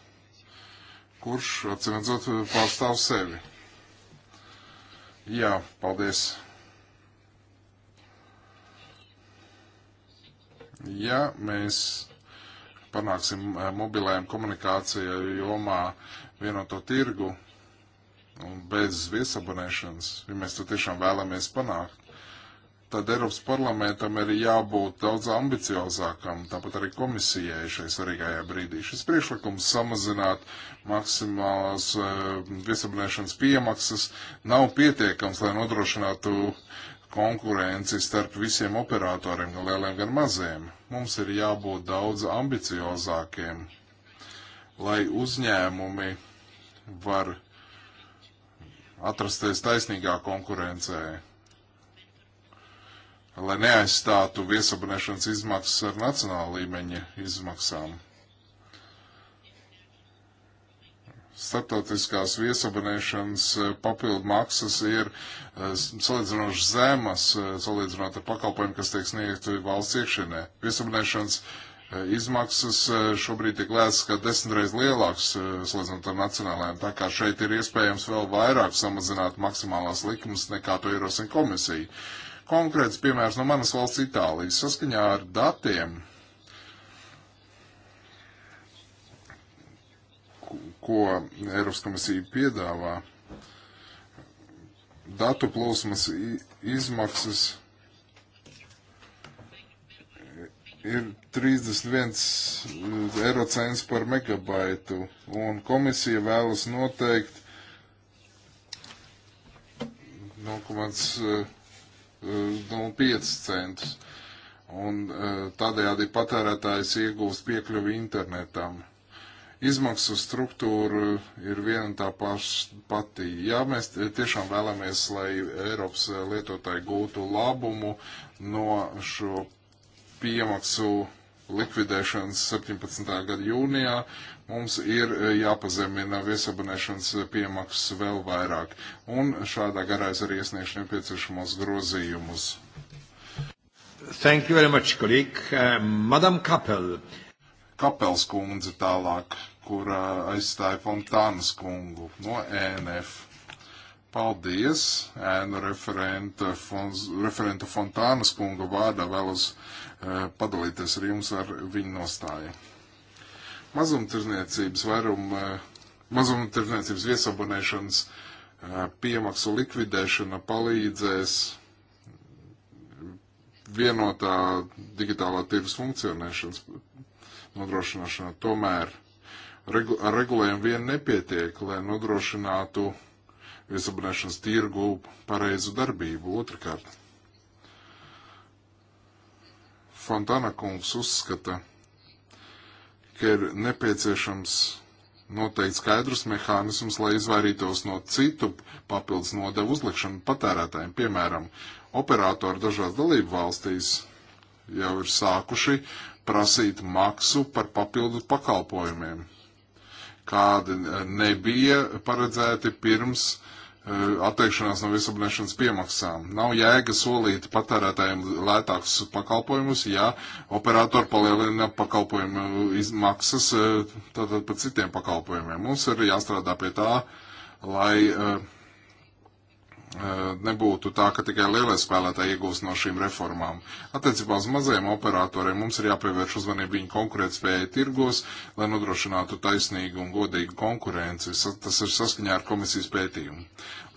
kurš, atcīmredzot, pārstāv sevi. Jā, paldies. Ja mēs panāksim eh, mobilēm komunikāciju jomā vienoto tirgu un bez viesabonēšanas, ja mēs to tiešām vēlamies panākt, tad Eiropas parlamentam ir jābūt daudz ambiciozākam, tāpat arī komisijai šai svarīgajā brīdī. Šis priekšlikums samazināt maksimālās eh, viesabunēšanas piemaksas nav pietiekams, lai nodrošinātu konkurenci starp visiem operatoriem, gan lieliem, gan maziem. Mums ir jābūt daudz ambiciozākiem, lai uzņēmumi var atrasties taisnīgā konkurencē lai neaizstātu viesabunēšanas izmaksas ar nacionāla līmeņa izmaksām. Startautiskās viesabunēšanas eh, papildu maksas ir eh, salīdzinoši zemas, eh, salīdzinot ar pakalpojumu, kas tiek sniegti valsts iekšienē. Viesabunēšanas izmaksas šobrīd tiek lēsts, ka desmitreiz lielāks salīdzinot ar nacionālajiem. Tā kā šeit ir iespējams vēl vairāk samazināt maksimālās likumas, nekā to ierosina komisija. Uh, Konkrēts piemērs no manas valsts Itālijas saskaņā ar datiem, ko Eiropas komisija piedāvā. Datu plūsmas izmaksas ir 31 eh, eiro cents par megabaitu, un komisija vēlas noteikt 0,5 0,5 eh, centus. Un eh, tādējādi patērētājs iegūst piekļuvi internetam. Izmaksu struktūra ir viena un tā paša pati. Ja mēs tiešām vēlamies, lai Eiropas eh, lietotāji gūtu labumu no šo piemaksu uh, likvidēšanas 17. gada jūnijā, mums ir e, jāpazemina viesabunēšanas piemaksas vēl vairāk. Un šādā garā es arī iesniegšu nepieciešamos grozījumus. Thank you very much, kolīgi. Uh, Madam Kapel. Kapels kundze tālāk, kur uh, aizstāja Fontānas kungu no ENF. Paldies, ēnu referenta, fons, referenta Fontānas kunga vārdā vēlos. Uz Eh, padalīties ar jums ar viņu nostāju. Mazumtirdzniecības vairuma, mazumtirdzniecības viesabonēšanas eh, piemaksu likvidēšana palīdzēs vienotā digitālā tirgus funkcionēšanas nodrošināšanā. Tomēr regu, ar regulējumu vien nepietiek, lai nodrošinātu viesabunēšanas tirgu pareizu darbību. Otrakārt, Fontana kungs uzskata, ka ir nepieciešams noteikti skaidrs mehānisms, lai izvairītos no citu papildus nodevu uzlikšanu patērētājiem. Piemēram, operatori dažās dalību valstīs jau ir sākuši prasīt maksu par papildu pakalpojumiem, kādi nebija paredzēti pirms uh, E, atteikšanās no viesabunēšanas piemaksām. Nav jēga solīt patērētājiem lētākus pakalpojumus, ja operātori palielina pakalpojumu izmaksas e, tātad par citiem pakalpojumiem. Mums ir jāstrādā pie tā, lai uh, nebūtu tā, ka tikai lielie spēlētāji iegūst no šīm reformām. Attiecībā uz mazajiem operatoriem mums ir jāpievērš uzmanība viņu konkurētspējai tirgos, lai nodrošinātu taisnīgu un godīgu konkurenci. Tas ir saskaņā ar komisijas pētījumu.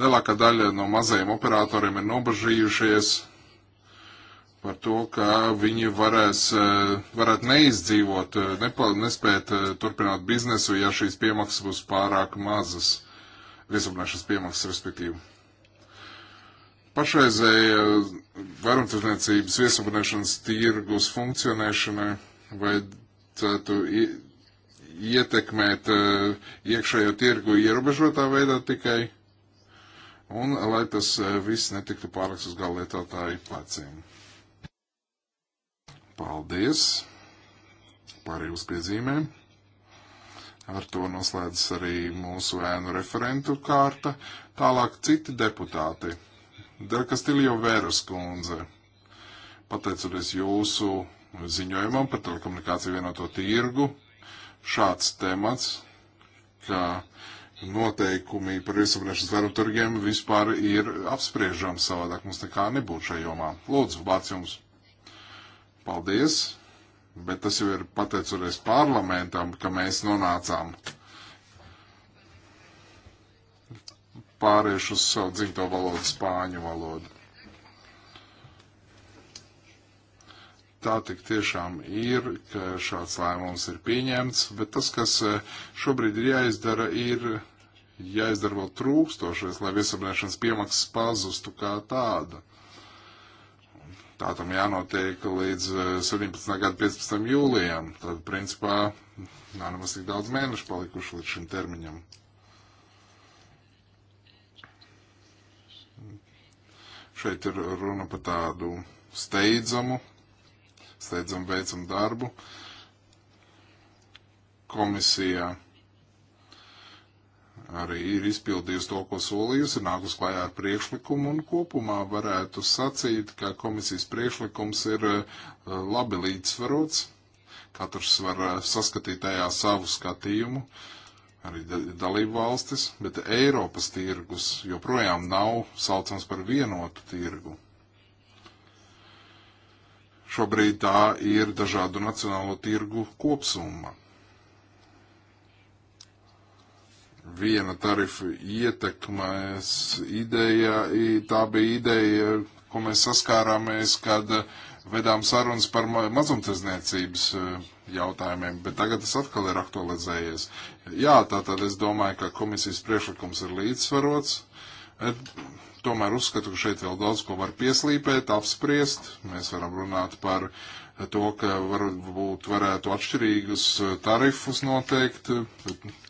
Lielākā daļa no mazajiem operatoriem ir nobažījušies par to, ka viņi varēs, varētu neizdzīvot, nepa, nespēt turpināt biznesu, ja šīs piemaksas būs pārāk mazas. Viesapnešanas piemaksas, respektīvi. Pašreizēja eh, varumtirdzniecības viesabunēšanas tirgus funkcionēšanai vajadzētu ietekmēt eh, iekšējo tirgu ierobežotā veidā tikai, un lai tas eh, viss netiktu pārāks uz galvietotāju pleciem. Paldies par jūsu piezīmēm. Ar to noslēdzas arī mūsu ēnu referentu kārta. Tālāk citi deputāti. Delkastiljo Vēras kundze, pateicoties jūsu ziņojumam par telekomunikāciju vienoto tirgu, šāds temats, kā noteikumi par iesaistīšanās vērumturgiem vispār ir apspriežams savādāk. Mums nekā nebūtu šajā jomā. Lūdzu, vārds jums. Paldies! Bet tas jau ir pateicoties parlamentam, ka mēs nonācām pāriešu uz savu dzimto valodu, spāņu valodu. Tā tik tiešām ir, ka šāds lēmums ir pieņemts, bet tas, kas e, šobrīd ir jāizdara, ir jāizdara vēl trūkstošais, lai viesabnēšanas piemaksas pazustu kā tāda. Tā tam jānotiek līdz 17. E, gada 15. jūlijam. Tad, principā, nav nemaz tik daudz mēnešu palikuši līdz šim termiņam. Šeit ir runa par tādu steidzamu, steidzamu veicamu darbu. Komisijā arī ir izpildījusi to, ko solījusi, ir nākus klājā ar priekšlikumu un kopumā varētu sacīt, ka komisijas priekšlikums ir eh, labi līdzsvarots. Katrs var eh, saskatīt tajā savu skatījumu. Uh, arī dalību valstis, bet Eiropas tirgus joprojām nav saucams par vienotu tirgu. Šobrīd tā ir dažādu nacionālo tirgu kopsumma. Viena tarifa ietekmēs ideja, tā bija ideja, ko mēs saskārāmies, kad vedām sarunas par mazumtirdzniecības eh, jautājumiem, bet tagad tas atkal ir aktualizējies. Jā, tātad es domāju, ka komisijas priekšlikums ir līdzsvarots. Tomēr uzskatu, ka šeit vēl daudz ko var pieslīpēt, apspriest. Mēs varam runāt par to, ka varbūt varētu atšķirīgus eh, tarifus noteikt,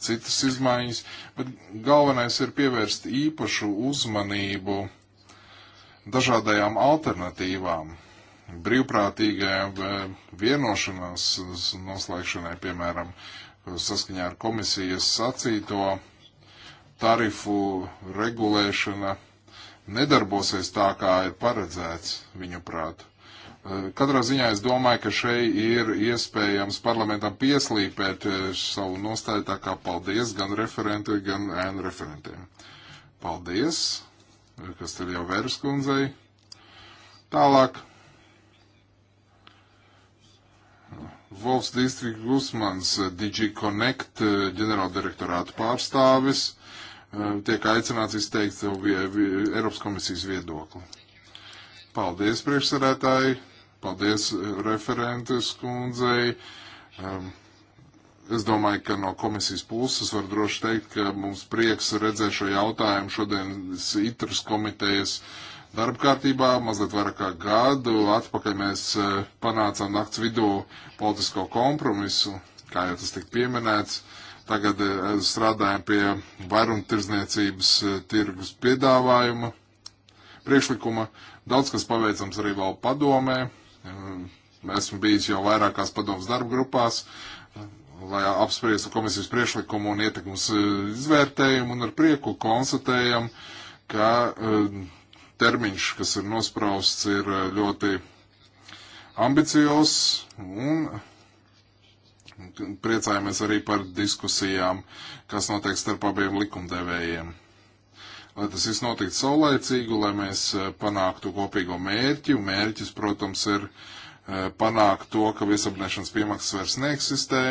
citas izmaiņas, bet galvenais ir pievērst īpašu uzmanību dažādajām alternatīvām brīvprātīgai vienošanās noslēgšanai, piemēram, saskaņā ar komisijas sacīto, tarifu regulēšana nedarbosies tā, kā ir paredzēts, viņuprāt. Katrā ziņā es domāju, ka šeit ir iespējams parlamentam pieslīpēt savu nostāju, tā kā paldies gan referentiem, gan ēnu referentiem. Paldies, kas ir jau Verskundzei. Tālāk Volks Distrikt Gusmans, eh, DG Connect eh, ģenerāldirektorātu pārstāvis, eh, tiek aicināts izteikt savu Eiropas komisijas viedokli. Paldies, priekšsarētāji, paldies referentes kundzei. Ehm, es domāju, ka no komisijas puses var droši teikt, ka mums prieks redzēt šo jautājumu šodien ITRS komitejas uh, darba kārtībā. Mazliet vairāk kā gadu atpakaļ mēs eh, panācām nakts vidū politisko kompromisu, kā jau tas tika pieminēts. Tagad eh, strādājam pie vairumtirdzniecības eh, tirgus piedāvājuma, priekšlikuma. Daudz kas paveicams arī vēl padomē. Esmu bijis jau vairākās padomas darba grupās, lai apspriestu komisijas priekšlikumu un ietekmus izvērtējumu, un ar prieku konstatējam, ka uh, termiņš, kas ir nosprausts, ir eh, ļoti ambiciozs un priecājamies arī par diskusijām, kas notiek starp abiem likumdevējiem. Lai tas viss notiktu saulēcīgi, lai mēs eh, panāktu kopīgo mērķi, un mērķis, protams, ir eh, panākt to, ka viesapnešanas piemaksas vairs neeksistē,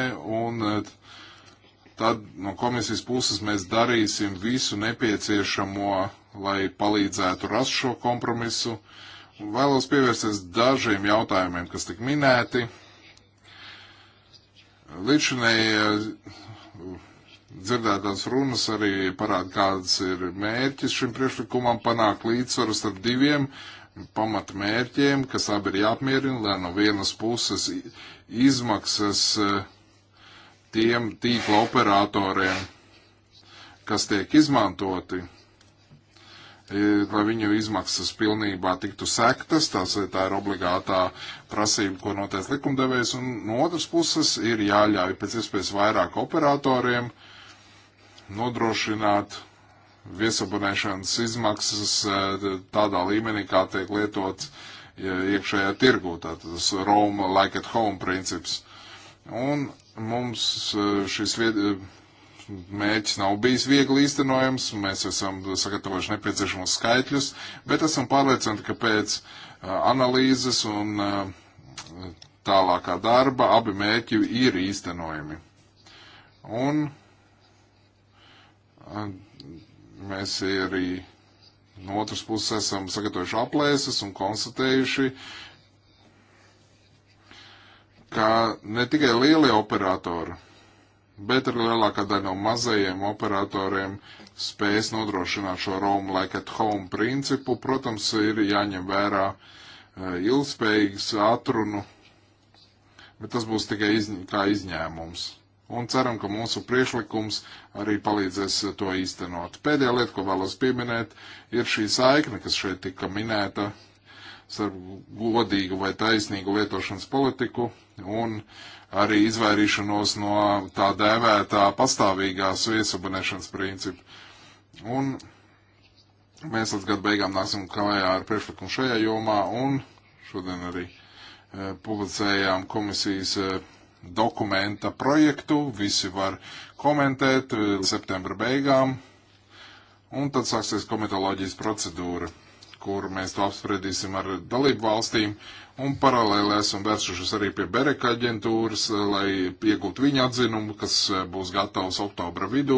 un tad no komisijas puses mēs darīsim visu nepieciešamo lai palīdzētu rast šo kompromisu. Vēlos pievērsties dažiem jautājumiem, kas tik minēti. Līdšanai eh, dzirdētās runas arī parāda, kāds ir mērķis šim priekšlikumam panākt līdzsvaru starp diviem pamata mērķiem, kas abi ir jāapmierina, lai no vienas puses izmaksas eh, tiem tīkla operatoriem, kas tiek izmantoti, E, lai viņu izmaksas pilnībā tiktu sektas, tās, tā ir obligātā prasība, ko noteic likumdevējs, un no otras puses ir jāļauj pēc iespējas vairāk operatoriem nodrošināt viesabonēšanas izmaksas e, tādā līmenī, kā tiek lietots e, iekšējā tirgū, tātad tas Roma like at home princips. Un mums šis vied Mēģis nav bijis viegli īstenojams, mēs esam sagatavojuši nepieciešamos skaitļus, bet esam pārliecināti, ka pēc uh, analīzes un uh, tālākā darba abi mērķi ir īstenojami. Un uh, mēs arī no otras puses esam sagatavojuši aplēses un konstatējuši, ka ne tikai lielie operatori, bet arī lielākā daļa no mazajiem operatoriem spēs nodrošināt šo Rome like at home principu. Protams, ir jāņem vērā eh, ilgspējīgas atrunu, bet tas būs tikai izņ kā izņēmums. Un ceram, ka mūsu priešlikums arī palīdzēs to īstenot. Pēdējā lieta, ko vēlos pieminēt, ir šī saikne, kas šeit tika minēta starp godīgu vai taisnīgu lietošanas politiku un uh, arī izvairīšanos no tā dēvētā pastāvīgās viesabunēšanas principa. Un mēs līdz gada beigām nāksim klājā ar priekšlikumu šajā jomā un šodien arī e, publicējām komisijas e, dokumenta projektu. Visi var komentēt e, septembra beigām un tad sāksies komitoloģijas procedūra kur mēs to apspriedīsim ar dalību valstīm, un paralēli esam vērsušies arī pie Bereka aģentūras, eh, lai iegūtu viņa atzinumu, kas eh, būs gatavs oktobra vidū,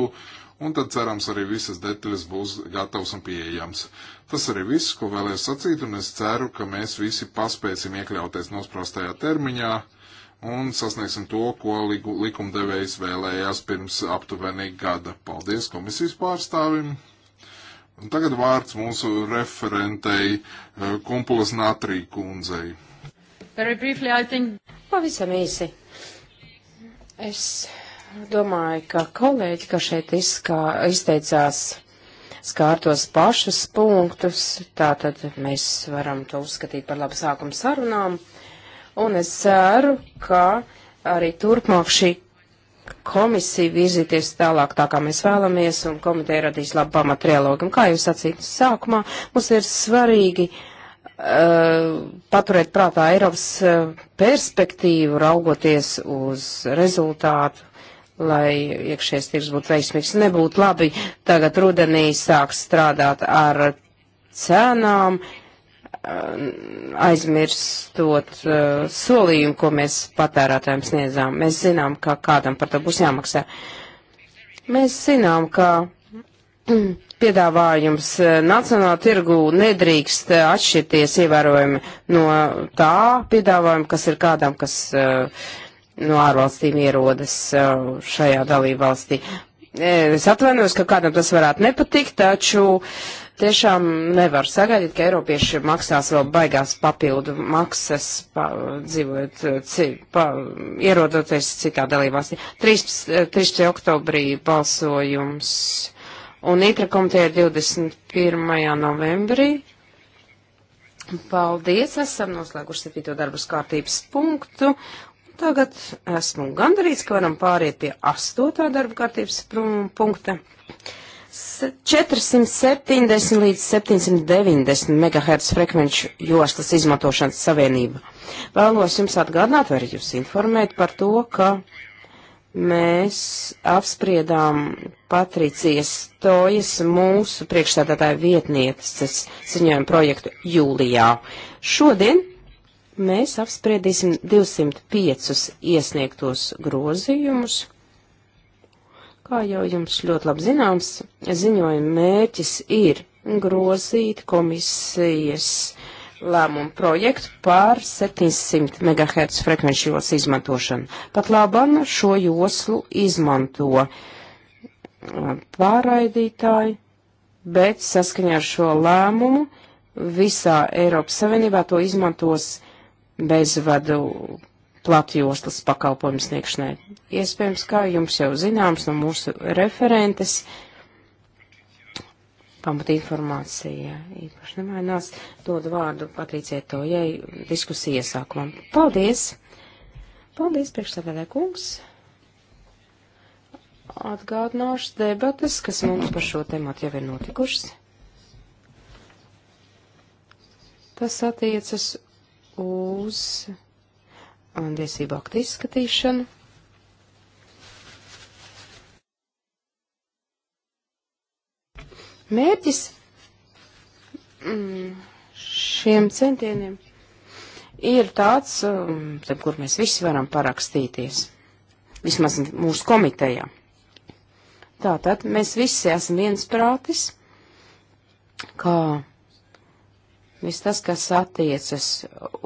un tad cerams arī visas detaļas būs gatavs un pieejams. Tas arī viss, ko vēlēju sacīt, un es ceru, ka mēs visi paspēsim iekļauties nosprostajā termiņā un sasniegsim to, ko likumdevējs vēlējās pirms aptuveni gada. Paldies komisijas pārstāvim! Un tagad vārds mūsu referentei eh, Kumpulas Natrī kundzei.
Briefly, think... Pavisam īsi. Es domāju, ka kolēģi, ka šeit izskā, izteicās skārtos pašus punktus, tātad mēs varam to uzskatīt par labu sākumu sarunām. Un es ceru, ka arī turpmāk šī komisija virzīties tālāk tā, kā mēs vēlamies, un komiteja radīs labu pamatrialogu. Un kā jūs sacījāt sākumā, mums ir svarīgi uh, paturēt prātā Eiropas uh, perspektīvu, raugoties uz rezultātu, lai iekšējais tirgus būtu veiksmīgs. Nebūtu labi tagad rudenī sāk strādāt ar cenām. Uh, aizmirstot uh, solījumu, ko mēs patērētājiem sniedzām. Mēs zinām, ka kādam par to būs jāmaksā. Mēs zinām, ka piedāvājums uh, nacionāla tirgu nedrīkst atšķirties ievērojami no tā piedāvājuma, kas ir kādam, kas uh, no ārvalstīm ierodas uh, šajā dalībvalstī. Es atvainojos, ka kādam tas varētu nepatikt, taču uh, tiešām nevar sagaidīt, ka Eiropieši maksās vēl baigās papildu maksas, pa, dzīvojot, eh, ci, pa, ierodoties citā dalībvalstī. 13, 13. Eh, oktobrī balsojums un ITRA komiteja 21. novembrī. Paldies, esam noslēguši 7. darbas kārtības punktu. Tagad esmu gandarīts, ka varam pāriet pie 8. darba kārtības punkta. 470 līdz 790 MHz frekvenču joslas izmantošanas savienība. Vēlos jums atgādināt, arī jūs informēt par to, ka mēs apspriedām Patricijas Tojas mūsu priekšstādātāja vietnieces ziņojumu projektu jūlijā. Šodien mēs apspriedīsim 205 iesniegtos grozījumus Kā jau jums ļoti labi zināms, ziņojuma mērķis ir grozīt komisijas lēmumu projektu pār 700 MHz frekvenču joslu izmantošanu. Pat labam šo joslu izmanto uh, pārraidītāji, bet saskaņā ar šo lēmumu visā Eiropas Savienībā to izmantos bezvadu platjoslas pakalpojumu sniegšanai. Iespējams, kā jums jau zināms no mūsu referentes, pamat informācija īpaši nemainās. Dod vārdu Patricijai Tojai diskusiju iesākumam. Paldies! Paldies, priekšsēdētāj kungs! Atgādināšu debatas, kas mums par šo tematu jau ir notikušas. Tas attiecas uz un tiesību aktu izskatīšanu. Mērķis mm, šiem centieniem ir tāds, mm, zem kur mēs visi varam parakstīties, vismaz mūsu komitejā. Tātad mēs visi esam viensprātis, ka viss tas, kas attiecas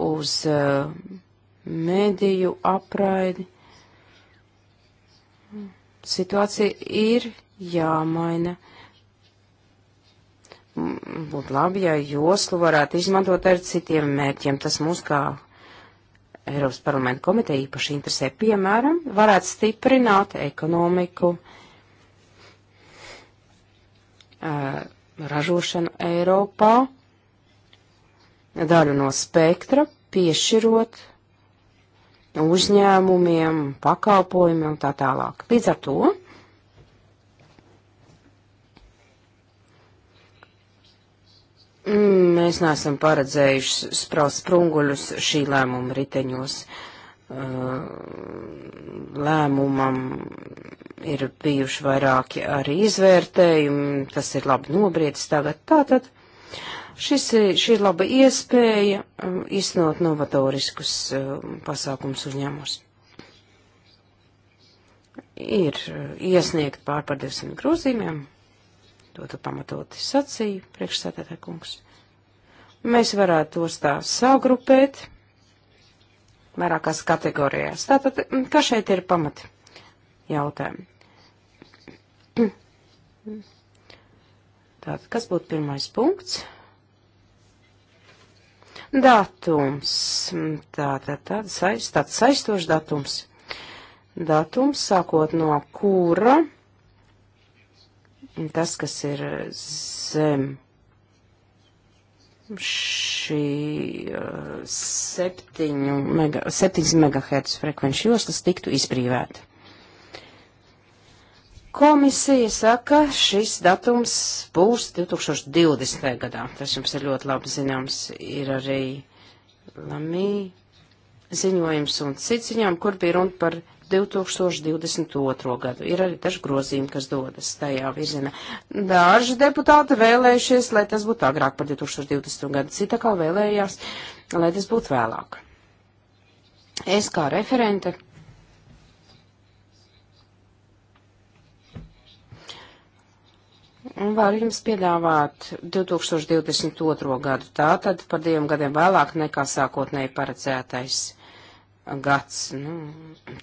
uz uh, mediju apraidi. Situācija ir jāmaina. Mm, būtu labi, ja joslu varētu izmantot ar citiem mērķiem. Tas mūs kā Eiropas parlamenta komiteja īpaši interesē. Piemēram, varētu stiprināt ekonomiku, ražošanu Eiropā, daļu no spektra, piešķirot uzņēmumiem, pakalpojumiem un tā tālāk. Līdz ar to mēs neesam paredzējuši spraust sprunguļus šī lēmuma riteņos. Uh, lēmumam ir bijuši vairāki arī izvērtējumi, tas ir labi nobriedis tagad. Tātad. Šis, eh, šī ir laba iespēja um, iznot novatoriskus um, pasākums uzņēmums. Ir eh, iesniegt pār par 200 grozījumiem, to tu pamatoti sacīju, priekšsēdētāj kungs. Mēs varētu tos tā sagrupēt vairākās kategorijās. Tātad, mm, kā šeit ir pamati jautājumi? Tātad, kas būtu pirmais punkts? Datums. Tātad tāds saistošs tā, tā, tā, datums. Datums sākot no kura tas, kas ir zem šī uh, 7, mega, 7 MHz frekvenču joslas tiktu izbrīvēta. Komisija saka, šis datums būs 2020. gadā. Tas jums ir ļoti labi zināms. Ir arī Lamī ziņojums un cits ziņām, kur bija runa par 2022. gadu. Ir arī daži grozījumi, kas dodas tajā virzienā. Daži deputāti vēlējušies, lai tas būtu agrāk par 2020. gadu. Cita kā vēlējās, lai tas būtu vēlāk. Es kā referente Un var jums piedāvāt 2022. gadu, tātad par diviem gadiem vēlāk nekā sākotnēji paredzētais gads. Nu,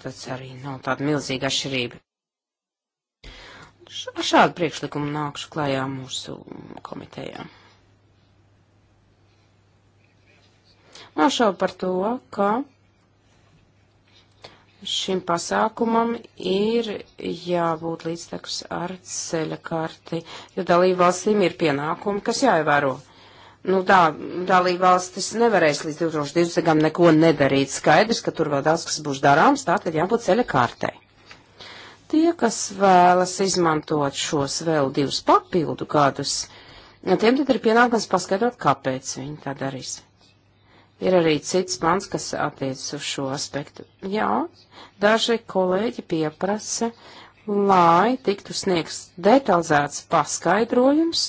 tas arī nav tāda milzīga atšķirība. Ar šādu priekšlikumu nākšu klājā mūsu komitejā. Nav šaubu par to, ka Šim pasākumam ir jābūt līdztekus ar ceļa karti, jo dalībvalstīm ir pienākumi, kas jāievēro. Nu tā, dalībvalstis nevarēs līdz 2020. gadam neko nedarīt. Skaidrs, ka tur vēl daudz kas būs darāms, tātad jābūt ceļa kartei. Tie, kas vēlas izmantot šos vēl divus papildu gadus, tiem tad ir pienākums paskaidrot, kāpēc viņi tā darīs. Ir arī cits pants, kas attiecas uz šo aspektu. Jā, daži kolēģi pieprasa, lai tiktu sniegs detalizēts paskaidrojums,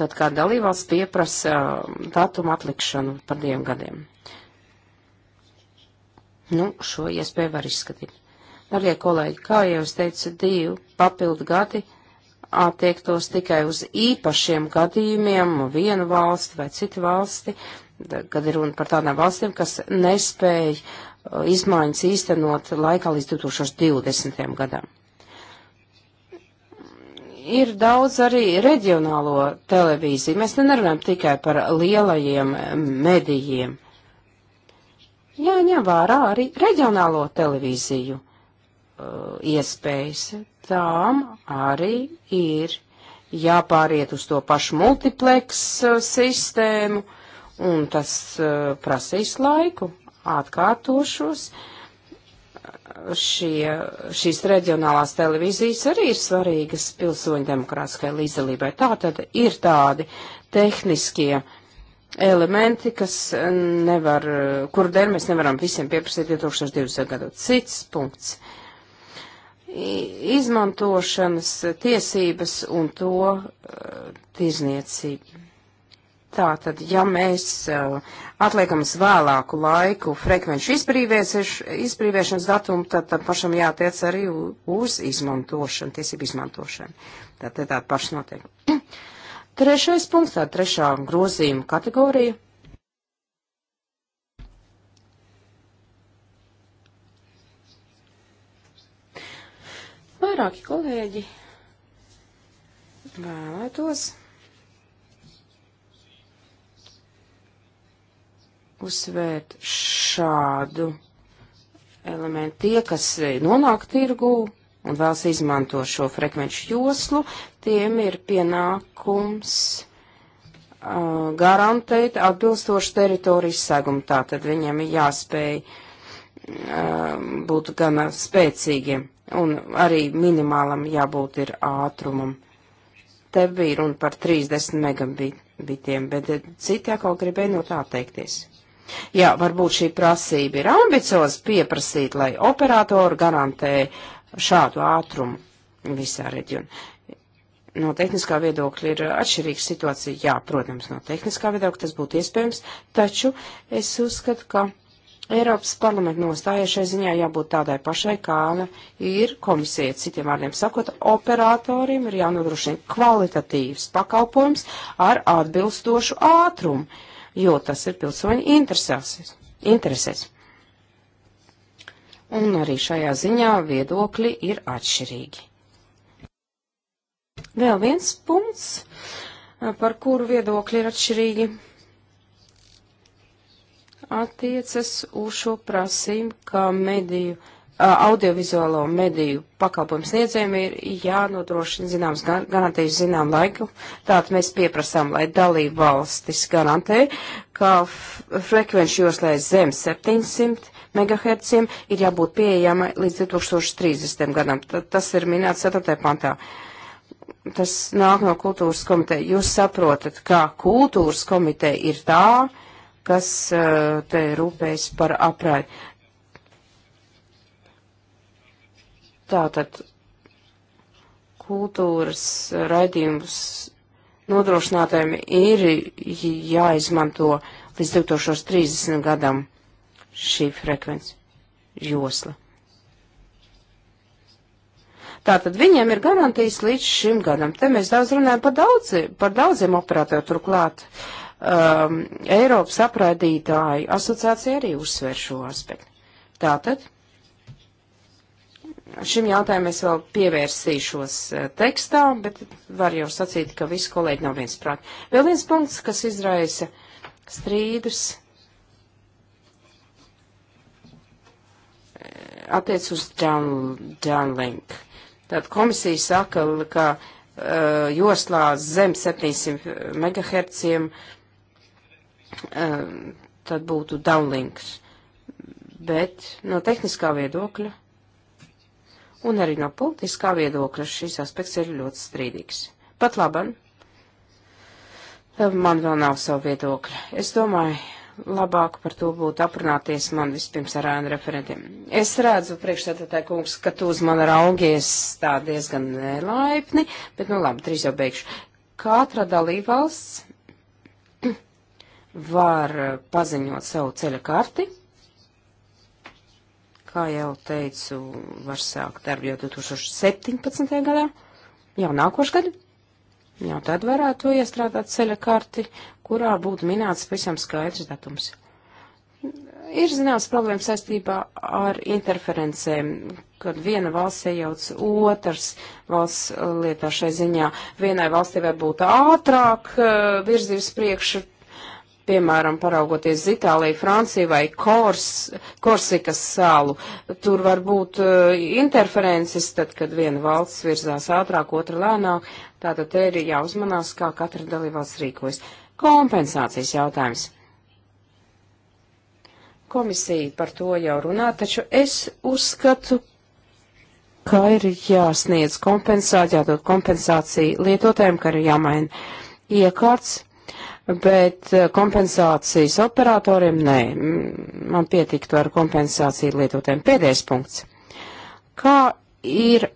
tad kā dalībvalsts pieprasa um, datumu atlikšanu par diviem gadiem. Nu, šo iespēju var izskatīt. Darbie kolēģi, kā jau es teicu, divi papildu gadi attiektos tikai uz īpašiem gadījumiem, vienu valsti vai citu valsti, kad ir runa par tādām valstīm, kas nespēja uh, izmaiņas īstenot laikā līdz 2020. gadam. Ir daudz arī reģionālo televīziju. Mēs te nerunājam tikai par lielajiem um, medijiem. Jāņem vērā arī reģionālo televīziju uh, iespējas. Tām arī ir jāpāriet uz to pašu multipleks uh, sistēmu un tas uh, prasīs laiku, atkārtošos. Šie, šīs reģionālās televīzijas arī ir svarīgas pilsoņu demokrātiskai līdzdalībai. Tā tad ir tādi tehniskie elementi, kas eh, nevar, kuru dēļ mēs nevaram visiem pieprasīt 2020. gadu. Cits punkts izmantošanas tiesības un to uh, eh, tirzniecību. Tātad, ja mēs uh, atliekam uz vēlāku laiku frekvenču izbrīvēšanas datumu, tad, tad pašam jātiec arī uz izmantošanu, tiesību izmantošanu. Tātad tāda paša noteikuma. Trešais punkts, tā trešā grozījuma kategorija. Vairāki kolēģi vēlētos uzsvērt šādu elementu. Tie, kas nonāk tirgū un vēlas izmanto šo frekvenču joslu, tiem ir pienākums uh, garantēt atbilstošu teritorijas segumu. Tātad viņiem ir jāspēj uh, būt gan spēcīgiem un arī minimālam jābūt ir ātrumam. Te bija runa par 30 megabitiem, bet eh, citi atkal gribēja no tā teikties. Jā, varbūt šī prasība ir ambicioza pieprasīt, lai operātori garantē šādu ātrumu visā reģionā. No tehniskā viedokļa ir atšķirīga situācija. Jā, protams, no tehniskā viedokļa tas būtu iespējams, taču es uzskatu, ka Eiropas parlamenta nostāja šai ziņā jābūt tādai pašai, kāda ir komisija. Citiem vārdiem sakot, operatoriem ir jānodrošina kvalitatīvs pakalpojums ar atbilstošu ātrumu jo tas ir pilsoņu interesēs. interesēs. Un arī šajā ziņā viedokļi ir atšķirīgi. Vēl viens punkts, par kuru viedokļi ir atšķirīgi, attiecas uz šo prasību, ka mediju audiovizuālo mediju pakalpojumu sniedzējiem ir jānodrošina zināms garantijas zinām laiku. Tātad mēs pieprasām, lai dalība valstis garantē, ka frekvenci joslē zem 700 MHz ir jābūt pieejama līdz 2030. gadam. T tas ir minēts 4. pantā. Tas nāk no kultūras komiteja. Jūs saprotat, kā kultūras komiteja ir tā, kas te rūpējas par apraidu Tātad kultūras raidījumus nodrošinātājiem ir jāizmanto līdz 2030 gadam šī frekvence josla. Tātad viņiem ir garantijas līdz šim gadam. Te mēs daudz runājam par, daudzi, par daudziem operatoriem turklāt. Um, Eiropas apraidītāju asociācija arī uzsver šo aspektu. Tātad Šim jautājumam es vēl pievērsīšos eh, tekstā, bet var jau sacīt, ka visi kolēģi nav viens prāt. Vēl viens punkts, kas izraisa strīdus, eh, attiec uz downlink. Tad komisija saka, ka uh, joslā zem 700 MHz uh, tad būtu downlinks. Bet no tehniskā viedokļa un arī no politiskā viedokļa šis aspekts ir ļoti strīdīgs. Pat laban, man vēl nav savu viedokļu. Es domāju, labāk par to būtu aprunāties man vispirms ar ēnu referentiem. Es redzu, priekšstādātāji kungs, ka tu uz mani raugies tā diezgan nelaipni, bet nu labi, trīs jau beigšu. Katra dalībvalsts var paziņot savu ceļa karti kā jau teicu, var sākt darbu jau 2017. gadā, jau nākošu gadu. Jau tad varētu iestrādāt ceļa karti, kurā būtu minēts pavisam skaidrs datums. Ir zināms problēmas saistībā ar interferencēm, kad viena valsts iejauc otrs valsts lietā šai ziņā. Vienai valstī var būt ātrāk eh, virzības priekšu piemēram, paraugoties uz Itāliju, Franciju vai Kors, Korsikas salu, tur var būt uh, interferences, tad, kad viena valsts virzās ātrāk, otra lēnāk, tātad te ir jāuzmanās, kā katra dalībvalsts rīkojas. Kompensācijas jautājums. Komisija par to jau runā, taču es uzskatu, ka ir jāsniedz kompensācija, jādod kompensācija lietotājiem, ka ir jāmaina iekārts bet eh, kompensācijas operatoriem nē. Man pietiktu ar kompensāciju lietotēm. Pēdējais punkts. Kā ir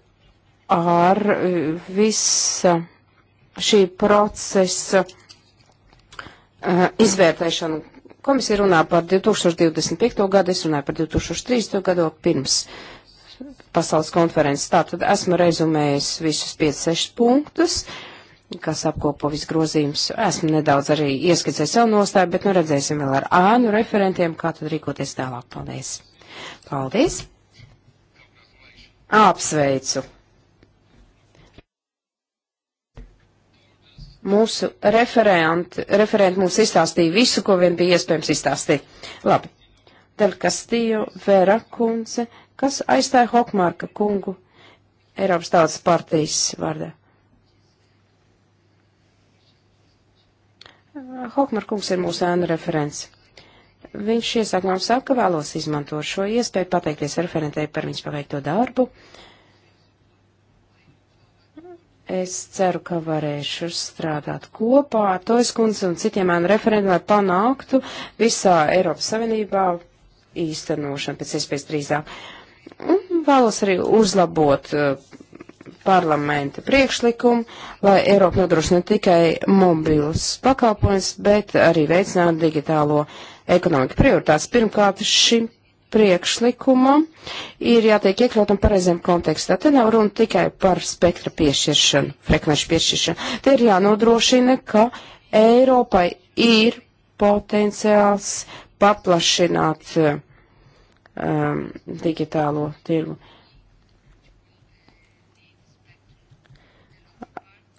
ar eh, visa šī procesa uh, izvērtēšanu? Komisija runā par 2025. gadu, es runāju par 2030. gadu pirms pasaules konferences. Tātad esmu rezumējis visus 5-6 punktus. Uh, kas apkopo visu grozījumus. Esmu nedaudz arī ieskicējis savu nostāju, bet nu redzēsim vēl ar ānu referentiem, kā tad rīkoties tālāk. Paldies! Paldies! Apsveicu! Mūsu referenti, referenti mums izstāstīja visu, ko vien bija iespējams izstāstīt. Labi. Del Castillo Vera kundze, kas aizstāja Hokmarka kungu Eiropas tautas partijas vārdā. Eh, Hokmar kungs ir mūsu ēnu referents. Viņš iesāk mums saka, ka vēlos izmantot šo iespēju pateikties referentei par viņas paveikto darbu. Es ceru, ka varēšu strādāt kopā ar Tojas kundzi un citiem ēnu referentiem, lai panāktu visā Eiropas Savienībā īstenošanu pēc iespējas drīzāk. Un vēlos arī uzlabot uh, parlamenta priekšlikumu, lai Eiropa nodrošina ne tikai mobilus pakalpojumus, bet arī veicinātu digitālo ekonomiku prioritātes. Pirmkārt, šim priekšlikumam ir jātiek iekļautam pareizajam kontekstā. Te nav runa tikai par spektra piešķiršanu, frekvenšu piešķiršanu. Te ir jānodrošina, ka Eiropai ir potenciāls paplašināt um, digitālo tirgu. Uh,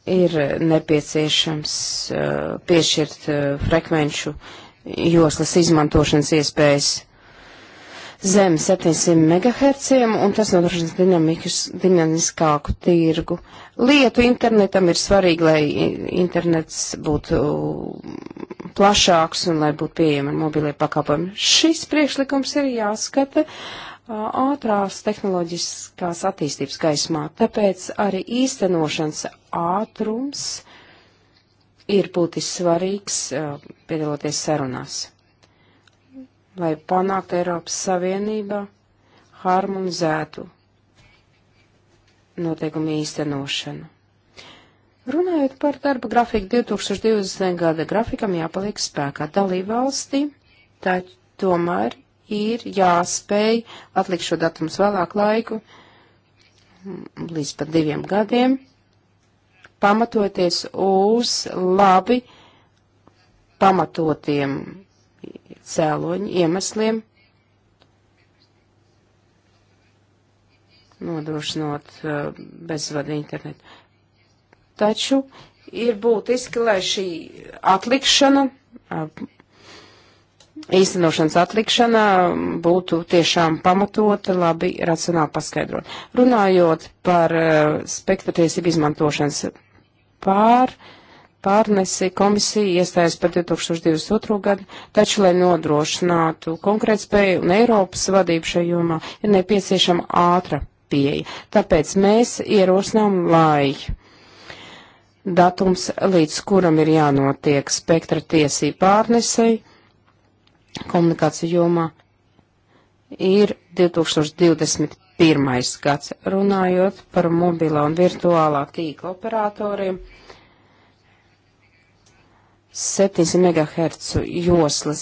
ir nepieciešams uh, piešķirt uh, frekvenču joslas izmantošanas iespējas zem 700 MHz, un tas nodrošinās dinamiskāku tirgu. Lietu internetam ir svarīgi, lai internets būtu plašāks un lai būtu pieejami mobilie pakalpojumi. Šis priekšlikums ir jāskata ātrās tehnoloģiskās attīstības gaismā. Tāpēc arī īstenošanas ātrums ir būtiski svarīgs piedaloties sarunās, lai panāktu Eiropas Savienība harmonizētu noteikumu īstenošanu. Runājot par darba grafiku 2020. gada grafikam jāpaliek spēkā dalībvalstī, tā tomēr ir jāspēj atlikt šo datumus vēlāk laiku, līdz pat diviem gadiem, pamatoties uz labi pamatotiem cēloņu iemesliem, nodrošinot uh, bezvadu internetu. Taču ir būtiski, lai šī atlikšana uh, īstenošanas atlikšana būtu tiešām pamatota, labi racionāli paskaidrot. Runājot par uh, spektra tiesību izmantošanas pār, pārnesi, komisija iestājas par 2022. gadu, taču, lai nodrošinātu konkrētspēju un Eiropas vadību šajā jomā, ir nepieciešama ātra pieeja. Tāpēc mēs ierosinām, lai datums, līdz kuram ir jānotiek spektra tiesību pārnesei, komunikāciju jomā ir 2021. gads. Runājot par mobilā un virtuālā tīkla operatoriem, 700 MHz joslas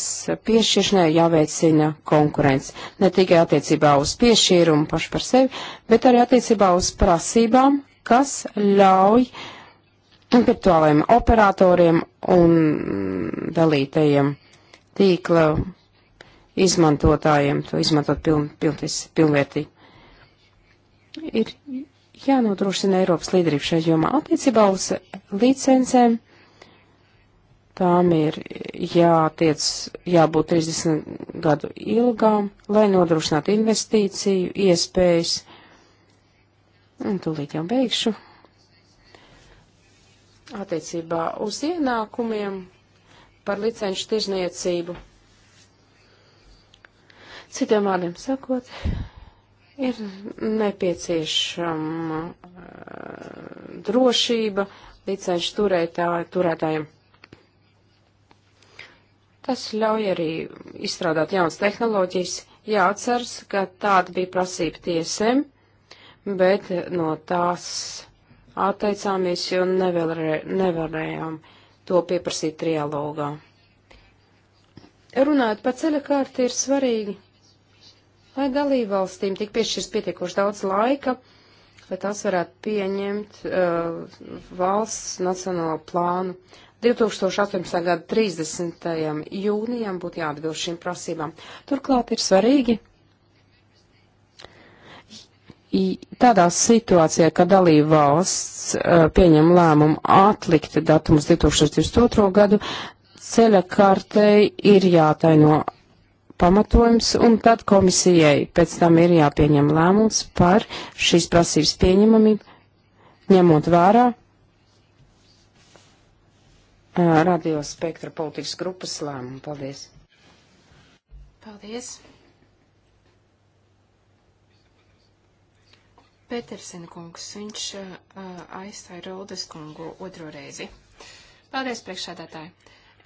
piešķiršanai jāveicina konkurence. Ne tikai attiecībā uz piešķīrumu pašu par sevi, bet arī attiecībā uz prasībām, kas ļauj virtuālajiem operatoriem un dalītajiem tīkla izmantotājiem to izmantot piln, pilntis, pilnvērtīgi. Ir jānodrošina Eiropas līderība šajā jomā attiecībā uz licencēm. Tām ir jātiec, jābūt 30 gadu ilgām, lai nodrošinātu investīciju, iespējas. Un tūlīt jau beigšu. Attiecībā uz ienākumiem par licenšu tirzniecību. Citiem vārdiem sakot, ir nepieciešama eh, drošība licenšu turētā, turētājiem. Tas ļauj arī izstrādāt jaunas tehnoloģijas. Jāatceras, ka tāda bija prasība tiesēm, bet no tās atteicāmies, jo nevarē, nevarējām to pieprasīt trialogā. Runājot par ceļakārti, ir svarīgi, lai dalībvalstīm tik piešķirs pietiekoši daudz laika, lai tās varētu pieņemt uh, valsts nacionālo plānu. 2018. gada 30. jūnijam būtu jāatbilst šīm prasībām. Turklāt ir svarīgi, tādā situācijā, ka dalība valsts uh, pieņem lēmumu atlikt datumus 2022. gadu, ceļa kartei ir jātaino pamatojums, un tad komisijai pēc tam ir jāpieņem lēmums par šīs prasības pieņemamību, ņemot vērā uh, radio spektra politikas grupas lēmumu. Paldies!
Paldies! Petersen kungs, viņš uh, aizstāja Roldes kungu otro reizi. Paldies, priekšādātāji!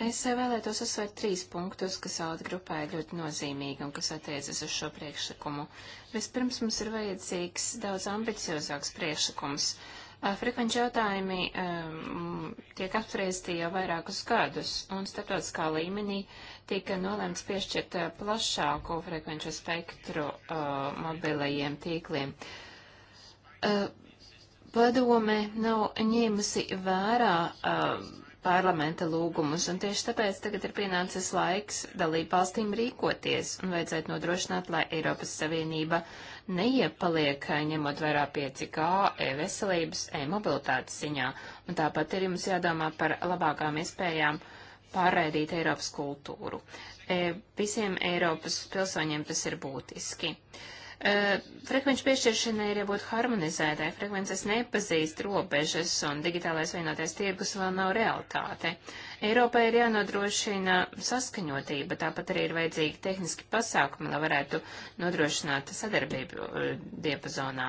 Es uh, vēlētos uzsvērt trīs punktus, kas Alda grupā ir ļoti nozīmīgi un kas attiecas uz šo priekšlikumu. Vispirms mums ir vajadzīgs daudz ambiciozāks priekšlikums. Uh, frekvenču jautājumi um, tiek apspriesti jau vairākus gadus, un starptautiskā līmenī tika nolēmts piešķirt uh, plašāku frekvenču spektru uh, mobilajiem tīkliem. Uh, Eh, padome nav ņēmusi vērā eh, parlamenta lūgumus, un tieši tāpēc tagad ir pienācis laiks dalību valstīm rīkoties un vajadzētu nodrošināt, lai Eiropas Savienība neiepaliek, eh, ņemot vērā 5G, e-veselības, e-mobilitātes ziņā, un tāpat ir jums jādomā par labākām iespējām pārraidīt Eiropas kultūru. E, visiem Eiropas pilsoņiem tas ir būtiski. Uh, Eh, frekvenču piešķiršanai ir jābūt harmonizētai, frekvences nepazīst robežas un digitālais vienotais tirgus vēl nav realitāte. Eiropai ir jānodrošina saskaņotība, tāpat arī ir vajadzīgi tehniski pasākumi, lai varētu nodrošināt sadarbību eh, diapazonā.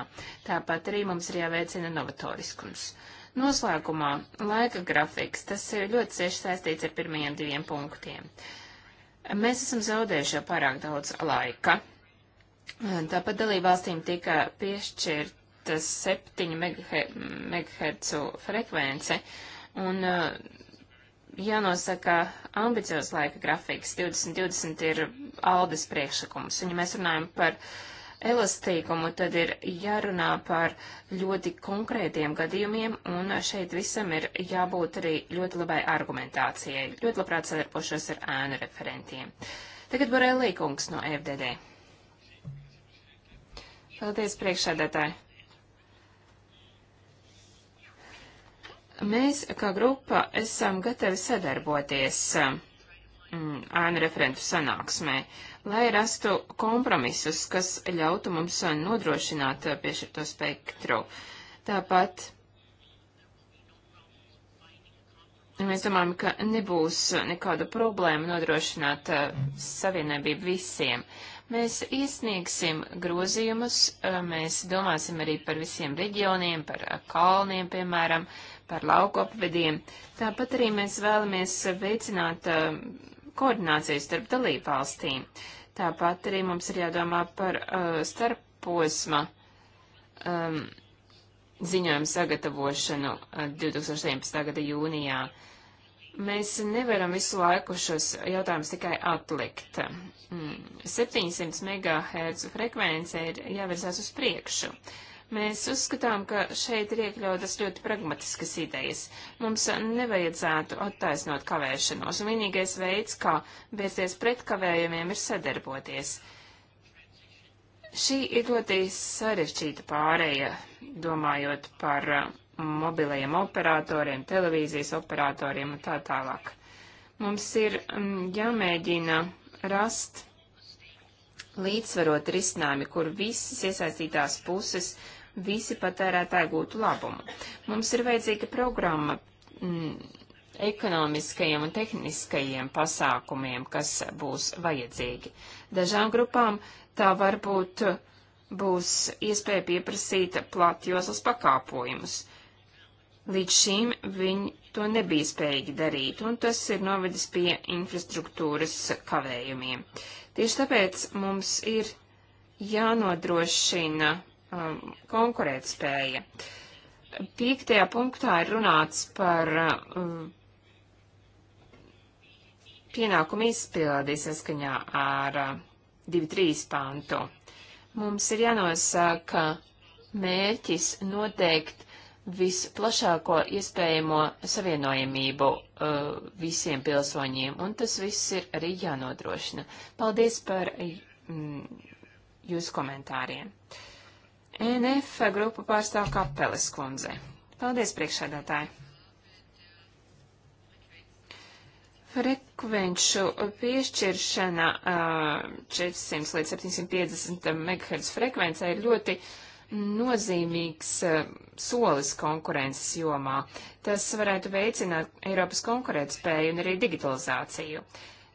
Tāpat arī mums ir jāveicina novatoriskums. Noslēgumā laika grafiks, tas ir ļoti cieši saistīts ar pirmajiem diviem punktiem. Mēs esam zaudējuši jau pārāk daudz laika. Tāpat dalībvalstīm tika piešķirta 7 MHz frekvence un eh, jānosaka ambiciozs laika grafiks. 2020 ir Aldes priekšlikums, un ja mēs runājam par elastīgumu, tad ir jārunā par ļoti konkrētiem gadījumiem, un šeit visam ir jābūt arī ļoti labai argumentācijai. Ļoti labprāt sadarbošos ar ēnu referentiem. Tagad Borelī kungs no FDD. Paldies, priekšsēdētāji. Mēs, kā grupa, esam gatavi sadarboties um, ēnu referentu sanāksmē, lai rastu kompromisus, kas ļautu mums nodrošināt uh, piešķirto spektru. Tāpat mēs domājam, ka nebūs nekāda problēma nodrošināt uh, savienībību visiem. Uh, Mēs iesniegsim grozījumus, mēs domāsim arī par visiem reģioniem, par kalniem, piemēram, par lauku apvediem. Tāpat arī mēs vēlamies veicināt koordināciju starp dalībvalstīm. Tāpat arī mums ir jādomā par starpposma ziņojumu sagatavošanu 2017. gada jūnijā. Mēs nevaram visu laiku šos jautājumus tikai atlikt. 700 mm, MHz frekvence ir jāvirzās uz priekšu. Mēs uzskatām, ka šeit ir iekļautas ļoti pragmatiskas idejas. Mums nevajadzētu attaisnot kavēšanos, un vienīgais veids, kā vērsties pret kavējumiem, ir sadarboties. Šī ir ļoti sarežģīta pārēja, domājot par uh, mobilajiem operatoriem, televīzijas operatoriem un tā tālāk. Mums ir mm, jāmēģina rast līdzsvarot risinājumi, kur visas iesaistītās puses, visi patērētāji gūtu labumu. Mums ir vajadzīga programma m, mm, ekonomiskajiem un tehniskajiem pasākumiem, kas būs vajadzīgi. Dažām grupām tā varbūt būs iespēja pieprasīt platjoslas pakāpojumus. Līdz šim viņi to nebija spējīgi darīt, un tas ir novedis pie infrastruktūras kavējumiem. Tieši tāpēc mums ir jānodrošina um, konkurētspēja. Piektajā punktā ir runāts par um, pienākumu izpildi saskaņā ar uh, 2.3 pantu. Mums ir jānosaka mērķis noteikt visplašāko iespējamo savienojamību uh, visiem pilsoņiem, un tas viss ir arī jānodrošina. Paldies par mm, jūsu komentāriem. E NF grupu pārstāv Kapeles kundze. Paldies, priekšsēdētāji. Frekvenču piešķiršana uh, 400 līdz 750 MHz frekvencē ir ļoti uh, nozīmīgs eh, solis konkurences jomā. Tas varētu veicināt Eiropas konkurētspēju un arī digitalizāciju.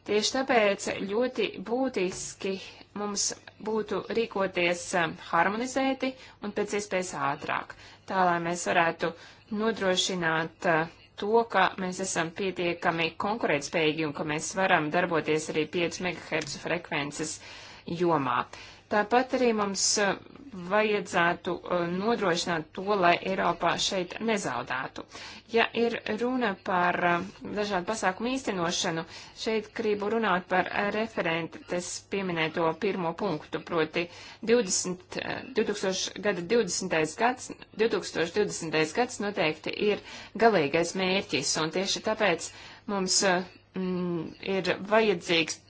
Tieši tāpēc ļoti būtiski mums būtu rīkoties eh, harmonizēti un pēc iespējas ātrāk, tā lai mēs varētu nodrošināt eh, to, ka mēs esam pietiekami konkurētspējīgi un ka mēs varam darboties arī 5 MHz frekvences jomā. Tāpat arī mums vajadzētu uh, nodrošināt to, lai Eiropā šeit nezaudētu. Ja ir runa par uh, dažādu pasākumu īstenošanu, šeit gribu runāt par referentes pieminēto pirmo punktu, proti 20, 2000, uh, gada 20. gads, 2020. gads noteikti ir galīgais mērķis, un tieši tāpēc mums mm, ir vajadzīgs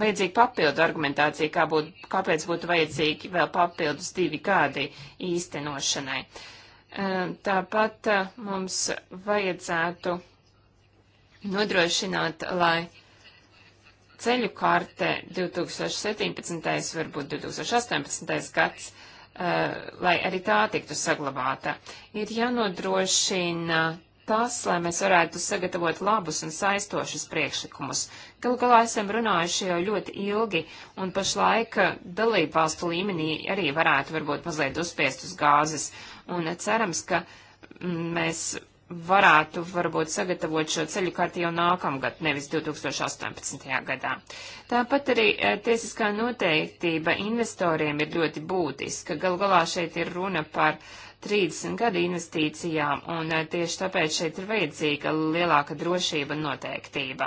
vajadzīga papildu argumentācija, kā būt, kāpēc būtu vajadzīgi vēl papildus divi gadi īstenošanai. Tāpat mums vajadzētu nodrošināt, lai ceļu karte 2017. varbūt 2018. gads, lai arī tā tiktu saglabāta. Ir jānodrošina tas, lai mēs varētu sagatavot labus un saistošus priekšlikumus. Galu galā esam runājuši jau ļoti ilgi, un pašlaik eh, dalību valstu līmenī arī varētu varbūt mazliet uzspiest uz gāzes, un eh, cerams, ka mm, mēs varētu varbūt sagatavot šo ceļu karti jau nākamgad, nevis 2018. gadā. Tāpat arī eh, tiesiskā noteiktība investoriem ir ļoti būtiska. Galu galā šeit ir runa par uh, 30 gadi investīcijām, un eh, tieši tāpēc šeit ir vajadzīga lielāka drošība un noteiktība.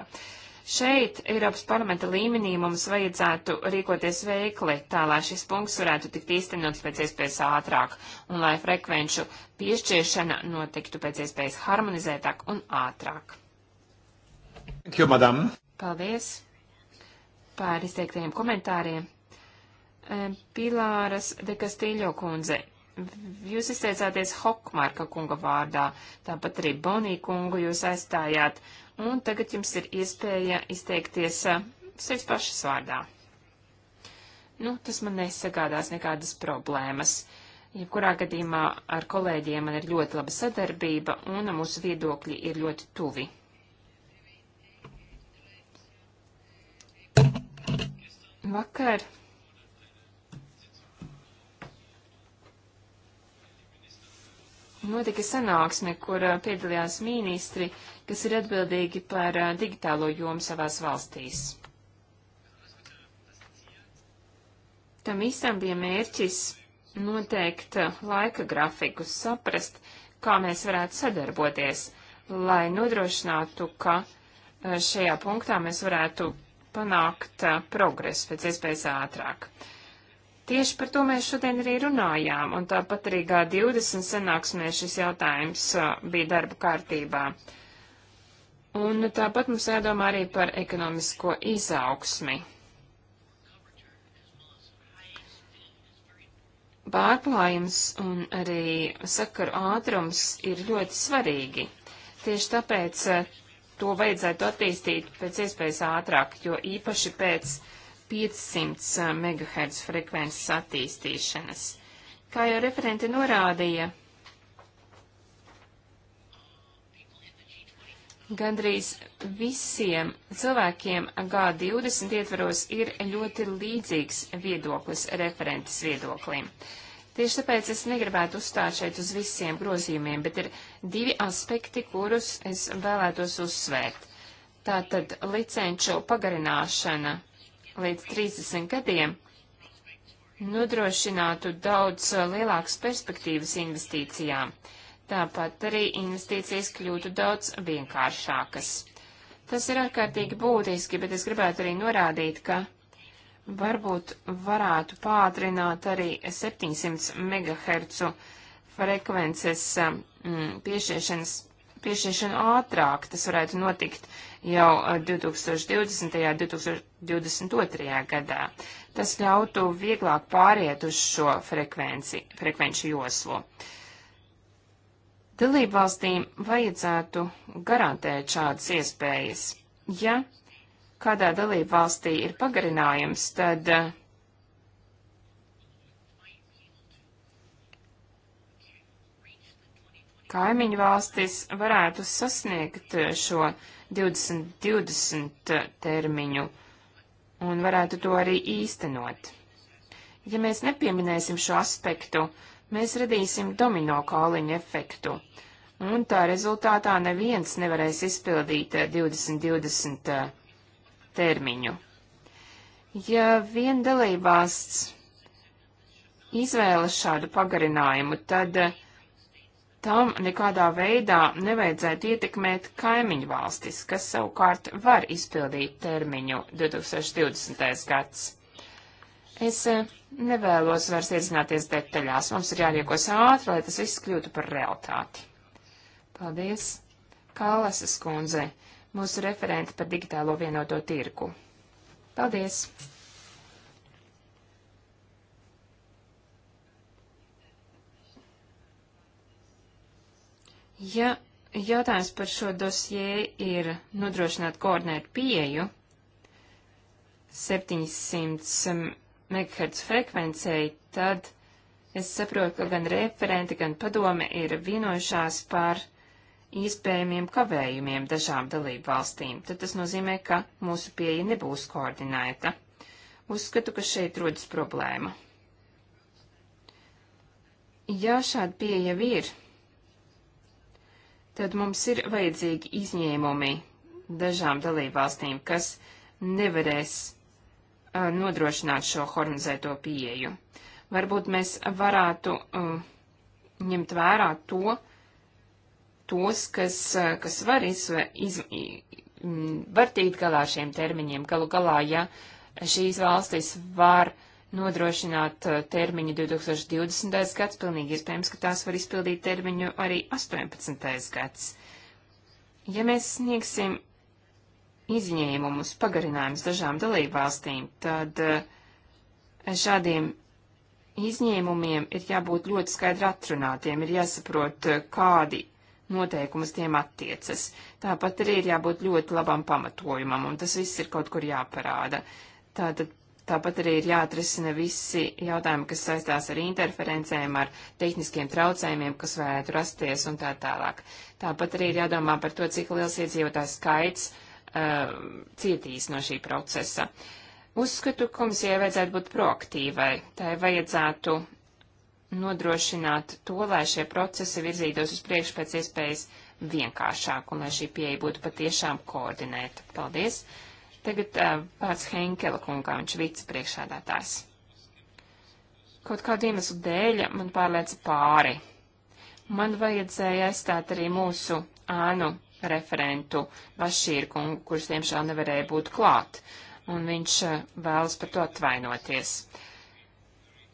Šeit, Eiropas parlamenta līmenī, mums vajadzētu rīkoties veikli, tā lai šis punkts varētu tikt īstenots pēc iespējas ātrāk, un lai frekvenču piešķiršana notiktu pēc iespējas harmonizētāk un ātrāk. Thank you, madam. Paldies par izteiktajiem komentāriem. Pilāras de Kastīļo kundze, Jūs izteicāties Hokmarka kunga vārdā, tāpat arī Bonī kungu jūs aizstājāt, un tagad jums ir iespēja izteikties eh, sevis pašas vārdā. Nu, tas man nesagādās nekādas problēmas. Jebkurā gadījumā ar kolēģiem man ir ļoti laba sadarbība, un mūsu viedokļi ir ļoti tuvi. Vakar notika sanāksme, kur piedalījās ministri, kas ir atbildīgi par digitālo jomu savās valstīs. Tam visam bija mērķis noteikt laika grafikus, saprast, kā mēs varētu sadarboties, lai nodrošinātu, ka šajā punktā mēs varētu panākt progresu pēc iespējas ātrāk. Tieši par to mēs šodien arī runājām, un tāpat arī G20 sanāksmē šis jautājums uh, bija darba kārtībā. Un tāpat mums jādomā arī par ekonomisko izaugsmi. Pārklājums un arī sakaru ātrums ir ļoti svarīgi. Tieši tāpēc uh, to vajadzētu attīstīt pēc iespējas ātrāk, jo īpaši pēc uh, 500 eh, MHz frekvences attīstīšanas. Kā jau referenti norādīja, gandrīz visiem cilvēkiem G20 ietvaros ir ļoti līdzīgs viedoklis referentes viedoklim. Tieši tāpēc es negribētu uzstāt šeit uz visiem grozījumiem, bet ir divi aspekti, kurus es vēlētos uzsvērt. Tātad licenču pagarināšana līdz 30 gadiem nodrošinātu daudz uh, lielākas perspektīvas investīcijām. Tāpat arī investīcijas kļūtu daudz vienkāršākas. Tas ir ārkārtīgi būtiski, bet es gribētu arī norādīt, ka varbūt varētu pātrināt arī 700 MHz frekvences mm, piešķiršanas piešķiršanu ātrāk. Tas varētu notikt jau 2020. un 2022. gadā. Tas ļautu vieglāk pāriet uz šo frekvenci, frekvenču joslu. Dalībvalstīm vajadzētu garantēt šādas iespējas. Ja kādā dalībvalstī ir pagarinājums, tad uh, kaimiņu valstis varētu sasniegt šo 2020 termiņu un varētu to arī īstenot. Ja mēs nepieminēsim šo aspektu, mēs radīsim domino kāliņu efektu, un tā rezultātā neviens nevarēs izpildīt 2020 termiņu. Ja vien dalībvalsts izvēlas šādu pagarinājumu, tad uh, tam nekādā veidā nevajadzētu ietekmēt kaimiņu valstis, kas savukārt var izpildīt termiņu 2020. gads. Es eh, nevēlos vairs iedzināties detaļās, mums ir jārīkos ātri, lai tas viss kļūtu par realitāti. Paldies, Kālasas kundze, mūsu referente par digitālo vienoto tirku. Paldies! Ja jautājums par šo dosjē ir nodrošināt koordinēt pieju 700 MHz frekvencei, tad es saprotu, ka gan referenti, gan padome ir vienojušās par iespējamiem kavējumiem dažām dalību valstīm, tad tas nozīmē, ka mūsu pieeja nebūs koordinēta. Uzskatu, ka šeit rodas problēma. Ja šāda pieeja ir, tad mums ir vajadzīgi izņēmumi dažām dalībvalstīm, kas nevarēs uh, nodrošināt šo harmonizēto pieeju. Varbūt mēs varētu uh, ņemt vērā to, tos, kas, uh, kas var, izve, iz, var tikt galā ar šiem termiņiem. Galu galā, ja šīs valstis var nodrošināt uh, termiņu 2020. gads, pilnīgi iespējams, ka tās var izpildīt termiņu arī 18. gads. Ja mēs sniegsim izņēmumus, pagarinājumus dažām dalībvalstīm, tad uh, šādiem izņēmumiem ir jābūt ļoti skaidri atrunātiem, ir jāsaprot, uh, kādi noteikumus tiem attiecas. Tāpat arī ir jābūt ļoti labam pamatojumam, un tas viss ir kaut kur jāparāda. Tātad Tāpat arī ir jāatrisina visi jautājumi, kas saistās ar interferencēm, ar tehniskiem traucējumiem, kas varētu rasties un tā tālāk. Tāpat arī ir jādomā par to, cik liels iedzīvotājs skaits uh, cietīs no šī procesa. Uzskatu, komisijai vajadzētu būt proaktīvai. Tai vajadzētu nodrošināt to, lai šie procesi virzītos uz priekšu pēc iespējas vienkāršāk un lai šī pieeja būtu patiešām koordinēta. Paldies! Tagad vārds Henkela kungā, viņš vicepriekšādātājs. Kaut kādu iemeslu dēļ man pārlieca pāri. Man vajadzēja aizstāt arī mūsu ānu referentu Bašīru kungu, kurš diemžēl nevarēja būt klāt, un viņš vēlas par to atvainoties.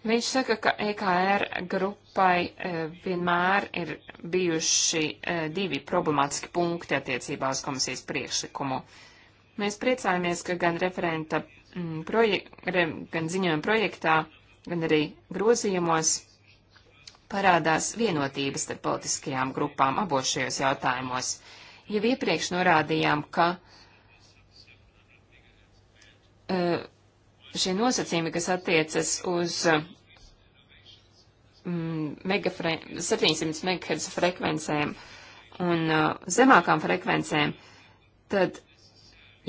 Viņš saka, ka EKR grupai vienmēr ir bijuši divi problemātiski punkti attiecībā uz komisijas priekšlikumu. Uh, Mēs priecājamies, ka gan referenta mm, projek re, gan ziņojuma projektā, gan arī grozījumos parādās vienotības starp politiskajām grupām abos šajos jautājumos. Jau iepriekš norādījām, ka e, šie nosacījumi, kas attiecas uz mm, megafre, 700 MHz frekvencēm un e, zemākām frekvencēm, tad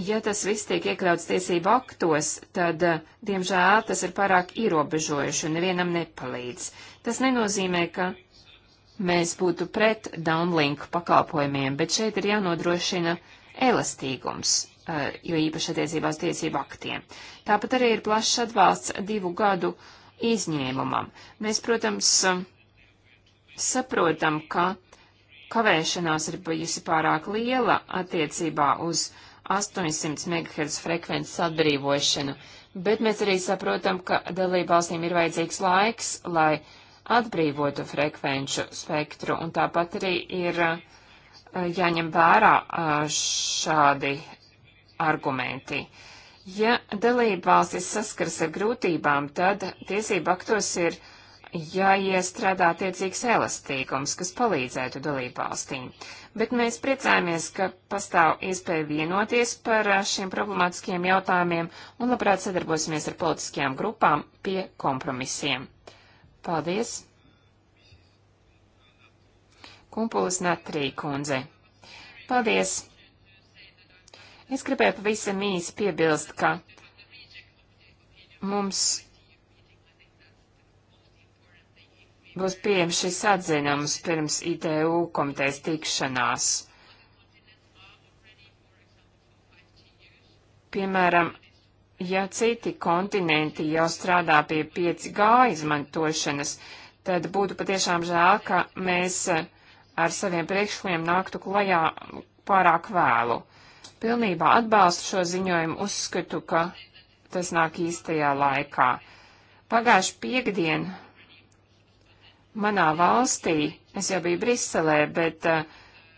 Ja tas viss tiek iekļauts tiesību aktos, tad, eh, diemžēl, tas ir pārāk ierobežojuši un nevienam nepalīdz. Tas nenozīmē, ka mēs būtu pret downlink pakalpojumiem, bet šeit ir jānodrošina elastīgums, eh, jo īpaši attiecībās tiesību aktiem. Tāpat arī ir plašs atbalsts divu gadu izņēmumam. Mēs, protams, saprotam, ka kavēšanās ir bijusi pārāk liela attiecībā uz 800 MHz frekvences atbrīvošanu, bet mēs arī saprotam, ka dalībvalstīm ir vajadzīgs laiks, lai atbrīvotu frekvenču spektru, un tāpat arī ir eh, jāņem vērā eh, šādi argumenti. Ja dalībvalstis saskars ar grūtībām, tad tiesība aktos ir uh, jāiestrādā attiecīgs elastīgums, kas palīdzētu dalībvalstīm. Bet mēs priecājamies, ka pastāv iespēja vienoties par šiem problemātiskiem jautājumiem un labprāt sadarbosimies ar politiskajām grupām pie kompromisiem. Paldies! Kumpulis Natrī kundze. Paldies! Es gribēju pavisam īsi piebilst, ka mums būs pieejams šis atzinums pirms ITU komitejas tikšanās. Piemēram, ja citi kontinenti jau strādā pie 5G izmantošanas, tad būtu patiešām žēl, ka mēs ar saviem priekšlikumiem nāktu klajā pārāk vēlu. Pilnībā atbalstu šo ziņojumu, uzskatu, ka tas nāk īstajā laikā. Pagājuši piekdien manā valstī, es jau biju Briselē, bet eh,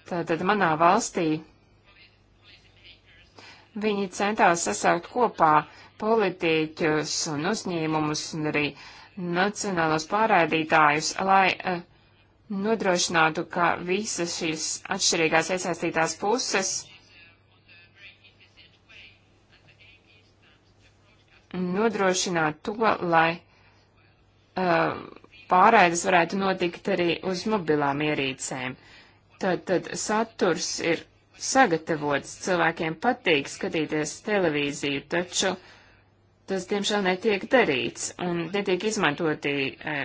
tātad manā valstī viņi centās sasaukt kopā politiķus un uzņēmumus un arī nacionālos pārraidītājus, lai uh, nodrošinātu, ka visas šīs atšķirīgās iesaistītās puses nodrošinātu to, lai uh, pārraides varētu notikt arī uz mobilām ierīcēm. Tad, tad saturs ir sagatavots, cilvēkiem patīk skatīties televīziju, taču tas, diemžēl, netiek darīts un netiek izmantoti e,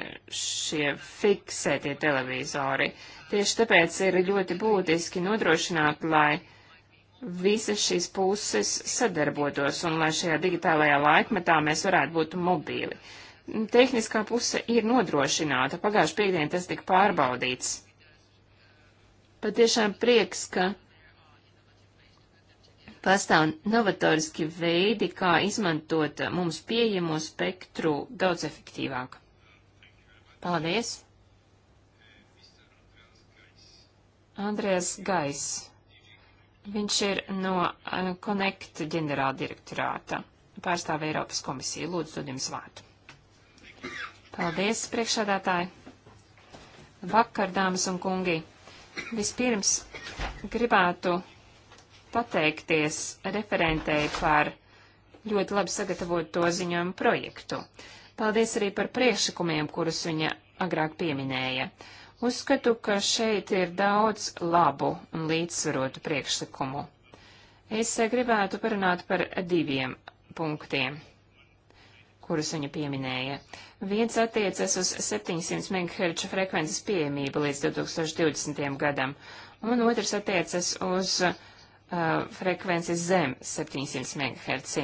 šie fiksētie televizori. Tieši tāpēc ir ļoti būtiski nodrošināt, lai visas šīs puses sadarbotos un lai šajā digitālajā laikmetā mēs varētu būt mobīli. Uh, tehniskā puse ir nodrošināta. Pagājuši piekdien tas tika pārbaudīts. Patiešām prieks, ka pastāv novatoriski veidi, kā izmantot mums pieejamo spektru daudz efektīvāk. Paldies! Andrēs Gais. Viņš ir no uh, Connect ģenerāldirektorāta. Pārstāv Eiropas komisiju. Lūdzu, dod jums vārdu. Paldies, priekšādātāji! Vakar, dāmas un kungi! Vispirms gribētu pateikties referentei par ļoti labi sagatavot to ziņojumu projektu. Paldies arī par priekšlikumiem, kurus viņa agrāk pieminēja. Uzskatu, ka šeit ir daudz labu un līdzsvarotu priekšlikumu. Es gribētu parunāt par diviem punktiem kurus viņa pieminēja. Viens attiecas uz 700 MHz frekvences pieejamību līdz 2020. gadam, un otrs attiecas uz uh, frekvences zem 700 MHz.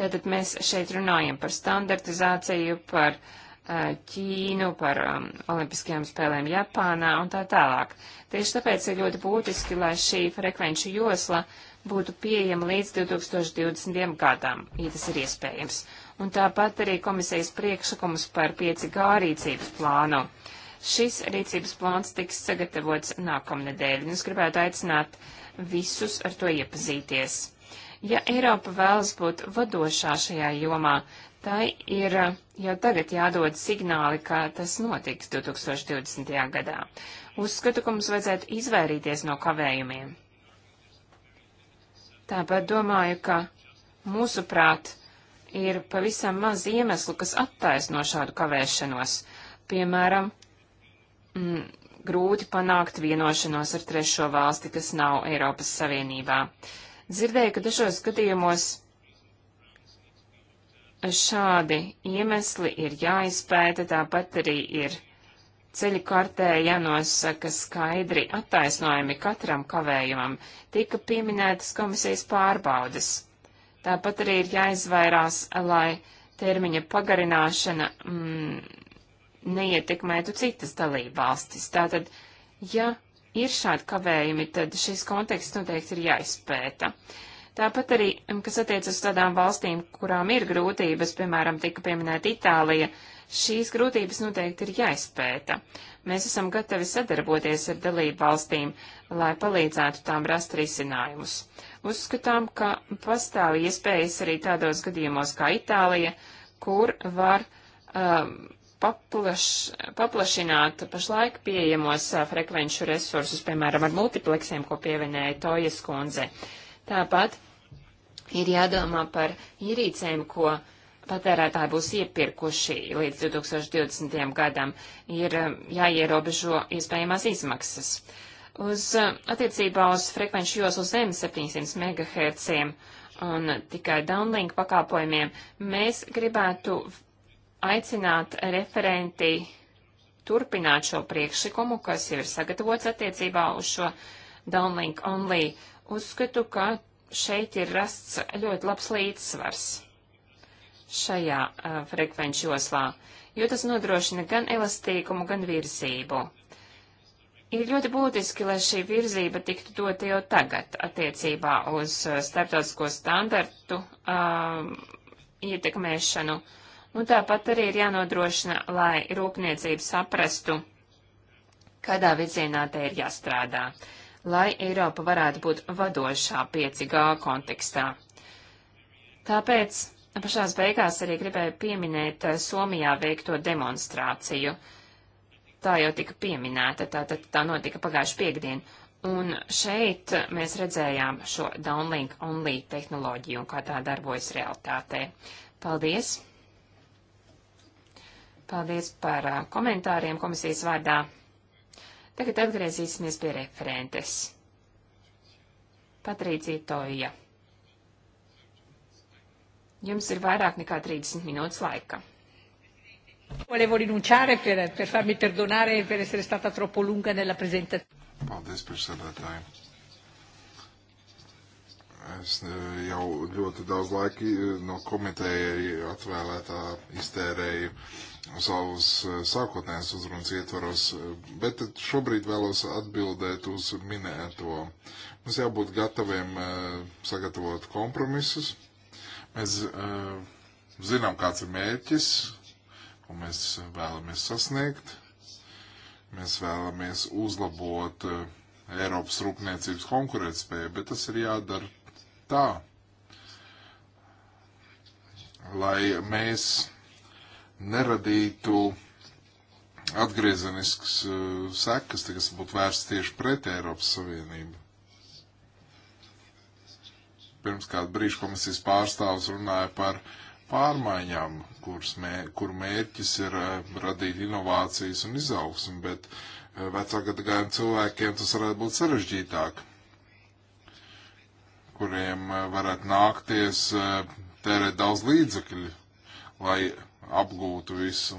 Tātad mēs šeit runājam par standartizāciju, par uh, Ķīnu, par um, olimpiskajām spēlēm Japānā un tā tālāk. Tieši tāpēc ir ļoti būtiski, lai šī frekvenču josla būtu pieejama līdz 2020. gadam, ja tas ir iespējams un tāpat arī komisijas priekšlikumus par 5G rīcības plānu. Šis rīcības plāns tiks sagatavots nākamnedēļ, un es gribētu aicināt visus ar to iepazīties. Ja Eiropa vēlas būt vadošā šajā jomā, tai ir uh, jau tagad jādod signāli, ka tas notiks 2020. gadā. Uzskatu, ka mums vajadzētu izvairīties no kavējumiem. Tāpat domāju, ka mūsuprāt ir pavisam maz iemeslu, kas attaisno šādu kavēšanos. Piemēram, m, mm, grūti panākt vienošanos ar trešo valsti, kas nav Eiropas Savienībā. Dzirdēju, ka dažos gadījumos šādi iemesli ir jāizpēta, tāpat arī ir ceļu kartē jānosaka skaidri attaisnojumi katram kavējumam. Tika pieminētas komisijas pārbaudas. Tāpat arī ir jāizvairās, lai termiņa pagarināšana mm, neietekmētu citas dalībvalstis. Tātad, ja ir šādi kavējumi, tad šis konteksts noteikti ir jāizpēta. Tāpat arī, mm, kas attiecas uz tādām valstīm, kurām ir grūtības, piemēram, tika pieminēta Itālija, šīs grūtības noteikti ir jāizpēta. Mēs esam gatavi sadarboties ar dalību valstīm, lai palīdzētu tām rast risinājumus. Uh, Uzskatām, ka pastāv iespējas arī tādos gadījumos kā Itālija, kur var um, paplaš, paplašināt pašlaik pieejamos uh, frekvenču resursus, piemēram, ar multiplexiem, ko pievienēja Tojas kundze. Tāpat ir jādomā par ierīcēm, ko patērētāji būs iepirkuši līdz 2020. gadam, ir um, jāierobežo iespējamās izmaksas. Uh, uz eh, attiecībā uz frekvenču joslu zem 700 MHz un tikai downlink pakāpojumiem, mēs gribētu aicināt referenti turpināt šo priekšlikumu, kas jau ir sagatavots attiecībā uz šo downlink only. Uzskatu, ka šeit ir rasts ļoti labs līdzsvars šajā uh, frekvenču joslā, jo tas nodrošina gan elastīgumu, gan virzību. Ir ļoti būtiski, lai šī virzība tiktu dota jau tagad attiecībā uz uh, starptautisko standartu um, ietekmēšanu, un tāpat arī ir jānodrošina, lai rūpniecība saprastu, kādā virzienā te ir jāstrādā, lai Eiropa varētu būt vadošā 5G kontekstā. Tāpēc pašās beigās arī gribēju pieminēt uh, Somijā veikto demonstrāciju. Uh, tā jau tika pieminēta, tā, tā, tā notika pagājuši piekdien. Un šeit mēs redzējām šo downlink only tehnoloģiju un kā tā darbojas realitātē. Paldies! Paldies par uh, komentāriem komisijas vārdā. Tagad atgriezīsimies pie referentes. Patrīcija Toija. Jums ir vairāk nekā 30 minūtes laika. Volevo rinunciare per, per farmi perdonare per essere stata troppo lunga nella prezentazione.
Paldies, priekšsēdētāji. Es eh, jau ļoti daudz laika eh, no komiteja atvēlētā iztērēju savus eh, sākotnējos uzrunas ietvaros, bet šobrīd vēlos atbildēt uz minēto. Mums jābūt gataviem sagatavot kompromisus. Mēs zinām, kāds ir mērķis, ko mēs vēlamies sasniegt. Mēs vēlamies uzlabot eh, Eiropas rūpniecības konkurētspēju, bet tas ir jādara tā, lai mēs neradītu atgriezenisks eh, sekas, kas būtu vērsts tieši pret Eiropas Savienību pirms kādu brīžu komisijas pārstāvs runāja par pārmaiņām mē, kur mērķis ir eh, radīt inovācijas un izaugsmu, bet eh, vecāka gadagājuma cilvēkiem tas varētu būt sarežģītāk, kuriem eh, varētu nākties tērēt daudz līdzekļu, lai apgūtu visu.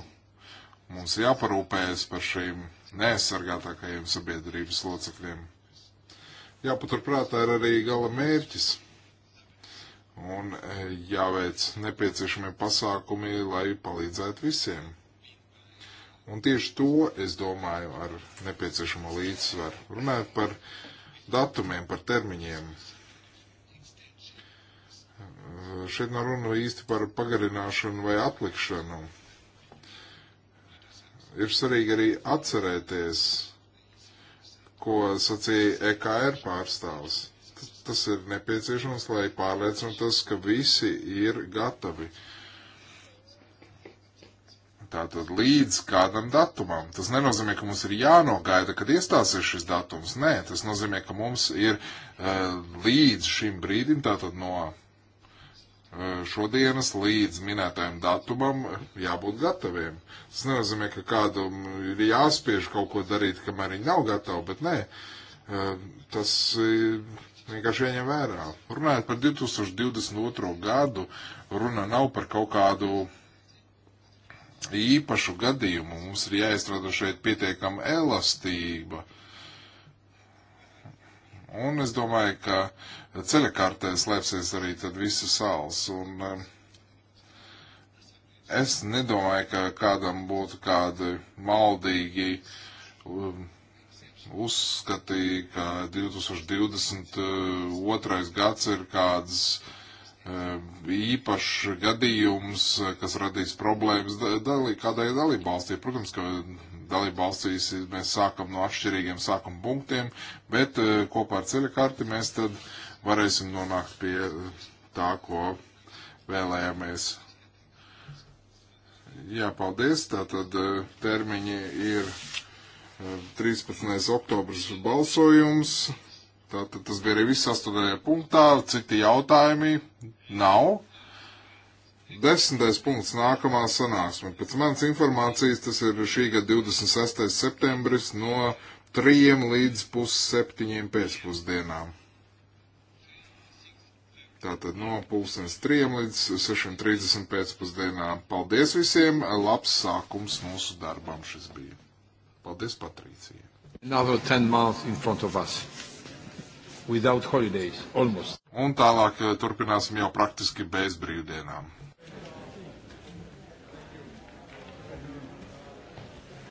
Mums jāparūpējas par šīm neaizsargātākajiem sabiedrības locekļiem. Jāpaturprātā ir arī gala mērķis – un e, jāveic nepieciešamie pasākumi, lai palīdzētu visiem. Un tieši to es domāju ar nepieciešamo līdzsvaru. Runājot par datumiem, par termiņiem. Šeit nav runa īsti par pagarināšanu vai atlikšanu. Ir svarīgi arī atcerēties, ko sacīja EKR pārstāvs tas ir nepieciešams, lai pārliecinātos, ka visi ir gatavi. Tātad līdz kādam datumam. Tas nenozīmē, ka mums ir jānogaida, kad iestāsies šis datums. Nē, tas nozīmē, ka mums ir uh, līdz šim brīdim, tātad no uh, šodienas līdz minētajam datumam, jābūt gataviem. Tas nenozīmē, ka kādam ir jāspiež kaut ko darīt, kamēr viņi nav gatavi, bet nē, uh, tas. Uh, vienkārši jāņem vērā. Runājot par 2022. gadu, runa nav par kaut kādu īpašu gadījumu. Mums ir jāizstrādā šeit pietiekama elastība. Un es domāju, ka ceļa kartē slēpsies arī tad visa sāls. Un, eh, es nedomāju, ka kādam būtu kādi maldīgi um, uzskatīja, ka 2022. gads ir kāds e, īpašs gadījums, kas radīs problēmas dalī, kādai dalībvalstī. Protams, ka dalībvalstīs mēs sākam no atšķirīgiem sākuma punktiem, bet e, kopā ar ceļakarti mēs tad varēsim nonākt pie tā, ko vēlējāmies. Jā, paldies. Tātad e, termiņi ir 13. oktobrs balsojums. Tātad tas bija arī viss 8. punktā, citi jautājumi nav. Desmitais punkts nākamā sanāksme. Pēc manas informācijas tas ir šī gada 26. septembris no 3 līdz pusseptiņiem pēcpusdienām. Tātad no pulkstens 3 līdz 6.30 pēcpusdienām. Paldies visiem! Labs sākums mūsu darbam šis bija! Paldies, Patricija. Another 10 months in front of us. Without holidays, almost. Un tālāk eh, turpināsim jau praktiski bez brīvdienām.